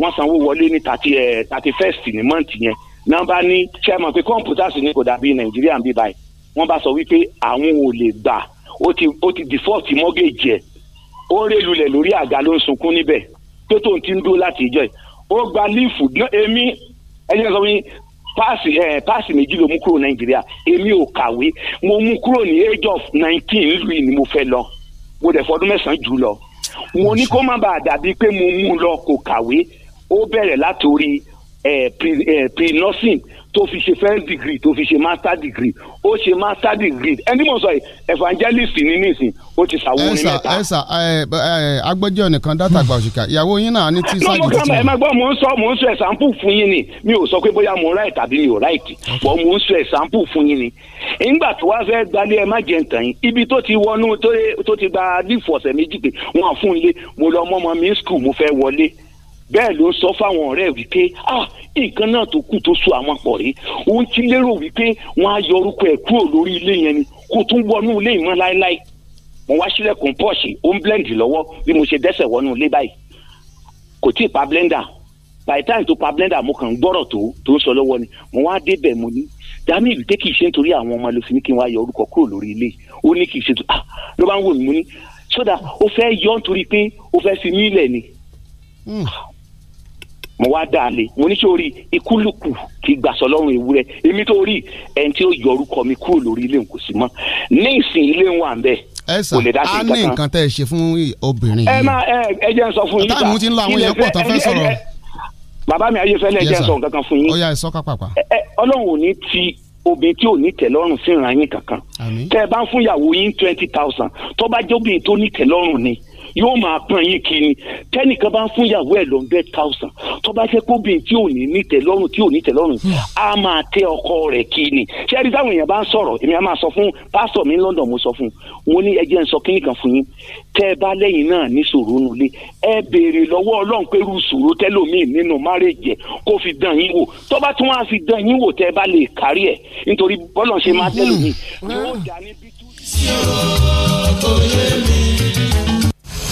wọ́n sanwó wọlé ní thirty eh, thirty first ní mọ́ǹtì yẹn nọ́mbà ní chairman pé computers ni kò dàbí nàìjíríà ń bí báyìí wọ́n bá sọ wípé àwọn ò lè gbà ó ti default mortgage yẹn ó ń rè lulẹ̀ lórí àga ló ń sunkún níbẹ̀ tó tóun ti ń dúró láti ìjọ yìí ó gba líìfù èmi ẹni kan sọ fún mi páàsì ẹ páàsì méjì ló mú kúrò nàìjíríà èmi ò kàwé mo mú kúrò ní age of nineteen nílùú ni mo fẹ́ lọ mo dẹ̀ fọdún mẹ́sàn-án jù lọ mo ní kó má bàa dàbí pé mo mú lọ kò kàwé ó bẹ̀rẹ̀ látòrí pre nursing tó fi ṣe first degree tó fi ṣe master degree ó ṣe master degree ẹni mọ̀ sọ yìí evangelist ní nísìn ó ti ṣàwọn orin ẹ sà ẹ ẹ agbẹjọ́ nìkan dátà gba òṣìkà ìyàwó yín náà ní tí sáàjì tí. ẹ máa gbọ́ mò ń sọ mò ń sọ example fún yín ni mi ò sọ pé bóyá mo ráì tàbí mi ò ráì tì bọ́ mò ń sọ example fún yín ni. ìgbà tó wá fẹ́ gbalẹ̀ ẹ má jẹ ntàn yín ibi tó ti wọnú tó ti gba bẹ́ẹ̀ ló sọ fáwọn ọ̀rẹ́ wípé ah nǹkan náà tó kù tó so àwọn pọ̀ rí òun ti lérò wípé wọ́n á yọ orúkọ ẹ̀ kúrò lórí ilé yẹn ni kó tún wọnú ilé ìmọ̀ láéláé mo wá sílẹ̀kùn pọ́ọ̀ṣì ó blend lọ́wọ́ bí mo ṣe dẹ́sẹ̀ wọnú ilé báyìí kò tí ì pa blender by time tó pa blender mo kàn ń gbọ́rọ̀ tó tó ń sọ lọ́wọ́ ni mo wá débẹ̀ mo ní dami ìlú tẹ́ kì í ṣe nítorí àwọn ọmọ ló fi ní kí n wá yọ orúkọ kúrò lórí ilé ó ní kì í ṣe tó ah ló bá ń wò mí mo ní sódà ó fẹ́ yọ nítorí pé ó fẹ́ fi mí lẹ̀ ni hmm mo wá dáa lé mo ní sórí ikúlùkù kì í gbàsọ lọ́rùn ewúrẹ́ èmi tó rí ẹni tí ó yọ orúkọ mi kúrò lórí ilé nǹkó sí mọ́ ní ìsìn ilé ń wà ń bẹ́ẹ̀ ẹ sàn á ní nǹkan tẹ́ ẹ ṣe fún obìnrin yìí ẹ máa ẹ jẹ́ ń sọ fún yín bá táàmù ti ń lọ àwọn èèyàn tó fẹ́ sọ̀rọ̀. bàbá mi ayéfẹ́lẹ́ jẹ́ ń sọ nǹkan kan fún yín ọ̀ya ìsọ́ká pàpà. ọlọ́run ò ní ti obìnrin tí ò ní tẹ̀lọ́rùn fìràn yín kankan tẹ́ ẹ bá ń fún ìyàwó yín twenty thousand tó bá jóbìnrin tó ní tẹ̀lọ́rùn ni yóò máa pọn yín kiri tẹnìkan bá fún ìyàwó ẹ̀ lọ hundred thousand tó bá jẹ́ kóbìnrin tí ò ní nítẹ̀lọ́rùn tí ò ní tẹ̀lọ́rùn á máa tẹ ọkọ rẹ̀ kiri ṣẹ́ẹ́rì táwọn èèyàn bá ń sọ̀rọ̀ èmi á máa sọ fún pásítọ̀ mi ní London mo sọ fún un mo ní ẹ jẹ́ n sọ kíní kan fún yín tẹ́ ẹ bá lẹ́yìn náà ní sùúrù nulẹ̀ ẹ béèrè lọ́wọ́ Ọlọ́run pé irú sùúrù tẹ́lómi nínú márèjẹ kó fi dán yín wò tó bá tún wá fi dán yín wò tẹ́ ẹ bá lè kárí ẹ̀ nítorí bọ́lọ̀ ṣe máa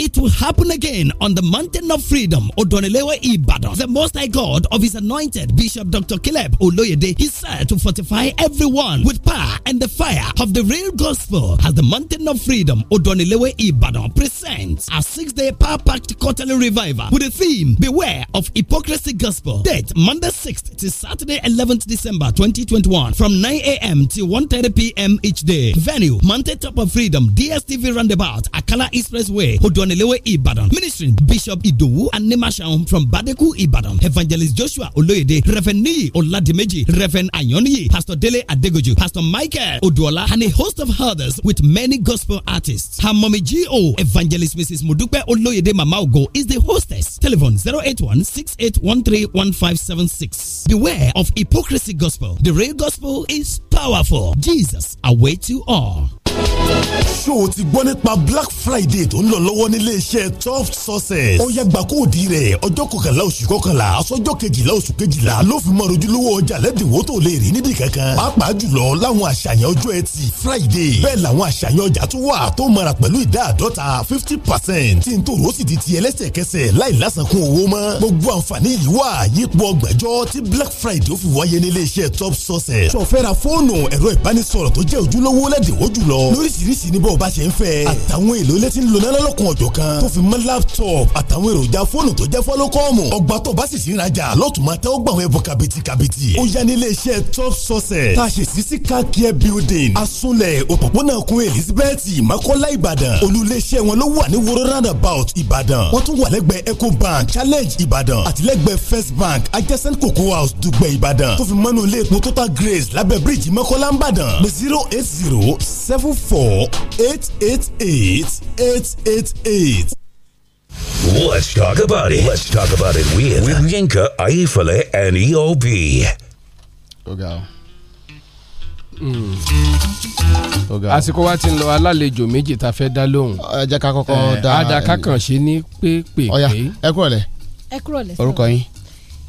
It will happen again on the Mountain of Freedom, Odonilewa Ibadan. The Most High God of His anointed Bishop Dr. Caleb Oloyede is said to fortify everyone with power and the fire of the real gospel as the Mountain of Freedom, Odonilewa Ibadan presents a six-day power-packed quarterly revival with the theme Beware of Hypocrisy Gospel. Date Monday 6th to Saturday 11th December 2021 from 9 a.m. to 1.30 p.m. each day. Venue Mountain Top of Freedom, DSTV Roundabout, Akala Ghana Expressway, Odonilewe Ibadan. Ministering Bishop Idowu and Nemashaun from Badeku Ibadan. Evangelist Joshua Oloyede, Reverend Niyi Oladimeji, Reverend Ayoniyi, Pastor Dele Adegoju, Pastor Michael Oduola, and a host of others with many gospel artists. Her mommy G.O. Evangelist Mrs. Mudupe Oloyede Ogo is the hostess. Telephone zero eight eight one one one six three five seven six. Beware of hypocrisy gospel. The real gospel is powerful. Jesus awaits you all. ṣó o ti gbọ́ nípa black friday tó ń lọ lọ́wọ́ nílé iṣẹ́ top success. ọ̀ya gbàkóòdì rẹ̀ ọjọ́ kọkànlá oṣù kọkànlá aṣọ́jọ́ kejìlá oṣù kejìlá ló fi mọ ojúlówó ọjà lẹ́dínwó tó lè rí níbi kankan. pàápàá jùlọ láwọn àṣàyàn ọjọ́ ẹtì friday bẹ́ẹ̀ làwọn àṣàyàn ọjà tó wà tó mara pẹ̀lú ìdá àdọ́ta fifty percent tí n tó rò sì di ti ẹlẹ́sẹ̀kẹsẹ̀ láì lásàkún owó mọ́. gbogbo àǹfààní yìí wà yípo ọgbẹ̀jọ́ black friday ó fi wáyé nílé top success. sọfẹ́ra fóònù fóònù ẹ̀rọ ìbánisọ̀rọ̀ tó jẹ́ ojúlówó lẹ́dínwó jùlọ lóríṣiríṣi ní bó o bá ṣe ń fẹ́ àtàwọn èlò ilé tí ń lo náírà lọ́kùn ọ̀jọ̀ kan tó fi mọ́ laptop àtàwọn èròjà fóònù tó jẹ́ fọ́lọ́kọ́ọ̀mù ọgbà tó bá sì sí ìrajà lọ́tùmọ̀ tẹ́ ó gbà wọn ẹ̀bùn kàbìtì kàbìtì ó yá ní ilé iṣẹ́ top sources tá a ṣe sí sí car care building asunlẹ̀ òpópónà kun elizabeth makola ìbàdàn olú ilé iṣẹ́ wọn ló wà ní woro roundabout ìbàdàn wọ́n tún wà lẹ́gbẹ̀ẹ́ ecobank challenge ìbàdàn àtìlẹ́gbẹ̀ẹ́ first bank adjacent cocoa house dùgbẹ̀ ìbàdàn tó fi mọ́nú ilé epo total grace lábẹ́ bíríìjì mọ́kọ́lá ń bàdàn pé zero eight zero seven four eight eight eight eight eight eight. Let's talk about it. Let's talk about it with, with Yinka, Aifale, and EOB. Ọ̀gá o. Hmm. àsìkò wa ti ń lọ alálejò méjì tá a fẹ́ dá lóhùn. ẹ jẹ́ ká kọ́kọ́ eh, dá. àdàkà kan ṣe ní pépè. ọ̀ya ẹ kúrọ̀lẹ́. ẹ kúrọ̀lẹ́. orúkọ yín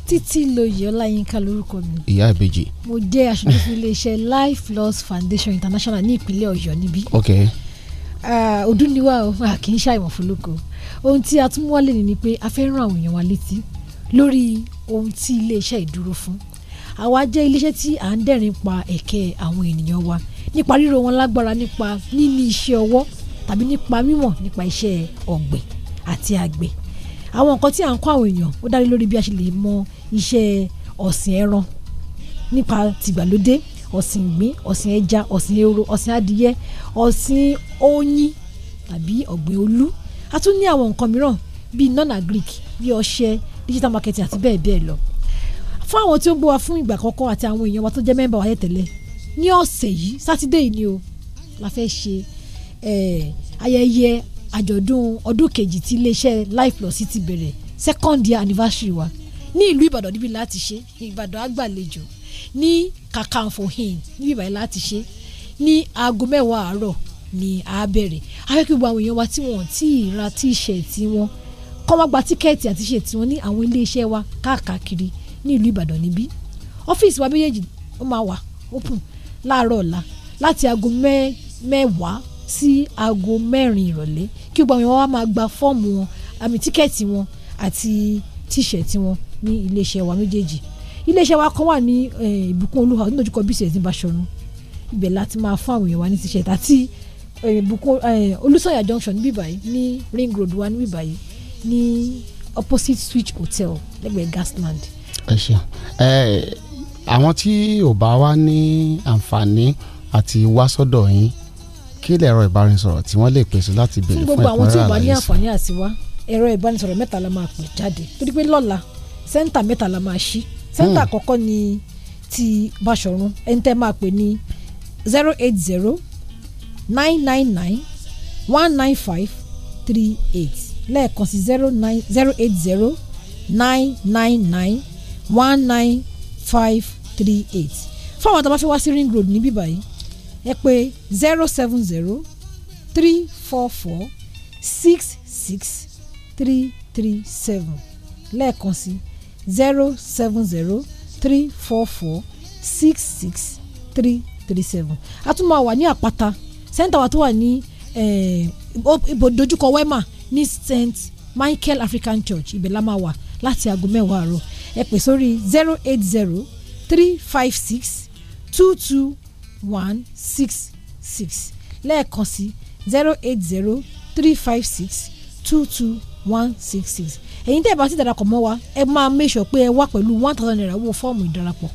títí lóye ọláyínká lórúkọ mi. ìyá ìbejì. mo jẹ́ aṣojú fún iléeṣẹ́ life loss foundation international ní ìpínlẹ̀ ọ̀yọ́ níbí. ok. ọdún ni wá o a kì í ṣàìmọ̀ fún lóko ohun tí a tún mú wálé ni pé a fẹ́ rán àwọn èèyàn wa létí lórí ohun tí iléeṣẹ́ ìdúró fún àwa jẹ́ iléeṣẹ́ tí à ń dẹ́rìn pa ẹ̀kẹ́ àwọn ènìyàn wa nípa ríro wọn lágbára nípa níní iṣẹ́ ọwọ́ tàbí nípa mímọ̀ nípa iṣẹ́ ọ̀gbìn àti àgbẹ̀ àwọn nǹkan tí à ń kọ́ àwọn èèyàn ó dá lórí bí a ṣe lè mọ iṣẹ́ ọ̀sìn ẹran nípa tìgbàlódé ọ̀sìn ìgbín ọ̀sìn ẹja ọ̀sìn ehoro ọ̀sìn adìyẹ ọ̀sìn oyin tàbí ọ̀gbìn olú a tún ní àwọn nǹkan mìíràn bíi non-agric bíi ọṣẹ digital marketing àti bẹ́ẹ̀ bẹ́ẹ̀ lọ fún àwọn tí ó ń gbọ́ wa fún ìgbà àkọ́kọ́ àti àwọn èèyàn wa tó jẹ́ mẹ́mbà wa tẹ́lẹ̀ ní ọ̀sẹ̀ yìí sátidé yìí ni o la fẹ́ ṣe ayẹyẹ àjọ̀dún ọdún kejì tí iléeṣẹ́ life plus ti bẹ̀rẹ̀ second year anniversary wa ní ìlú ìbàdàn níbi láti ṣe ìbàdàn àgbàlejò ní kàkàǹfò hin níbi ìbàdàn láti ṣe ní aago mẹ́wàá àárọ̀ ni a bẹ̀rẹ̀ afẹ́kí gbogbo àwọn èèyàn wa tí wọ́n ti ra tíṣẹ̀tì wọn kọ́ wá gba tíkẹ́ẹ̀tì àti tíṣẹ̀tì wọn ní àwọn iléeṣẹ́ wa káàkiri ní ìlú ìbàdàn níbí ọ́fíìsì wa méjèèjì ó máa wà open láàárọ̀ ọ̀la láti aago mẹ́wàá sí aago mẹ́rin ìrọ̀lẹ́ kí gbogbo àwọn èèyàn wa máa gba fọ́ọ̀mù wọn àmì tíkẹ́ẹ̀tì wọn àti tíṣẹ̀tì wọn ní iléeṣẹ́ wa méjèèjì iléeṣẹ́ wa kan wà ní eh, ìbùkún olúwa onídojúkọ bcs ní Bàṣọ̀run ibẹ̀ láti máa fún àwọn èèyàn wa ní tíṣẹ̀tì àti eh, ìbùkún eh, olùsọ̀yà junction níbí báyìí ní ring road wa níbí báyìí ní opposite switch hotel lẹ́gbẹ̀ẹ́ gasland. ẹ ṣeun ẹ àwọn tí ò bá wá ní àǹfààní àti wá sọ́dọ̀ yín kí lè ẹ̀rọ ìbánisọ̀rọ̀ tí wọ́n lè pèsè láti béèrè fún ẹ̀kúnrẹ́rẹ́ àlàyé sí. fún gbogbo àwọn tí ò bá ní àǹfààní àti wá ẹ̀rọ ìbánisọ̀rọ̀ mẹ́ta la máa pè jáde torí pé lọ́la sẹ́ńtà mẹ́ta la máa ṣí sẹ́ńtà hmm. àkọ́kọ́ ni ti Báṣọ̀run ẹni tẹ́ máa pè ní zero eight zero nine nine nine one nine five three eight lẹ́ẹ̀kan sí zero nine zero eight zero nine nine nine one nine five three eight fún àwọn tó bá fẹ́ wá sí ring road níbí báyìí ẹ pè zero seven zero three four four six six three three seven lẹ́ẹ̀kan sí zero seven zero three four four six six three three seven a tún máa wà ní àpáta sẹ́ńtà wa tó wà ní eh, ibodojúkọ wema ní st michael african church ibẹ̀ la máa wà láti aago mẹ́wàá àárọ̀ ẹ pè sórí zero eight zero three five six two two one six six lẹ́ẹ̀kan sí zero eight zero three five six two two one six six ẹ̀yin tẹ́ ẹ bá ti darapọ̀ mọ́ wa ẹ máa make sure pé ẹ wá pẹ̀lú one thousand naira owó fọ́ọ̀mù ìdarapọ̀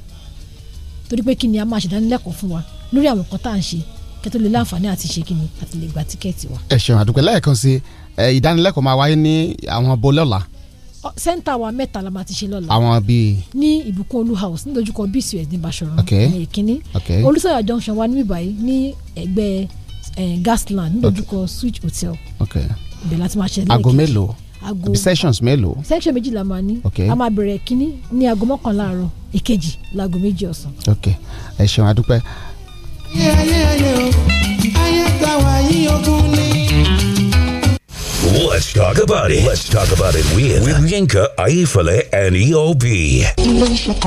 torí pé kí ni a máa ṣèdánilẹ́kọ̀ọ́ fún wa lórí àwọn nǹkan tá à ń ṣe kí tó lè láǹfààní àti ṣe kí ni àti lè gba tíkẹ́ẹ̀tì wa. ẹ ṣeun àdúgbò lẹ́ẹ̀kan sí ìdánilẹ́kọ̀ọ́ máa wáyé ní àwọn abọ́ lọ́la. sẹ́ńtà wa mẹ́ta la máa ti ṣe lọ́la. àwọn bíi. ní ìbùkún olú house nídojúkọ bcs ní Basọ̀run ní olùsọ̀yà junction wa níbí báyìí ní ẹgbẹ́ gasland nídojúkọ switch hotel. ibẹ̀ láti máa ṣe lẹ́ẹ̀kejì. aago mélòó aago sections mélòó. section méjì máa ní a máa bẹ̀rẹ̀ kínní ní aago mọ́kànlá àárọ̀ èkejì laago méjì ọ̀sán. ok ẹ ṣeun adúpẹ́. ayé ayé ayé o ayé tàwa yíyókùn ni. Let's talk about it. Let's talk about it with, with Yinka, Aifale, and EOB. Second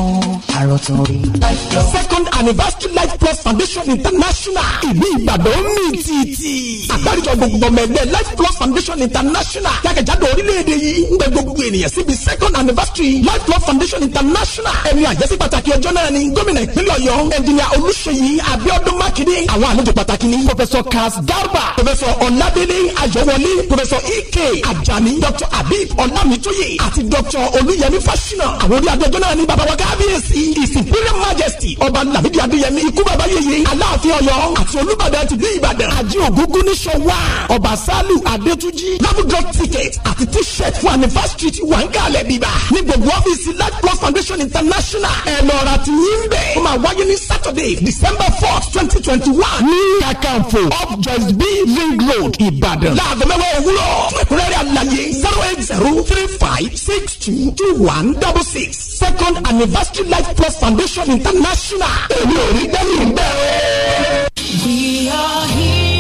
anniversary Life Plus Foundation International. Ìlú Ìbàdàn mi tìtì. Àgbáríjọ gbogbo ọmọ ẹgbẹ́ Life Plus Foundation International. Jákèjádò orílẹ̀-èdè yìí ń gbẹ gbogbo ènìyàn síbi second anniversary Life Plus Foundation International. Ẹni àjẹsí pàtàkì ọjọ́ náà ni gómìnà ìpínlẹ̀ Ọ̀yọ́. Ẹnjìnìà Olúṣèyí Abíọ́dún Mákindé. Àwọn àlejò pàtàkì ni Pọfẹ́sọ̀ Kaz Garba. Pọfẹ́sọ̀ Ọ̀nàdélé Ayọ̀wọlé. Pọfẹ́sọ̀ ek ajani dr abib ọlámìtúyè àti dr olúyẹmí fásinà àwọn orí adájọ́ náà ní baba wa kábíyèsí the imperial majesty ọba lamidi adéyẹmí ikú baba yèyé aláàfin ọ̀yọ́ àti olúbàdàn ti bí ìbàdàn àjẹ ògúngún ní sọwá ọba sálù adétúnjì labudọ ticket àti t-shirt fún anniversary ti wà ń kalẹ̀ bíbá ní gbogbo ọ́fíìsì light plus foundation international ẹ̀ lọ́ra ti yín bẹ́ẹ̀ ó máa wáyé ní saturday december fourth twenty twenty one ní kakanfo up just be ring road ìbàdàn láàgọ́ mẹ́wàá òwúrọ̀ lọ. lẹ́rìí zero eight zero three five six two two one double six second anniversary life plus foundation international. èmi ò rí dẹ́rù bẹ́ẹ̀. we are here.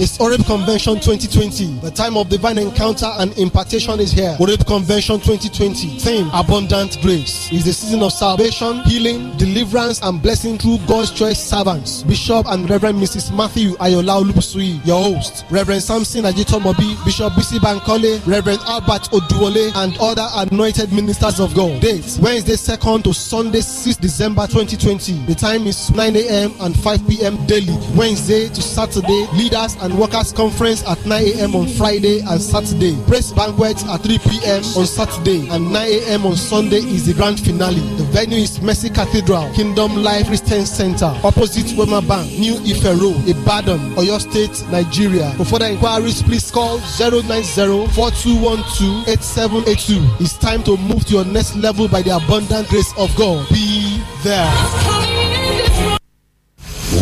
It's Oreb Convention 2020. The time of divine encounter and impartation is here. Oreb Convention 2020. Theme Abundant Grace. It's the season of salvation, healing, deliverance, and blessing through God's choice servants. Bishop and Reverend Mrs. Matthew Ayola Olupusui, your host. Reverend Samson Ajitomobi, Bishop Bisi Bankole, Reverend Albert Oduole, and other anointed ministers of God. Dates Wednesday 2nd to Sunday 6th December 2020. The time is 9 a.m. and 5 p.m. daily. Wednesday to Saturday, leaders and Workers' Conference at 9 a.m. on Friday and Saturday. Press Banquet at 3 p.m. on Saturday and 9 a.m. on Sunday is the grand finale. The venue is Mercy Cathedral, Kingdom Life Christian Center, opposite Wema Bank, New Ife Road, Ibadan, Oyo State, Nigeria. For further inquiries, please call 090-4212-8782. It's time to move to your next level by the abundant grace of God. Be there.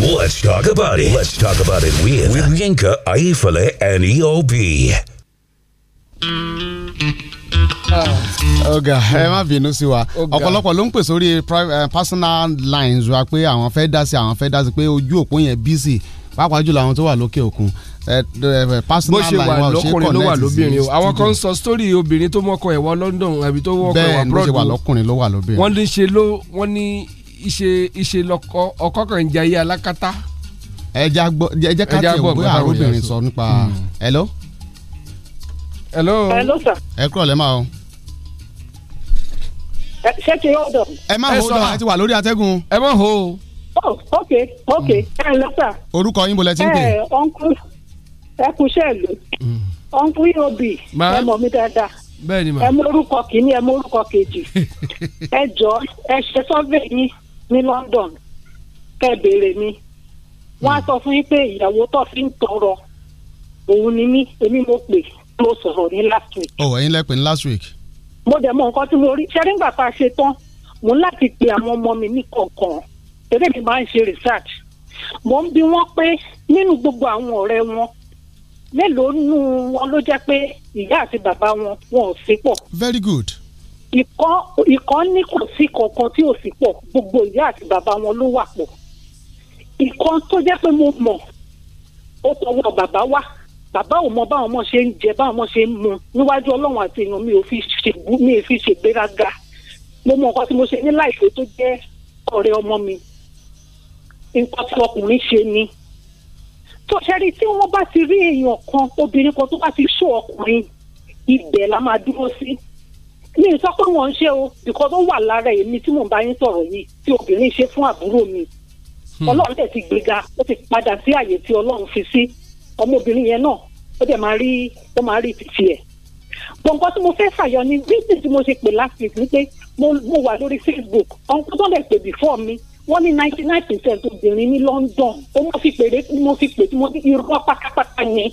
Let's talk about it. Let's talk about it with, with Yinka, Aifale, and EOB. ọ̀gá ah, ẹ má bínú sí wa ọ̀pọ̀lọpọ̀ ló ń pè sórí eh, personal lines wa pé àwọn fẹ́ dá sí àwọn fẹ́ dá sí pé ojú òpó yẹn bísí pàápàá jùlọ àwọn tó wà lókè òkun eh, eh, personal line wa ò ṣe connect sí. bó ṣe wà lọkùnrin ló wà lóbìnrin o àwọn kan sọ story obìnrin tó mọ́kọ ẹ̀ wọ London àbí tó wọ́kọ ẹ̀ wọ bẹ́ẹ̀ ni bó ṣe wà lọkùnrin ló wà lóbìnrin. wọ́n ní ṣe ló wọ́n ní ìṣe ìṣe lọkọ ọkọ kan ń jayé alákatá. ẹja gbọ́ ẹjẹ ká tiẹ̀ wọ́n bóyá arúbìnrin sọ nípa hmm. hello. hello. hello sir. ẹ kúrò lẹ́mà o. ṣé kí n hold on. ẹ má hold on àti wà lórí atẹ́gùn. ẹ má ho. oh ok ok ẹ lọ sà. orúkọ yín bolẹ̀ tí ń pè. ẹ ọ̀nkú ẹ kúṣẹ́ ìlú ọ̀nkú yóò bì ẹ mọ̀ mi dáadáa bẹ́ẹ̀ni ma. ẹ mú orúkọ kìíní ẹ mú orúkọ kejì ẹ jọ ẹ ṣe sọfẹ yín ní London kẹ́ béèrè mi wọ́n sọ fún yín pé ìyàwó tó fi ń tọrọ òun ni mí èmi mo pè mo sọ̀rọ̀ ní last week. ọ ẹ̀yin lẹpẹ last week. mo dẹ̀ mọ nǹkan tí mo rí ṣẹ́rí ńgbà tá a ṣe tán mo ń láti pe àwọn ọmọ mi ní kọ̀ọ̀kan eré mi máa ń ṣe research mo ń bi wọ́n pé nínú gbogbo àwọn ọ̀rẹ́ wọn mélòó nínú wọn ló jẹ́ pé ìyá àti bàbá wọn wọn ò sí pọ̀. very good ìkọ́ ìkọ́ ní kò sí kankan tí ò sí pọ̀ gbogbo ìyá àti bàbá wọn ló wà pọ̀ ìkan tó jẹ́ pé mo mọ̀ ó tọwọ́ bàbá wá bàbá ò mọ báwọn ọmọ ṣe ń jẹ báwọn ọmọ ṣe ń mu níwájú ọlọ́run àti èèyàn mi ò fi ṣègbú mi ò fi ṣègbéraga mo mọ nǹkan tí mo ṣe ní láìpẹ́ tó jẹ́ ọ̀rẹ́ ọmọ mi nǹkan tí ọkùnrin ṣe ni tó ṣẹ́rí tí wọ́n bá ti rí èèyàn kan obìnrin kan tó bá ti ṣó ọkùnrin ibẹ̀ la máa dúró sí. Si mi ì sọ pé wọ́n ń ṣe o bìkọ́ tó wà lára èmi tí mò ń bá yín sọ̀rọ̀ yìí tí obìnrin ṣe fún àbúrò mi ọlọ́run dẹ̀ ti gbéga ó ti padà sí àyè tí ọlọ́run fi sí ọmọbìnrin yẹn náà ó dẹ̀ máa rí ó máa rí títí ẹ̀ gbọ̀ngàn tí mo fẹ́ fàyọ ni gbígbì tí mo ṣe pè last ni pé mo wà lórí Facebook ọ̀nkọ́ tó dẹ̀ pè before mi wọ́n ní ninety nine percent obìnrin ní London ó mọ̀ fi pèrè mo fi pè tí mo ní irọ́ pátápátá yẹn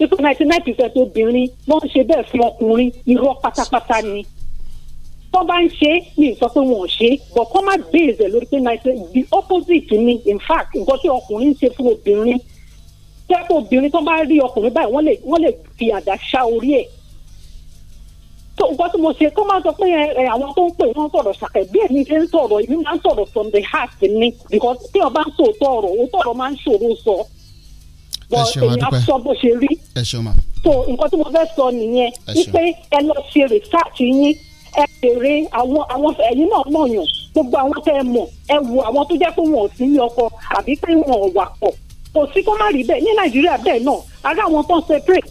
nípa ninety nine percent obìnrin wọ́n ń ṣe bẹ́ẹ̀ fún ọkùnrin irọ́ pátápátá ni tó bá ń ṣe ní sọ pé wọn ò ṣe but kọ́ má bèèzẹ̀ lórí pé ninety the opposite ni in fact nǹkan tí ọkùnrin ń ṣe fún obìnrin tẹ́pọ̀ obìnrin tó bá rí ọkùnrin báyìí wọ́n lè wọ́n lè fi àdá ṣá orí ẹ̀ tó nǹkan tí mo ṣe kó máa sọ pé àwọn tó ń pè wọ́n sọ̀rọ̀ ṣàkẹ́ bí ẹni ṣe ń sọ̀rọ̀ èmi máa ń sọ̀rọ̀ from the heart ni because tí ọba ń sòótọ́ ọ̀rọ̀ òótọ́ ọ̀rọ̀ máa ń ṣòro sọ. So bọ̀ èèyàn sọ bó ṣe rí. ẹ ṣeun ma. so nǹkan tí mo fẹ́ sọ nìyẹn wípé ẹ lọ ṣe research yín ẹ béèrè àwọn àwọn ẹ̀yin náà mọ̀yàn gbogbo àwọn tẹ́ ẹ mọ̀ ẹ wo àwọn tó jẹ́ pé wọn ò sí ní ọkọ àbí pé wọn ò wà pọ̀ kò sí kó má rí bẹ́ẹ̀ ní nàìjíríà bẹ́ẹ̀ náà ará àwọn tó ń separate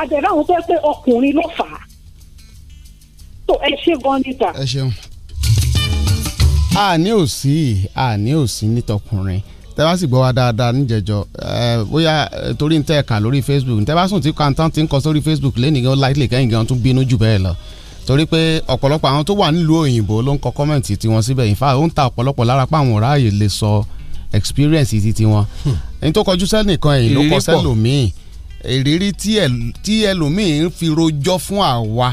àjẹ̀rẹ́ àwọn tó yẹ pé ọkùnrin ló fà á tó ẹ ṣe gan níta. ẹ ṣeun. àní ò àní ò nítọkùnrin tẹ́ bá sì gbọ́ wa dáadáa níjẹ̀jọ́ bóyá torí ń tẹ́ ẹ̀ka lórí Facebook tẹ́ bá sùn tí kàńtàn ti ń kọ sórí Facebook lẹ́nìí gan láìlè kẹ́yìn gan tún bínú jù bẹ́ẹ̀ lọ torí pé ọ̀pọ̀lọpọ̀ àwọn tó wà nílùú òyìnbó ló ń kọ kọ́mẹ̀ntì tiwọn síbẹ̀ in fact ó ń ta ọ̀pọ̀lọpọ̀ lára pa àwọn ráàyè lè sọ experience ti tiwọn ẹni tó kọjú sẹ́nìkan ẹ̀yìn ló kọ sẹ́lòmíì ìrírí tí ẹlòmíì ń fi rojọ́ fún àwa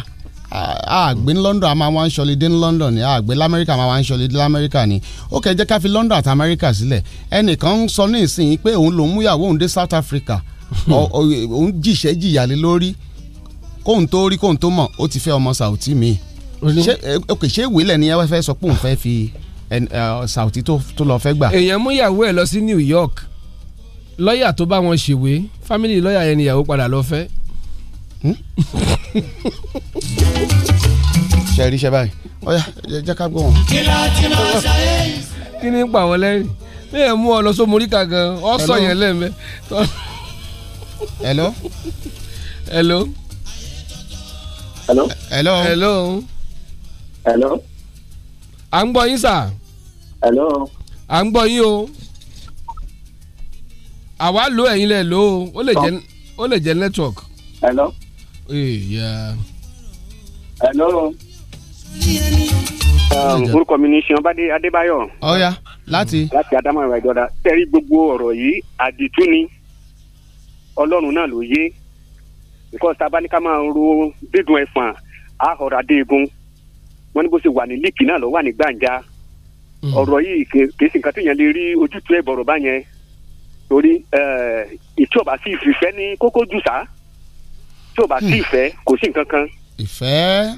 àgbé ní London a máa wá ń ṣọlidé ní London ni àgbé lamẹ́ríkà a máa wá ń ṣọlidé lamẹ́ríkà ni ó kẹ́ jẹ́ ká fi London àti Amẹ́ríkà sílẹ̀ ẹnìkan ń sọ ní ìsìn pé òun lòún múyàwó òun dé South Africa òun jìṣẹ́ jìyàlé lórí kóun tó rí kóun tó mọ̀ ó ti fẹ́ ọmọ Saudi mi ṣé ìwé lẹ̀ ni ẹ fẹ́ sọ pé òun fẹ́ fi Saudi tó lọ fẹ́ gbà. èèyàn múyàwó ẹ̀ lọ sí New York lọ́ọ̀yà tó bá wọn ṣèwé Family lọ́ọ̀yà yẹn níyàwó padà lọ fẹ́ ṣe rí ṣe báyìí ọ̀yá jẹ́ ká gbọ́ wọn. kí la ti máa ṣayé yìí. kí ni ń pa àwọn lẹ́rìn bí ẹ mú ọ lọ sómoríkà gan ọ sọ yẹn lẹ́ẹ̀mẹ́. hello. hello. hello. hello. hello. hello. à ń gbọ́ yín sà. hello. à ń gbọ́ yín o àwa lo ẹ̀yin lẹ̀ lo ó lè jẹ́ network. hello hello. Um, orúkọ mi ni sanbade adébáyọ̀. ọ̀ya oh, láti. láti adamawa ìjọba tẹ́rí gbogbo ọ̀rọ̀ yìí àdìtú ni ọlọ́run náà ló yé because tabaníkà máa ń ro dídùn ẹ̀fọn àhọ̀rọ̀ adéegun wọ́n ní bó ṣe wà ní líìkì náà ló wà ní gbàǹjà hmm. ọ̀rọ̀ yìí kìí ṣe nǹkan tó yẹn lè rí ojútùú ẹ̀ bọ̀rọ̀ bá yẹn torí eh, ìtí ọ̀bà sí ìfìfẹ́ ní kókó jù sáà tí o bá sí ìfẹ́ hmm. kò sí nǹkan kan. ìfẹ́.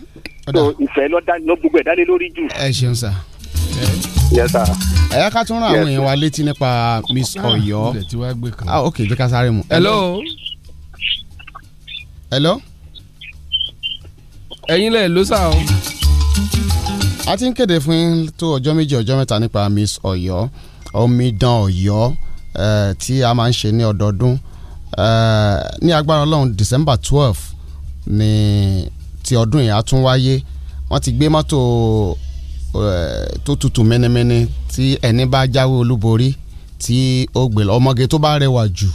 so ìfẹ́ lọ gbogbo ẹ̀ dálé lórí jù. ẹ ṣeun sá. yes sir. ká tún rán àwọn èèyàn wa létí nípa miss ah. ọ̀yọ́. Ah, ok jẹ́ ká sáré mu. hello. hello. ẹ̀yin lẹ̀ ló sá o a ti ń kéde fún yín tó ọjọ́ méjì ọjọ́ mẹ́ta nípa miss ọ̀yọ́ omidan ọ̀yọ́ eh, tí a máa ń ṣe ní ọdọọdún Eh, ní agbára ọlọ́run December twelve ni ti ọdún yìí àtúnwáyé wọ́n ti gbé mọ́tò eh, tó tutù mẹ́nẹ́mẹ́nẹ́ tí ẹni bá jáwé olúborí tí ó gbé lọ ọmọge tó bá rẹwà jù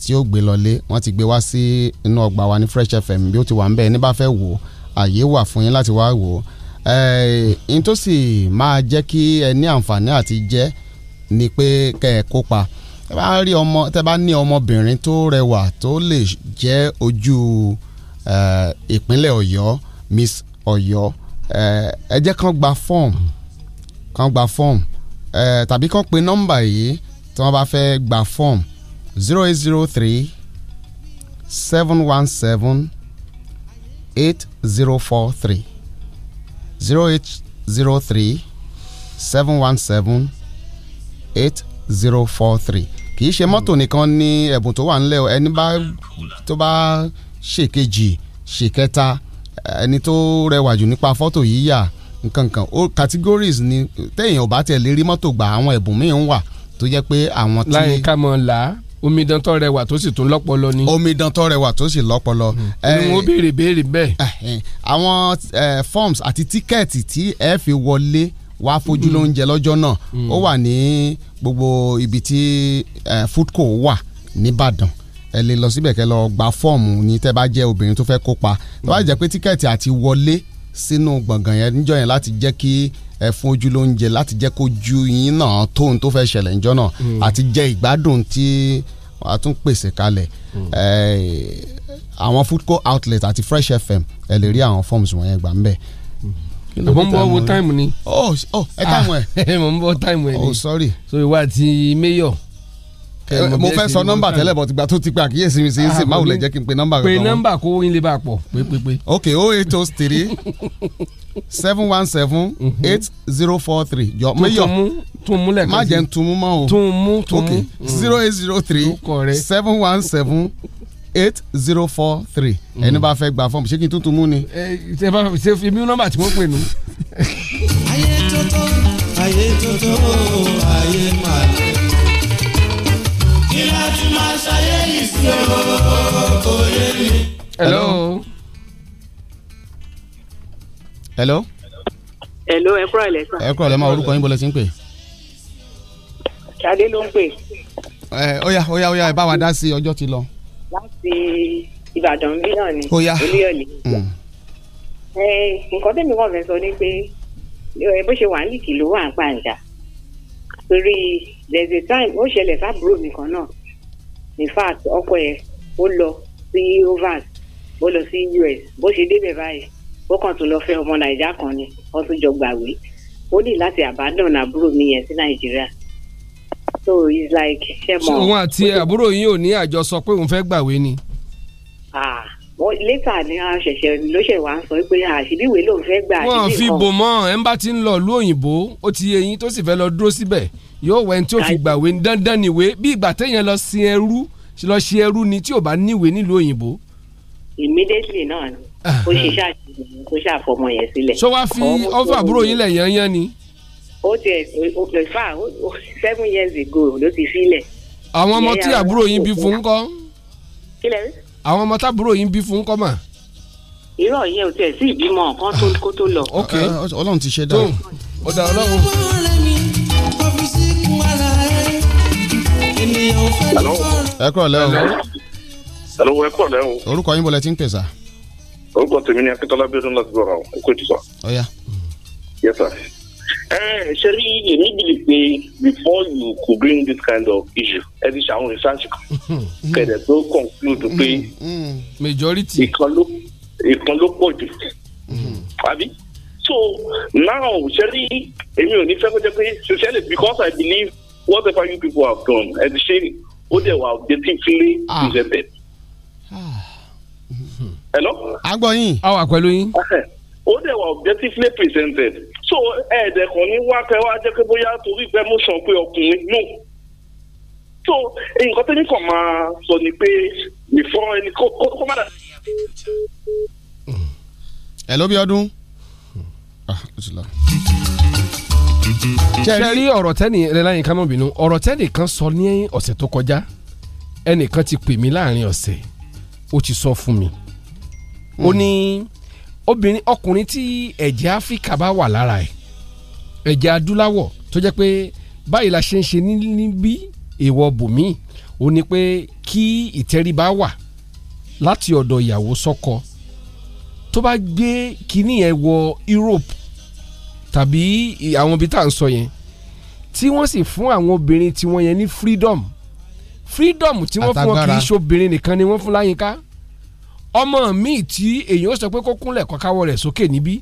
tí ó gbé lọlé wọ́n ti gbé wá sí inú ọgbà wa ní Fresh FM bí ó ti wà ń bẹ ẹni bá fẹ́ wò ó àyè wà fún yín láti wá wò ó eh, ẹ̀ẹ́n tó sì máa jẹ́ kí ẹ ní àǹfààní àti jẹ́ ni pé kẹ́ ẹ kópa tẹ bá rí ọmọ tẹ bá ní ọmọbìnrin tó rẹwà tó lè jẹ́ ojú ìpínlẹ̀ ọ̀yọ́ miss ọ̀yọ́ ẹ jẹ́ kán gba fọ́ọ̀mù kán gba fọ́ọ̀mù tàbí kán pe nọ́mbà yìí tí wọ́n bá fẹ́ gba fọ́ọ̀mù zero eight zero three seven one seven eight zero four three zero eight zero three seven one seven eight zero four three kì í ṣe mọ́tò hmm. nìkan ní ẹ̀bùn tó wà ńlẹ̀ o ẹni tó bá ṣèkejì ṣèkẹta ẹni tó rẹwà jù nípa fọ́tò yíyà nkankan o categories ni téèyàn ò bá tiẹ̀ lè rí mọ́tò gbà àwọn ẹ̀bùn míì ń wà tó jẹ́ pé àwọn tí. láyé ká mọ̀ là á omidan tó rẹwà tó sì tún lọ́pọlọ ni. omidan tó rẹwà tó sì lọ́pọlọ. Hmm. ni wọ́n béèrè béèrè bẹ́ẹ̀. àwọn forms àti tíkẹ́ẹ̀tì tí ẹ fi wọlé wá fojú ló ń jẹ lọ́jọ́ náà mm. ó wà ní gbogbo ibi tí eh, foodco wà nìbàdàn ẹ lè lọ síbẹ̀ kẹ́ lọ gba fọ́ọ̀mù ní tẹ́ bá jẹ́ obìnrin tó fẹ́ kópa tó bá jẹ́ pé tíkẹ́ẹ̀tì àti wọlé sínú gbọ̀ngàn yẹn níjọ́ yẹn láti jẹ́ kí ẹ fún ojú ló ń láti jẹ́ kó ju yín náà tóun tó fẹ́ ṣẹlẹ̀ níjọ́ náà mm. àti jẹ ìgbádùn tí a tún pèsè kalẹ̀ mm. eh, àwọn foodco outlet àti fresh fm ẹ lè rí àwọn forms wọ̀nyẹn gbà ń bẹ̀ àbọ̀ ń bọ̀ wo táìmù ni. ọ oh, ọ oh, ẹ ah. táìmù ẹ. mo ń bọ̀ táìmù ẹ ni. oh sorry. so ìwà àti mayor. mo fẹ́ sọ nọ́mbà tẹ́lẹ̀ bọ̀ tìgbà tó ti pé àkíyèsí mi sí í ah, sí máa wùlẹ̀ jẹ́ kí n pe nọ́mbà kankan. pe nọ́mbà kó yín lè bá a pọ̀ pépépé. ok o oh eight o three seven one seven mhm. eight zero four three. jọ mayor tún mú lẹ́ẹ̀kan sí. má jẹ́ tún mọ́ o. tún mú ok mm. zero eight zero three seven one seven eight zero four three mm. ẹni bá fẹ́ gba fọ́ọ̀mù ṣé kí n tuntun mú ni. ẹ ṣe bá ṣe fi mí nọ́mbà tí mo pè nù. ayé tótó ayé tótó ayé máa lè kí láti máa ṣayé yìí sí o òye mi. hello. hello. hello ẹ kúrò ilẹ̀ ẹ kúrò ilẹ̀ orúkọ yín bọ́lẹ̀ sí ń pè. Ṣadé ló ń pè. ẹ ó yá ó ẹ bá wa dá sí ọjọ́ ti lọ láti ìbàdàn bí náà ni olúyọ̀lé. Hmm. nǹkan tẹ́mi kàn fẹ́ sọ ni pé bó ṣe wà nílìkì ló wà ń pàǹdà torí there's a time ó ṣẹlẹ̀ sábúrò mi kan náà in fact ọkọ ẹ̀ ó lọ sí overs ó lọ sí US bó ṣe débẹ̀ báyìí ó kàn tún lọ fẹ́ ọmọ nàìjíríà kan ni wọ́n tún jọ gbàwé ó ní láti àbádàn àbúrò mi yẹn sí nàìjíríà so it's like ṣe mọ. ṣé àti àbúrò yín ò ní àjọsọ pé òun fẹ́ gbàwé ni. Ah, létà ni a ṣẹ̀ṣẹ̀ ló ṣẹ̀ wá sọ pé àṣìbíwèé ah, lòun fẹ́ gbà. wọ́n fi bò mọ́ ẹ̀ ń bá ti ń lọ lú òyìnbó ó ti eyín tó sì fẹ́ lọ dúró síbẹ̀ yóò wẹ̀ tí ó fi gbàwé dandan níwèé bí ìgbà téèyàn lọ sin ẹrú lọ ṣe ẹrú ni tí ò bá níwèé nílùú òyìnbó. immediately náà ni ó ṣe ṣàfọmọ yẹn sílẹ̀. ṣé wàá fi ọ́fà àbúrò yín lẹ̀ yán yán ni ó ti ẹ̀ fà seven years ago ló ti sílẹ̀. àwọn ọmọ tí àbúrò yín bí fún kọ́. kílẹ̀ rí. àwọn ọmọ tábúrò yín bí fún kọ́ mà. irọ́ yẹn ò tiẹ̀ sí ìbímọ kan kó tó lọ. ok ah, ah, ah, ọlọ́run ti ṣe dá. ó dá ọlọ́run. ẹ kúrò lẹ́wọ̀n. Hello, ẹ kúrò lẹ́wọ̀n. orúkọ yín bọ̀lẹ̀ tí ń pèsè. orúkọ tèmi ni akíntọ́lá bí láti gbọ́ra o ẹ kó sọ. ọ̀ya. yẹ Uh, Sherry, you need to be before you could bring this kind of issue. Ẹ ti ṣàwọn research kan. Hmm. Kẹ̀dẹ̀ tó conclude pé. Hmm. Hmm. Majority. Ìkan ló ìkan ló pọ̀ jù. Àbí? So now Sherry, èmi ò ní fẹ́ kó jẹ́ pé sincerely because I believe whatever you people have done, ẹ ti ṣe ó dẹ̀ wà objectively presented. Ah. Ah. Hello? A gbọ́ yín. A wà pẹ̀lú yín. Ó dẹ̀ wà objectively presented so ẹ̀ẹ́dẹ̀kan ní wákẹ́ wá jẹ́ pé bóyá torí ìfẹ́ mú sàn pé ọkùnrin nù so nǹkan tó ní kàn máa sọ ni pé nìfọ́ ẹni kó má dà. Hmm. Hmm. Ah, ẹ ló bí ọdún. ṣe rí ọ̀rọ̀ tẹ́nì ẹlẹ́yìn ká mọ̀ bínú ọ̀rọ̀ tẹ́nì kan sọ ní ọ̀sẹ̀ tó kọjá ẹnìkan ti pè mí láàrin ọ̀sẹ̀ ó ti sọ fún mi ó ní. Mm obìnrin ọkùnrin tí ẹ̀jẹ̀ áfíríkà bá wà lára ẹ̀ ẹ̀jẹ̀ adúláwọ̀ tó jẹ́ pé báyìí la ṣe ń ṣe níbí èèwọ̀ bùnmí ó ní pé kí ìtẹríba wà láti ọ̀dọ̀ ìyàwó sọ́kọ tó bá gbé kinní yẹn wọ Europe tàbí àwọn ibi tá à ń sọ yẹn tí wọ́n sì fún àwọn obìnrin tí wọ́n yẹn ní freedom freedom tí wọ́n fún wọn kì í ṣobìnrin nìkan ni wọ́n fún láyínká ọmọ míì tí èyàn ó sọ pé kó kúnlẹ̀ kó káwọ́ rẹ̀ sókè níbí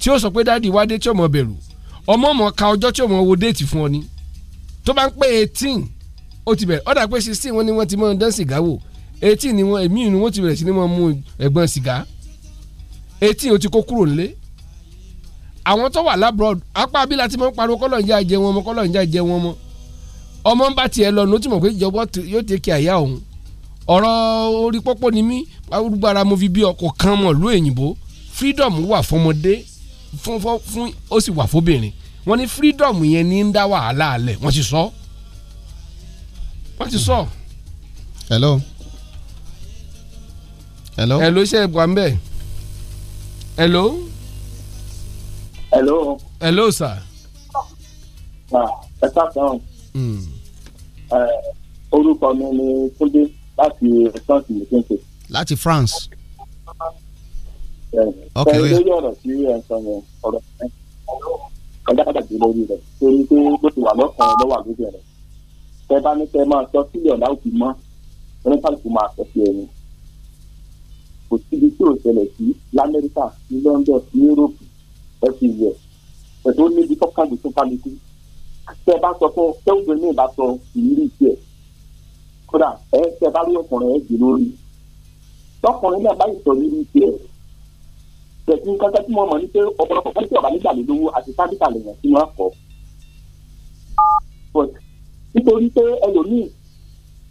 tí ó sọ pé dáàdi wá dé tí ọmọ bẹ̀rù ọmọ ọmọ ka ọjọ́ tí ọmọ wo déètì fún ọ ni tó bá ń pé eighteen ó ti bẹ̀rẹ̀ ọ̀dà pé sixteen wọ́n ní wọ́n ti máa dán sìgá wò eighteen ni wọ́n èmi ni wọ́n ti bẹ̀rẹ̀ sí ni wọ́n mú ẹ̀gbọ́n sìgá eighteen ó ti kó kúrò nílé àwọn tó wà lábúrọ̀d apá abílà ti máa ń pariwo kọ́lọ̀ ń já jẹ wọn mọ́ kọ́lọ̀ ń já wọn mọ́ ọmọ ń bá tiẹ̀ lọ ọ̀rọ̀ orí pọ́pọ́ ni mí arúgbára mo fi bí ọkọ̀ kan mọ̀ ló èyìnbó freedom wà fọmọdé fún fún ó sì wà fóbìnrin wọ́n ní freedom yẹn ní ń dá wàhálà alẹ̀ wọ́n ti sọ wọ́n ti sọ. hello hello. hello ṣe é gbà ń hello. hello. hello sir. Ah, ẹ ká sàn. Hmm. Eh, orúkọ mi ni Túndé láti france ní kéńté. láti france. ok ẹ lórí ọ̀rọ̀ tí ẹ ń sọ ọ̀rọ̀ ọ̀gá àgbàdo lórí rẹ̀ torí pé bó ti wà lọ́kàn lọ́wọ́ àgbègbè rẹ̀ tẹ bá ní kẹ máa sọ sílẹ̀ ọ̀la òkú mọ́ oníkàlùkù máa sọ sí ẹni kò síbi tí ò ṣẹlẹ̀ sí lamẹ́ríkà ní london ní europe ẹ ti yẹ ẹ̀dọ́ níbi tọ́kàlù tó kálukú tẹ bá sọ fún kẹ́wùdó kódà ẹ tẹ bá rí ọkùnrin ẹ jìnnà rí tọkùnrin náà báyìí sọ nínú tiẹ̀ tẹsí kankan tí mo mọ̀ ní pé ọ̀pọ̀lọpọ̀ fún ìjọba nígbà mi lówó àti sábìkà lèèyàn sínú àpọ nítorí pé ẹlòmíì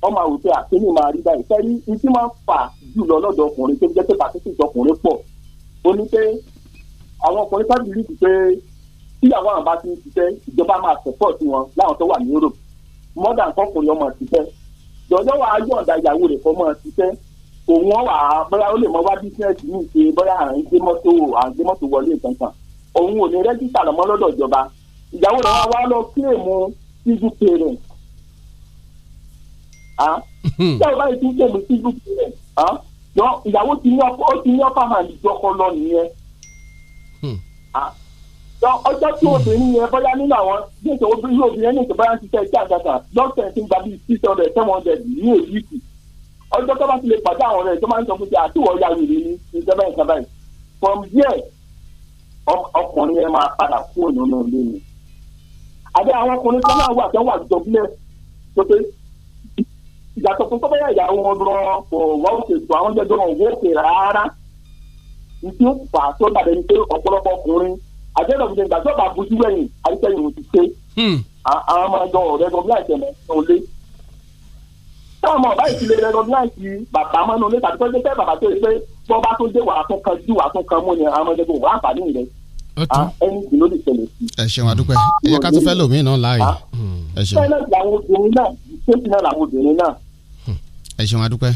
ọmọ àwùjọ àkínní máa rí báyìí fẹ́ẹ́ rí ibi máa ń fà jùlọ lọ́dọ̀ ọkùnrin tó jẹ́ pé pàṣípì ọkùnrin pọ̀ ó ní pé àwọn ọkùnrin sábì rí i pé tí àwọn àbá ti ń ṣiṣẹ́ ìjọba máa sọ̀pọ̀ sí wọn láwọn tó wà ní Europe mọ́dà kọkùnrin ọmọ ṣiṣẹ́ jọjọ́ wàá yọ̀ǹda ìyàwó rẹ̀ fọmọ ṣiṣẹ́ òun wà á bóyá ó lè mọ wá bísíǹsì ní ìṣe bóyá à ń gbé mọ́tò à ń gbé mọ́tò wọlé kankan òun ò ní rẹ́jísítà lọ́mọ́ lọ́dọ̀ ìjọba ìyàwó rẹ̀ wá lọ kílèmù civil parent hmm. ṣé o báyìí tún kílèmù civil parent ìyàwó ti ní ọkọ ó ti ní ọkọ àmàlì ìjọkọ lọ nìyẹn hmm ọjọ́ tí obìnrin yẹn bọ́yá nínú àwọn níta obìnrin yóò obìnrin níta bọ́yá ń ṣiṣẹ́ iṣẹ́ àgàtà lọ́sẹ̀ tí ń gba bíi six hundred seven hundred ní èyí kì ọjọ́ tó bá ti lè pàdé àwọn ọ̀rẹ́ tó máa ń sọ fún ti àtúwọ̀ ya wèrè ní ìjọba ìjọba yìí from there ọkùnrin yẹn máa padà kúrò nínú ilé mi àbí àwọn ọkùnrin tó náà wà tó wà jọ̀bílẹ̀ tó pé ìyàtọ̀ fún tọ́bẹ̀yà ìyàwó tó àwọn jẹjọ àjẹ́dọ̀ fún mi gbà sọ́ba àbójú ẹ̀yìn àríkẹ́yìn ò ti ṣe àwọn ọmọ ẹ̀dọ́ ọ̀rẹ́ gọ́ọ̀láìsì ẹ̀mọ́ náà lé táwọn ọba ìtìlẹ̀ rẹ̀ gọ́ọ̀láìsì bàbá mọ́nú lé tàbí pé bàbá tó yẹ pé bọ́ bá tó dé wàá tún kan jù wàá tún kan mú ni àwọn ọmọdé kò wá àǹfààní rẹ̀ ẹni kì ló lè ṣẹlẹ̀ sí. ẹ ṣeun àdúpẹ́ ẹ yẹ ká tún fẹ́ lòmíì náà láàyè ẹ ṣeun. bẹ́ẹ̀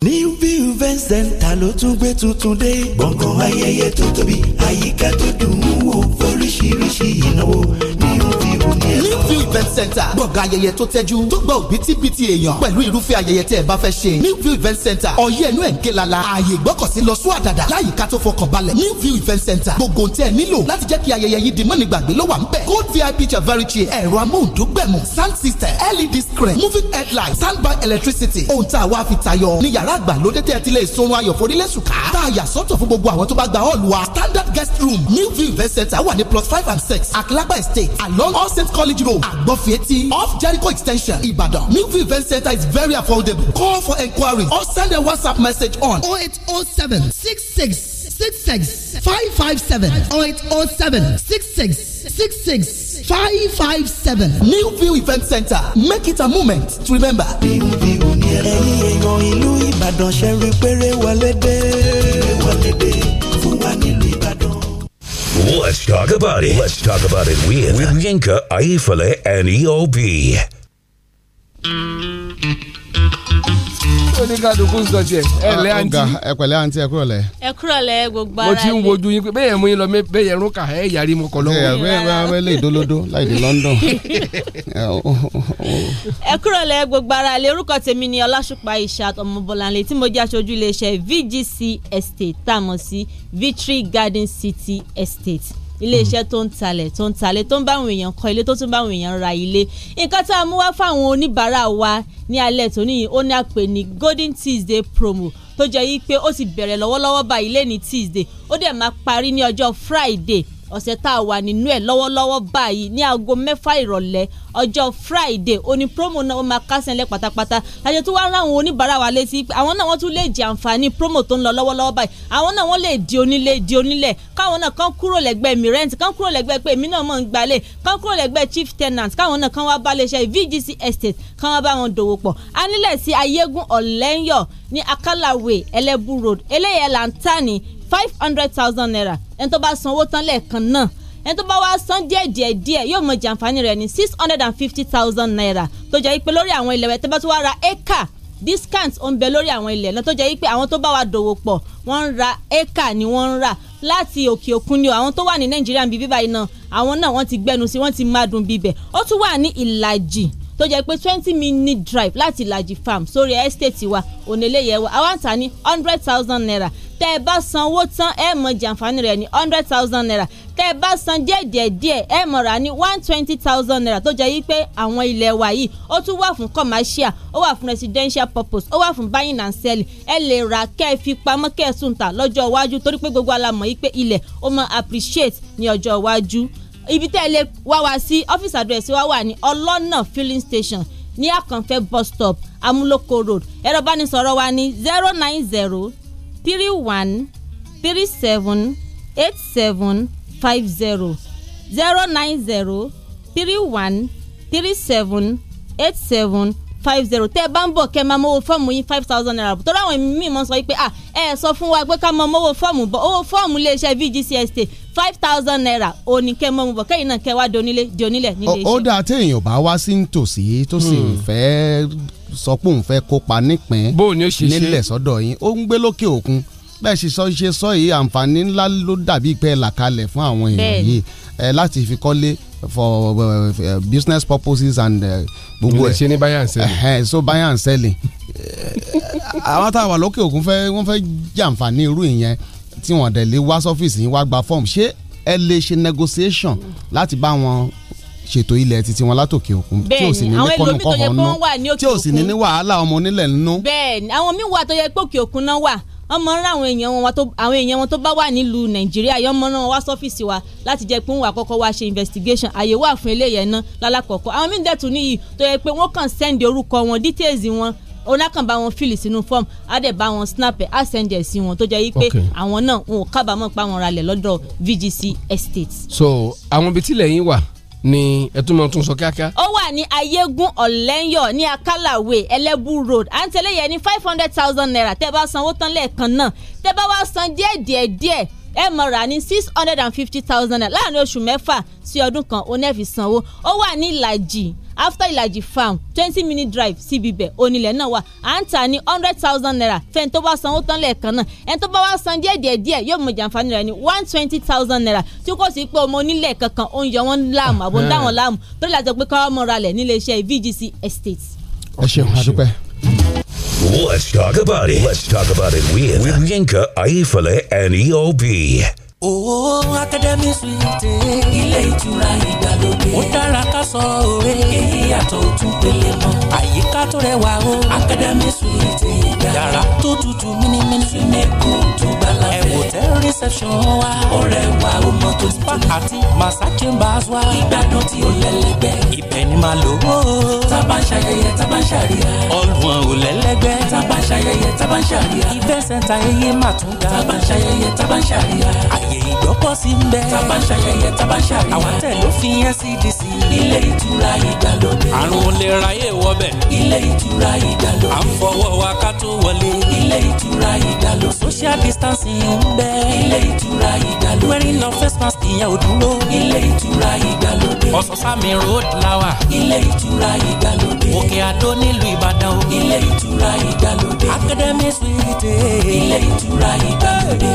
New View event center ló tún gbé tuntun dé. gbọ̀ngàn ayẹyẹ tó tóbi àyíká tó dùn ún wò fóríṣiríṣi ìnáwó New View ní ẹ̀fọ́. event center gbọ̀ngàn ayẹyẹ tó tẹ́jú tó gba òbítíbitì èèyàn pẹ̀lú irúfẹ́ ayẹyẹ tẹ́ ẹ bá fẹ́ ṣe. New View event center ọyẹ́ ẹnu ẹ̀ ń ké lala ààyè ìgbọ́kọ̀sí lọ sún àdàdà láyìíká tó fọkàn balẹ̀. New View event center gbogbo tẹ́ ẹ nílò láti jẹ́ kí ayẹyẹ yìí di mọ́nìgbàgbé ló wà ń bẹ̀. gold vip chavarichi ẹ̀rọ amóhundógbẹ̀mù sound system led screen moving headlight standby electricity ohun tá a wá fi tayọ ní yàrá yàrá àgbàlódé tẹ́ ẹ ti lè sunrun ayọ̀ forílẹ̀sùn ká. tá a yà sọ́tọ̀ fún gbogbo àwọn tó bá gba hall wa standard guest room new view event center wà ní plus five and six akilapa estate along all saint college road agbofieti off jericho extension ibadan new view event center is very affordable call for enquiry or send a whatsapp message on oh eight oh six six five five seven or eight oh seven six six six six five five seven. New View Event Center make it a moment to remember. ẹ̀yin èèyàn ìlú Ìbàdàn ṣe rí péré wọlé dé. Ìbàdàn. Let's talk about it. Let's talk about it with, with Yinka, Aifale, and EOB. oníkàdùnkù sọ tiẹ̀ ẹ lẹ́ ah, àǹtí. ẹ pẹ̀lẹ́ àǹtí ẹ kúrọ̀ lẹ́. ẹ kúrọ̀ lẹ́ gbogbo ara ilé. mo ti ń wojú yín pé bẹ́ẹ̀ mú yín lọ bẹ́ẹ̀ rún kà ẹ yàrí mo kọ̀ lọ́wọ́. bẹ́ẹ̀ bá wẹ́ lè láì dé London. ẹ kúrọ̀ lẹ́ gbogbo ara ilé orúkọ tèmi ni Ọláṣùpá Ìṣàt Ọmọbọ́láńlé tí mo jẹ́ aṣojú iléeṣẹ́ VGC Estate tá a mọ̀ sí Victory Garden City Estate iléeṣẹ́ tó ń talẹ̀ tó ń talẹ̀ tó ń bá àwọn èèyàn kọ́ ilé tó tún bá àwọn èèyàn ra ilé nǹkan tá a mú wá fáwọn oníbàárà wa ní alẹ́ tòní yìí ó ní a ní Golden Tuesday promo tó jẹ́ yí pé ó ti bẹ̀rẹ̀ lọ́wọ́lọ́wọ́ báyìí lẹ́ni Tuesday ó dẹ̀ máa parí ní ọjọ́ Friday ọ̀sẹ̀ tá a wà nínú ẹ̀ lọ́wọ́lọ́wọ́ báyìí ní aago mẹ́fà ìrọ̀lẹ́ ọjọ́ friday oní promo náà ó máa kásẹ̀ lẹ́ pátápátá tàjẹ́ tó wá ń oníbàárà wa létí àwọn náà wọ́n tún lè jẹ àǹfààní promo tó ń lọ lọ́wọ́lọ́wọ́ báyìí àwọn náà wọ́n lè di onílé di onílẹ̀ káwọn náà kàn kúrò lẹ́gbẹ́ mi rent kàn kúrò lẹ́gbẹ́ pé èmi náà mọ̀ ń gbalẹ̀ kàn kúrò lẹ́gbẹ́ chief tenant káwọn náà kàn wá bá iléeṣẹ́ vgc estate kàn wá bá wọn dòwò pọ̀ anílẹ̀ sí ayégún ọ̀lẹ́yọ̀ ní akálàwé ẹlẹ́bù road eléyẹ̀ làǹtà ní five hundred thousand naira ẹni tó bá san owó tán lẹ́ẹ̀kan náà ẹni tó bá wá san díẹ̀ díẹ̀ díẹ̀ yóò mọ jàǹfààní rẹ̀ ní six hundred and fifty thousand naira tó jẹ́ pé lórí àwọn ilẹ̀ wẹ̀ tẹ́ bá tún wá ra acre discount ó ń bẹ lórí àwọn ilẹ̀ náà tó jẹ́ pé àwọn tó bá wa dòwò pọ̀ wọ́n ń ra acre ni wọ́n ń rà láti òkè òkun ni o àwọn tó wà ní nàìjíríà ń bí bíbáyìí náà àwọn náà wọ́n ti gbẹnu sí wọ́n ti máa dùn bíbẹ̀ ó tún wà ní ìlàjì tó jẹ́ pé twenty minute drive láti Ìlàjì farm sórí estate wa oníléyẹ wa àwa ń tà hundred thousand naira tẹ́ ẹ bá sanwó tán ẹ mọ jàǹfààní rẹ̀ ní hundred thousand naira tẹ́ ẹ bá san díẹ̀ díẹ̀ díẹ̀ ẹ mọ̀ rà ní one twenty thousand naira tó jẹ́ yí pé àwọn ilẹ̀ wa yìí ó tún wà fún commercial ó wà fún residential purpose ó wà fún buying and selling ẹ lè ra kẹ́ ẹ fi pamọ́ kẹ́ ẹ sùn tà lọ́jọ́ iwájú torí pé gbogbo alamọ̀ yìí pé ilẹ̀ ó mọ appreciate ní ọjọ́ iwájú ibi tẹ́ ẹ lè wá wa sí ọ́fíìsì àdírẹ́sì wa wà ní ọlọ́nà filling station ní àkànfẹ́ bus stop amúlòkó road ẹ̀rọ ìbánisọ̀rọ̀ wa ní zero nine zero three one three seven eight seven five zero zero nine zero three one three seven eight seven five zero tẹ́ ẹ bá ń bọ̀ kẹ́ ẹ máa mọ́wó fọ́ọ̀mù yín five thousand naira bọ̀ tọ́lá àwọn míì mọ́ sọ wípé à ẹ sọ fún wa pé ká mọ mọ́wó fọ́ọ̀mù bọ̀ owó fọ́ọ̀mù iléeṣẹ́ VGC Estate five thousand naira òní kẹ́ mọ́mú bọ̀ kẹ́yìn náà kẹ́ wá donílé donílẹ̀ nílé iṣẹ́. ó dáa téèyàn bá wá sí nítòsí tó sì ń hmm. fẹ́ sọ pé òun fẹ́ kópa nípìn nílẹ̀ sọ́dọ̀ yín ó ń gbé lókè òkun bẹ́ẹ̀ sì sọ ṣe sọ yìí àǹfààní ńlá ló dàbí pé làkalẹ̀ fún àwọn èèyàn yìí láti fi kọ́lé for uh, business purposes and uh, gbogbo ẹ ṣe ní buy and selling uh, so buy and selling àwọn tá a wà lókè òkun fẹ́ wọ́n fẹ́ jàǹfààní irú ìyẹn tí wọ́n dẹ̀ lé wá sọ́fíìsì yín wá gba form ṣé ẹ lè ṣe negotiation láti bá wọn ṣètò ilẹ̀ títí wọn látòkè òkun tí ò sì ní ní kọ́nù kọ́hún nú tí ò sì ní ní wàhálà ọmọ onílẹ̀ nínú. bẹ́ẹ̀ni àwọn míì wà tó yẹ pé òkè òkun náà wà ọmọ ń rán àwọn èèyàn wọn tó àwọn èèyàn wọn tó bá wà nílùú nàìjíríà yọ ọmọ náà wá sọ́fíìsì wa láti jẹ́ pé wọ́n àkọ́kọ́ wá ṣe investigation àyè wà fún eléyẹ̀ náà lálàkọ̀kọ́ àwọn míì dẹ̀tún níyì tó yẹ pé wọ́n kàn send orúkọ wọn details wọn onákànbá wọn fíìlì sínú fọ́ọ̀mù àdẹ̀bá wọn snap ẹ̀ àṣẹ̀ǹjẹ̀ sí wọn tó jẹ́ yí àwọn náà wọn ò kábàámọ̀ pa wọn ralẹ̀ lọ́dọ̀ VGC Estate. so àwọn ibi tílẹ̀ yín wà ni ẹ tún mọ tún sọ kíákíá. ó wà ní ayégún ọ̀lẹ́yọ̀ ní akálàwé ẹlẹ́bù road à ń tẹ́lẹ̀ yẹn ní five hundred thousand naira tẹ́ bá sanwó tán lẹ́ẹ̀kan náà tẹ́ bá wá san díẹ̀ díẹ̀ díẹ̀ ẹ mọ̀ rà ní six hundred and fifty thousand naira láàrin oṣù mẹ́fà sí ọdún kan ó nẹ́ẹ̀fì sanwó ó wà ní ìlàjì after ìlàjì farm twenty minute drive síbi bẹ̀ onílẹ̀ náà wà à ń tà ní hundred thousand naira fẹ́ni tó bá sanwó tán lẹ́ẹ̀kan náà ẹni tó bá wá san díẹ̀ díẹ̀ díẹ̀ yóò mọ̀ jàǹfààní rẹ̀ ní one twenty thousand naira tí kò sí pé ọmọ onílẹ̀ kankan ó ń yọ wọn láàmú àbò ń dá wọn láàmú torí láti pé káwọn mọ̀ ra lẹ̀ nílé iṣẹ́ VGC Estate. ẹ ṣeun àdúpẹ́. Let's talk about it. Let's talk about it with, with Yinka Ayefele and EOB. Oo oh, Akademi Suite. Ilé ìtura ìgbàlódé. Ó dára ká sọ òwe. Èyí yàtọ̀ ojú pele mọ́. Àyíká tó rẹwà o. Akademi Suite ìgbà. Yàrá tó tutù mímímí. Súnmẹ́kù tó gbàlá fẹ́. Hotel reception wa. Ọ̀rẹ́ wa ó mọ tó ti tó. Àti Massa Chambers wa. Ìgbádùn tí ó lẹ́lẹ́gbẹ́. Ibẹ̀ ni màá lò ó. Tábà ń ṣayẹyẹ, tábà ń ṣàríyá. Ọlùwọ̀n ò lẹ́lẹ́gbẹ́. Tábà ń ṣayẹyẹ, ẹyẹ ààyè ìgbọ́kọ̀sí ń bẹ. tá a bá ń ṣayẹyẹ tá a bá ń ṣàríyá. àwọn tẹ̀ ló fi NCDC. E ilé ìtura ìgbàlódé. àrùn olè ráyè wọbẹ̀. ilé ìtura ìgbàlódé. à ń fọwọ́ wa ká tó wọlé. ilé ìtura ìgbàlódé. social distancing ń bẹ. ilé ìtura ìgbàlódé. wearing no face mask ìyẹn ò dúró. ilé ìtura ìgbàlódé. ọ̀sán-sámi road lawa. ilé ìtura ìgbàlódé. òkè àdó nílùú ìbàdàn o. ilé ìtura ìgbàlódé. academy suite. ilé ìtura ìgbàlódé.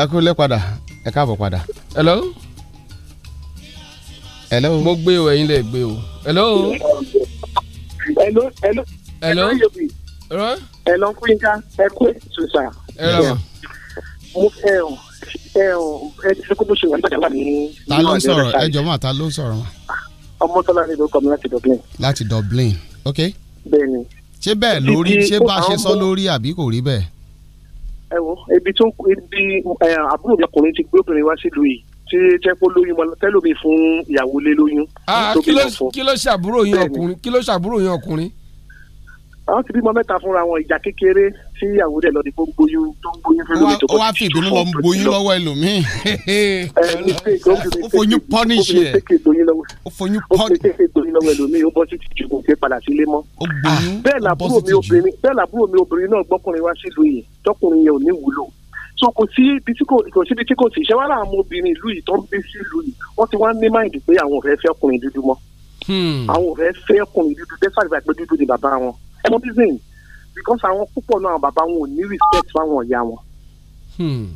ẹ kú lé padà ẹ káàbọ̀ padà. hello. hello. mo gbé o ẹ̀yin lè gbé o. hello. hello. hello. hello. hello. hello kúnyínká ẹ kú ètò sà. ẹ rà mà. mo fẹ́ ọ ẹ ọ ẹ ti fẹ́ kó bó ṣe wà nígbàdàn wà ní. ta ló ń sọ̀rọ̀ ẹ jọ mọ́ ta ló ń sọ̀rọ̀. ọmọ tọ́lá ni lórúkọ mi láti Dublin. láti Dublin ok. bẹ́ẹ̀ni. ṣé bẹ́ẹ̀ lórí ṣé bá a ṣe sọ lórí àbí kò rí bẹ́ẹ̀ ẹ wo ibi tó ibi àbúrò mi ọkùnrin ti gbé obìnrin wá sílùú yìí tí tẹ́kọ̀ lóyún mọ́ tẹ́lómi fún ìyàwó lé lóyún. Ah, kí ló ṣàbúrò yín ọkùnrin kí ló ṣàbúrò yín ọkùnrin àwọn ti bímọ mẹ́ta fúnra wọn ìjà kékeré tí ìyàwó rẹ̀ lọ́ọ́ di tó ń gboyún tó ń gboyún fún lómi tó kọ́ wá fi ìdùnnú lọ ń gboyún lọ́wọ́ ẹlòmíì. ó foyún pọ́nìṣì ẹ̀ ó foyún lọ́wọ́ ẹlòmíì ó bọ́ sí tìjú kò ah, bẹ́ẹ̀ làbúrò mi obìnrin náà gbọ́kùnrin wá sílùú yìí tọkùnrin yẹn ò ní wúlò so kò ibi tí kò kò sí tí kò sí iṣẹ́ wàhálà àwọn obìnrin ìlú yìí tó ń gbé sílùú yìí wọ́n ti wá ní máìndì pé àwọn ò fẹ́ fẹ́ ọkùnrin dúdú mọ́ hmm. àwọn ò fẹ́ fẹ́ ọkùnrin dúdú dẹ́sàgbà pé dúdú ni bàbá wọn ẹ mọ reason because àwọn púpọ̀ náà bàbá wọn ò ní respect fáwọn ìyá wọn. Hmm.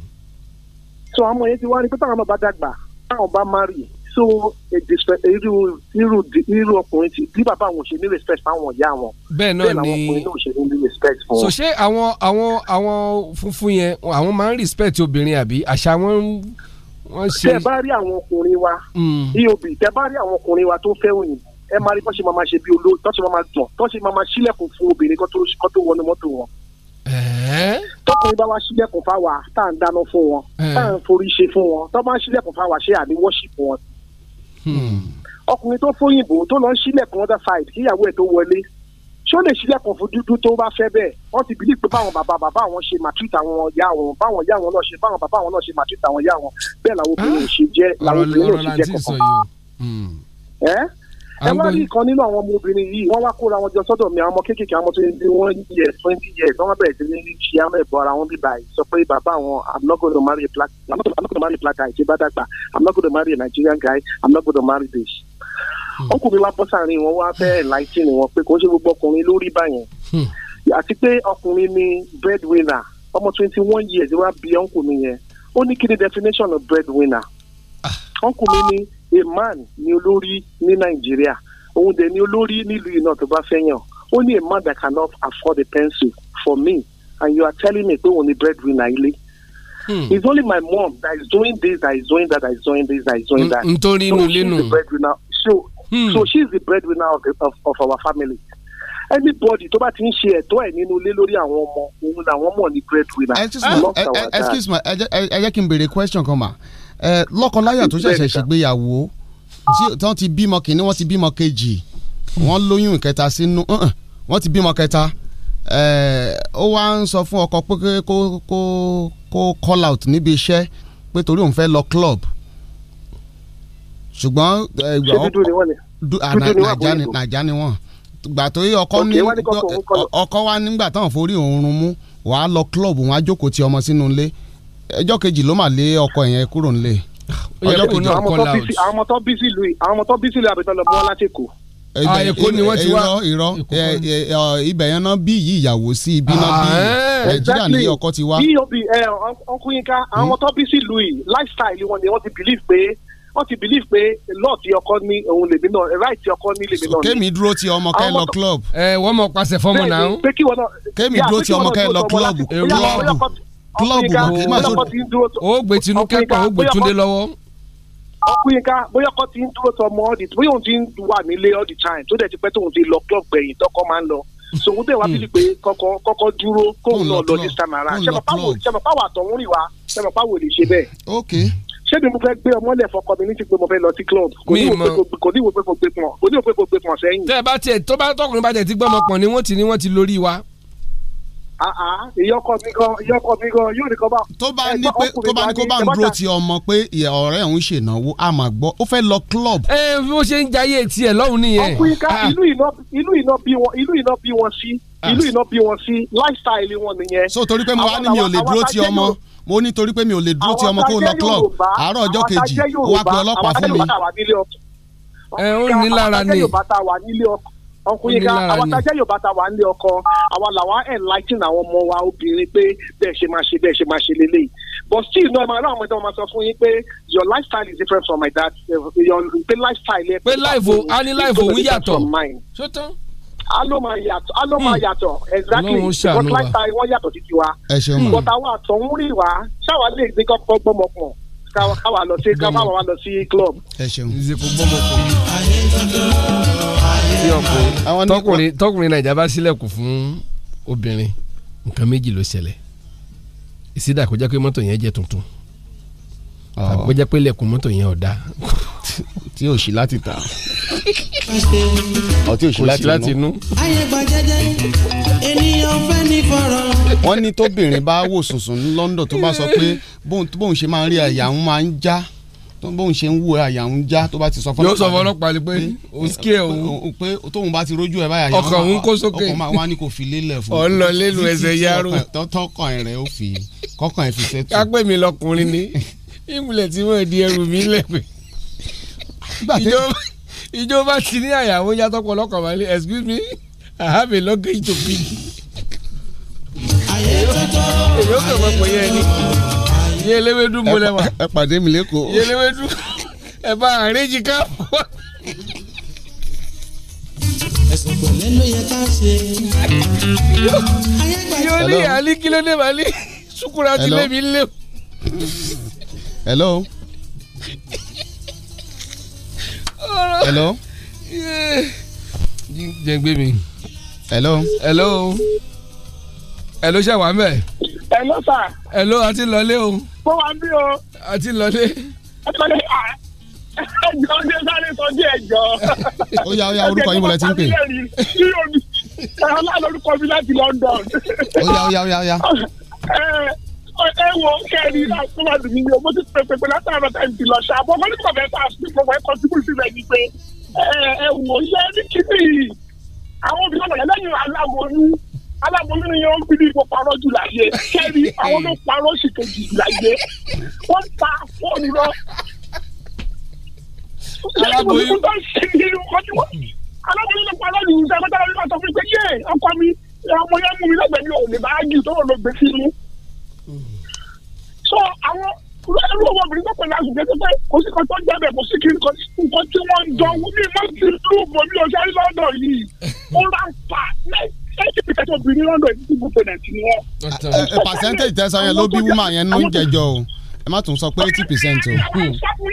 so àwọn yẹn ti wá ní pé táwọn bá dàgbà táwọn bá marry so irú irú irú ọkùnrin tí bí bàbá wọn ò ṣe ní respect fáwọn ìyá wọn. bẹ́ẹ̀ náà ni bẹ́ẹ̀ làwọn ọkùnrin náà ò ṣe ní respect fún so ṣé àwọn àwọn àwọn funfun yẹn àwọn máa ń respect obìnrin àbí àṣà wọn ń wọ́n ṣe. tẹ bá rí àwọn ọkùnrin wa hmm. eob tẹ bá rí àwọn ọkùnrin wa tó fẹ́ òyìnbó ẹ máa rí bọ́sẹ̀ máa máa ṣe bí olóòtú tọ́sẹ̀ máa máa dùn tọ́sẹ̀ máa máa sílẹ̀kùn fún obìnrin kan tó wọnú mọ́tò wọn. tọkùnrin bá wá sílẹ̀kùn fáwa tá à ń dáná fún wọn tá à ń forí ṣe fún wọn tọ́ bá ń sílẹ̀kùn fáwa ṣé àní wọ́ṣìpù wọn. Hmm. ọkùnrin tó fóyìnbó tó lọ ń sílẹ̀kùn other side kíyàwó ẹ̀ tó wọlé ṣó lè ṣílẹ̀kùn fún dúdú tó bá fẹ́ bẹ́ẹ̀ wọ́n ti bìlí pé báwọn bàbá bàbá àwọn ṣe màtírìt àwọn ìyá wọn báwọn ìyá wọn náà ṣe báwọn bàbá wọn náà ṣe màtírìt àwọn ìyá wọn bẹ́ẹ̀ làwọn obìnrin ò ṣe jẹ́ làwọn obìnrin ò ṣe jẹ́ kọ̀ọ̀kan ẹ wá rí ìkan nínú àwọn ọmọbìnrin yìí wọ́n wá kóra wọn jọ sọ́dọ̀ mi àwọn kéékèèké àwọn tó ń bí wọ́n yẹ twenty years wọ́n bẹ̀rẹ̀ sí ní ṣe àmọ́ ẹ̀bọ ara wọn bíbá yìí sọ pé bàbá àwọn I'm not going to marry a black I'm not, going to marry a black guy bá dàgbà I'm not going to marry a Nigerian guy I'm not going to marry this. Hmm. ọkùnrin wa bọ́ sáàrin wọn wá fẹ́ láìsí ni wọn pé kò ń ṣe gbogbo ọkùnrin lórí báyẹn hmm. àti pé ọkùnrin ni breadwinner ọmọ twenty one years wá bí ọkùnrin yẹn ó ní kí ni definition of breadwinner ah. ọkùnrin ni A man, ni olórí ní nàìjíríà òun dẹ̀ ni olórí nílùú iná tó bá fẹ́ yàn ó ní man that cannot afford a pencil for me and you are telling me pé òun ni breadwinner ilé. Hmm. It's only my mom that is doing this, that is doing that, that is doing this, that is doing that. Nítorí inú lẹ́nu. So she's the breadwinner. So, hmm. so is the breadwinner of, the, of, of our family anybody tó bá ti ń ṣe ẹ̀tọ́ ẹ̀ nínú ilé lórí àwọn ọmọ òun làwọn mọ̀ ní breadwinner. excuse me eh, eh, ẹ jẹ́ kí n béèrè question kan mà lọ́kọláya tó ṣẹ̀ṣẹ̀ ṣègbéyàwó tí wọ́n ti bímọ kìíní wọ́n ti bímọ kejì wọ́n lóyún ìkẹta sínú uh-uh, wọ́n ti bímọ kẹta ó wá ń sọ fún ọkọ pé kó kó kó call out níbi iṣẹ́ pé torí òun fẹ́ lọ club ṣùgbọ́n nàìjà ni wọ́n gbà tó yẹ ọkọ ní ọkọ wa nígbà táwọn forí òun rún mú wàá lọ club wọ́n á jókòó ti ọmọ sínú ilé ẹjọ́ kejì ló mà lé ọkọ yẹn kúrò nílé. ọjọ́ kejì àwọn ọmọ tó bí sílùú àwọn ọmọ tó bí sílùú àbẹ̀tọ̀ lọ bọ́ láti kù ah, èkó ni wọ́n ti wá irọ́ irọ́ ibẹ̀ yẹn náà bí yìí ìyàwó sí ibi náà bí ah, eh, nàìjíríà ní ọkọ ti wá. bí ọkùnrin yín ká àwọn hmm? tó bí lu lifestyle wọn ni wọ́n ti believe pé wọ́n ti believe pé lọ́ọ̀ ti ọkọ ní òun lèmi náà right ti ọkọ ní lèmi náà. kémi dúró ti ọmọ kẹ́ lọ club. ẹ eh, wọ́n mọ̀ pàṣẹ fọ́mọ náà. kémi dúró ti ọmọ kẹ́ lọ club kílọ̀bù mọ̀ kí tinú kẹ́pà ó túndé lọ́wọ́. ọkùnrinká bóyá ọkọ ti ń dúró sọmọ ọdì bóyá òun ti ń wà nílé all the time tó dẹ̀ ti pẹ́ tóun ti lọ club gbẹ̀yìn tọkọ máa ń lọ sòwò dẹ̀ wá hmm. bíi pé kọ́kọ́ kọ́kọ́ dúró kóun náà lọ this time around ṣẹ̀mọ̀ pàwọ̀ lè ṣe bẹ́ẹ̀. okay ṣé ni mo fẹ́ gbé ọmọ lẹ̀ fọkọ mi ní ti pé mo fẹ́ lọ sí club kò ní ìwé pé kò gbé pọ̀n sẹ́yìn. tẹ́ ẹ bá tiẹ̀ tó bá tọkùnrin bá tiẹ̀ ti gbọ́mọ pọ̀n ni wọ́n ti ni wọ́n ti lórí wa Ah, ah, ìyọkọ mi gan ìyọkọ mi gan yóò ní kọ bá. tó bá ní pé tó bá ní kó bá ń dúró ti ọmọ pé ọ̀rẹ́ òun ṣènáwó a máa gbọ́ ó fẹ́ lọ club. ẹ bó ṣe ń jayé tiẹ̀ lọ́hùn nìyẹn. ọkùnrin ká ìlú ah. iná bí wọn ìlú iná bí wọn sí ìlú iná bí wọn sí lifestyle wọn nìyẹn. so torí pé mo wá ní mi ò lè dúró ti ọmọ mo ní torí pé mi ò lè dúró ti ọmọ kó lọ club àárọ̀ ọjọ́ kejì ó wá pe ọlọ́pàá fún mi. ẹ ó ní lára ni. àwọn ọkùnrin yìí ká àwọn tajá yorùbá ta wà nílé ọkọ àwa làwọn enlighten àwọn ọmọ wa obìnrin pé bẹ́ẹ̀ ṣe máa ṣe bẹ́ẹ̀ ṣe máa ṣe lélẹ̀ but still náà màá láwọn ọmọdé wọn máa sọ fún yín pé your lifestyle is different from my dad your pé lifestyle yẹn. pé life o a ní life òun yàtọ̀ ṣó tán alo ma yàtọ̀ alo ma hmm. exactly because lifestyle wọn yàtọ̀ títí wa but àwọn àtọ̀ ń rí wa ṣáwa lè gbé kọ́kọ́ gbọ́mọkùn káwa lọ sí káwa lọ sí club. ẹ ṣeun tí ọkùnrin. tọkùnrin tọkùnrin naija bá sílẹ̀kùn fún obìnrin nǹkan méjì ló ṣẹlẹ̀ ìsídà kó jẹ́ pé mọ́tò yẹn jẹ́ tuntun tàbí kó jẹ́ pé lẹ́kùn mọ́tò yẹn ọ̀dà. tí ò sí láti ta ọtí ò sí láti inú. ayé gba jẹ́jẹ́ ènìyàn wọ́n ní tóbìnrin bá wò sùnsùn ní London tó bá sọ pé bóun ṣe máa ń rí àyà òun máa ń já bóun ṣe ń wú àyà ń já tó bá ti sọ fọlọ́pàá yóò sọ fọlọ́pàá ni pé o ski ẹ òun pé tóun bá ti rójú ẹ báyà ọkàn òun kó sókè ọkàn máa wá ní kò fi lélẹ̀ fún un ọ ń lọ tọkàn rẹ ó fi kọkàn ẹ fi sẹ́tù. kápẹ́ mi lọkùnrin ni ìmùlẹ̀ tí wọ́n di ẹrù mi lẹ́pẹ́ ìjọba ti ní àyàwó yàtọ̀ pọ̀ lọ́kàn wálé excuse me I have a luggage to pick. èyí ó kàn mọ́ pé yẹn ni iye eléwédú mo lẹ wa ẹ pàdé mi lẹ́kọ̀ọ́ iye eléwédú ẹ bá àríjì ká ká yóò ní àlí kí ló dé sukura ti lé mi lé. hello. hello. jẹ́ gbé mi. hello. hello. hello? ẹ ṣe wà ń bẹ̀. ẹ ló àti lọlé o. mo wà ń bí o. àti lọlé. àtọ́lé à ah, ẹjọ ṣe sáré sọ díẹ̀ jọ. ó yá ó yá orúkọ yín wọlé tí ń pè. ọlá mi láti London. ó yá ó yá ó yá ó yá. ẹ wo kẹrin náà tó wà lù ni o mo ti pèpè pé látàrọ táyì ti lọ ṣáà bọ́ọ̀ ní kọ̀ọ̀fẹ́ tá a fi ẹ̀kọ́ síbùrù sí rẹ̀ ni pé ẹ wò ó ní kíkì àwọn obìnrin ọ̀rẹ́ lẹ́yìn aláwo ní aláboyún ni wọ́n ń bíbí ipò parọ́ jù láyé kẹ́rì àwọn ló parọ́ sì kejì láyé wọ́n ta fóònù lọ. aláboyún aláboyún ló parọ́ jù nígbà mẹ́ta lórí ọ̀sán fún mi pé yé ọkọ mi ọmọ yẹn mú mi lẹ́gbẹ̀ẹ́ mi ò lè bá jù tó lọ gbé sínú. so àwọn irú owó obìnrin tó pẹ̀lú àgùnbẹ́ tó fẹ́ kò sí kan tó jẹ́ bẹ̀ kò sí kí nǹkan tí wọ́n ń dán wọ́n mi máa lù bọ̀ mí ọ̀sán thirty percent obìnrin percentage tẹ́sán yẹn ló bí woman yẹn nínú jẹjọ o ẹ má tún sọ pé eighty percent o. Hmm.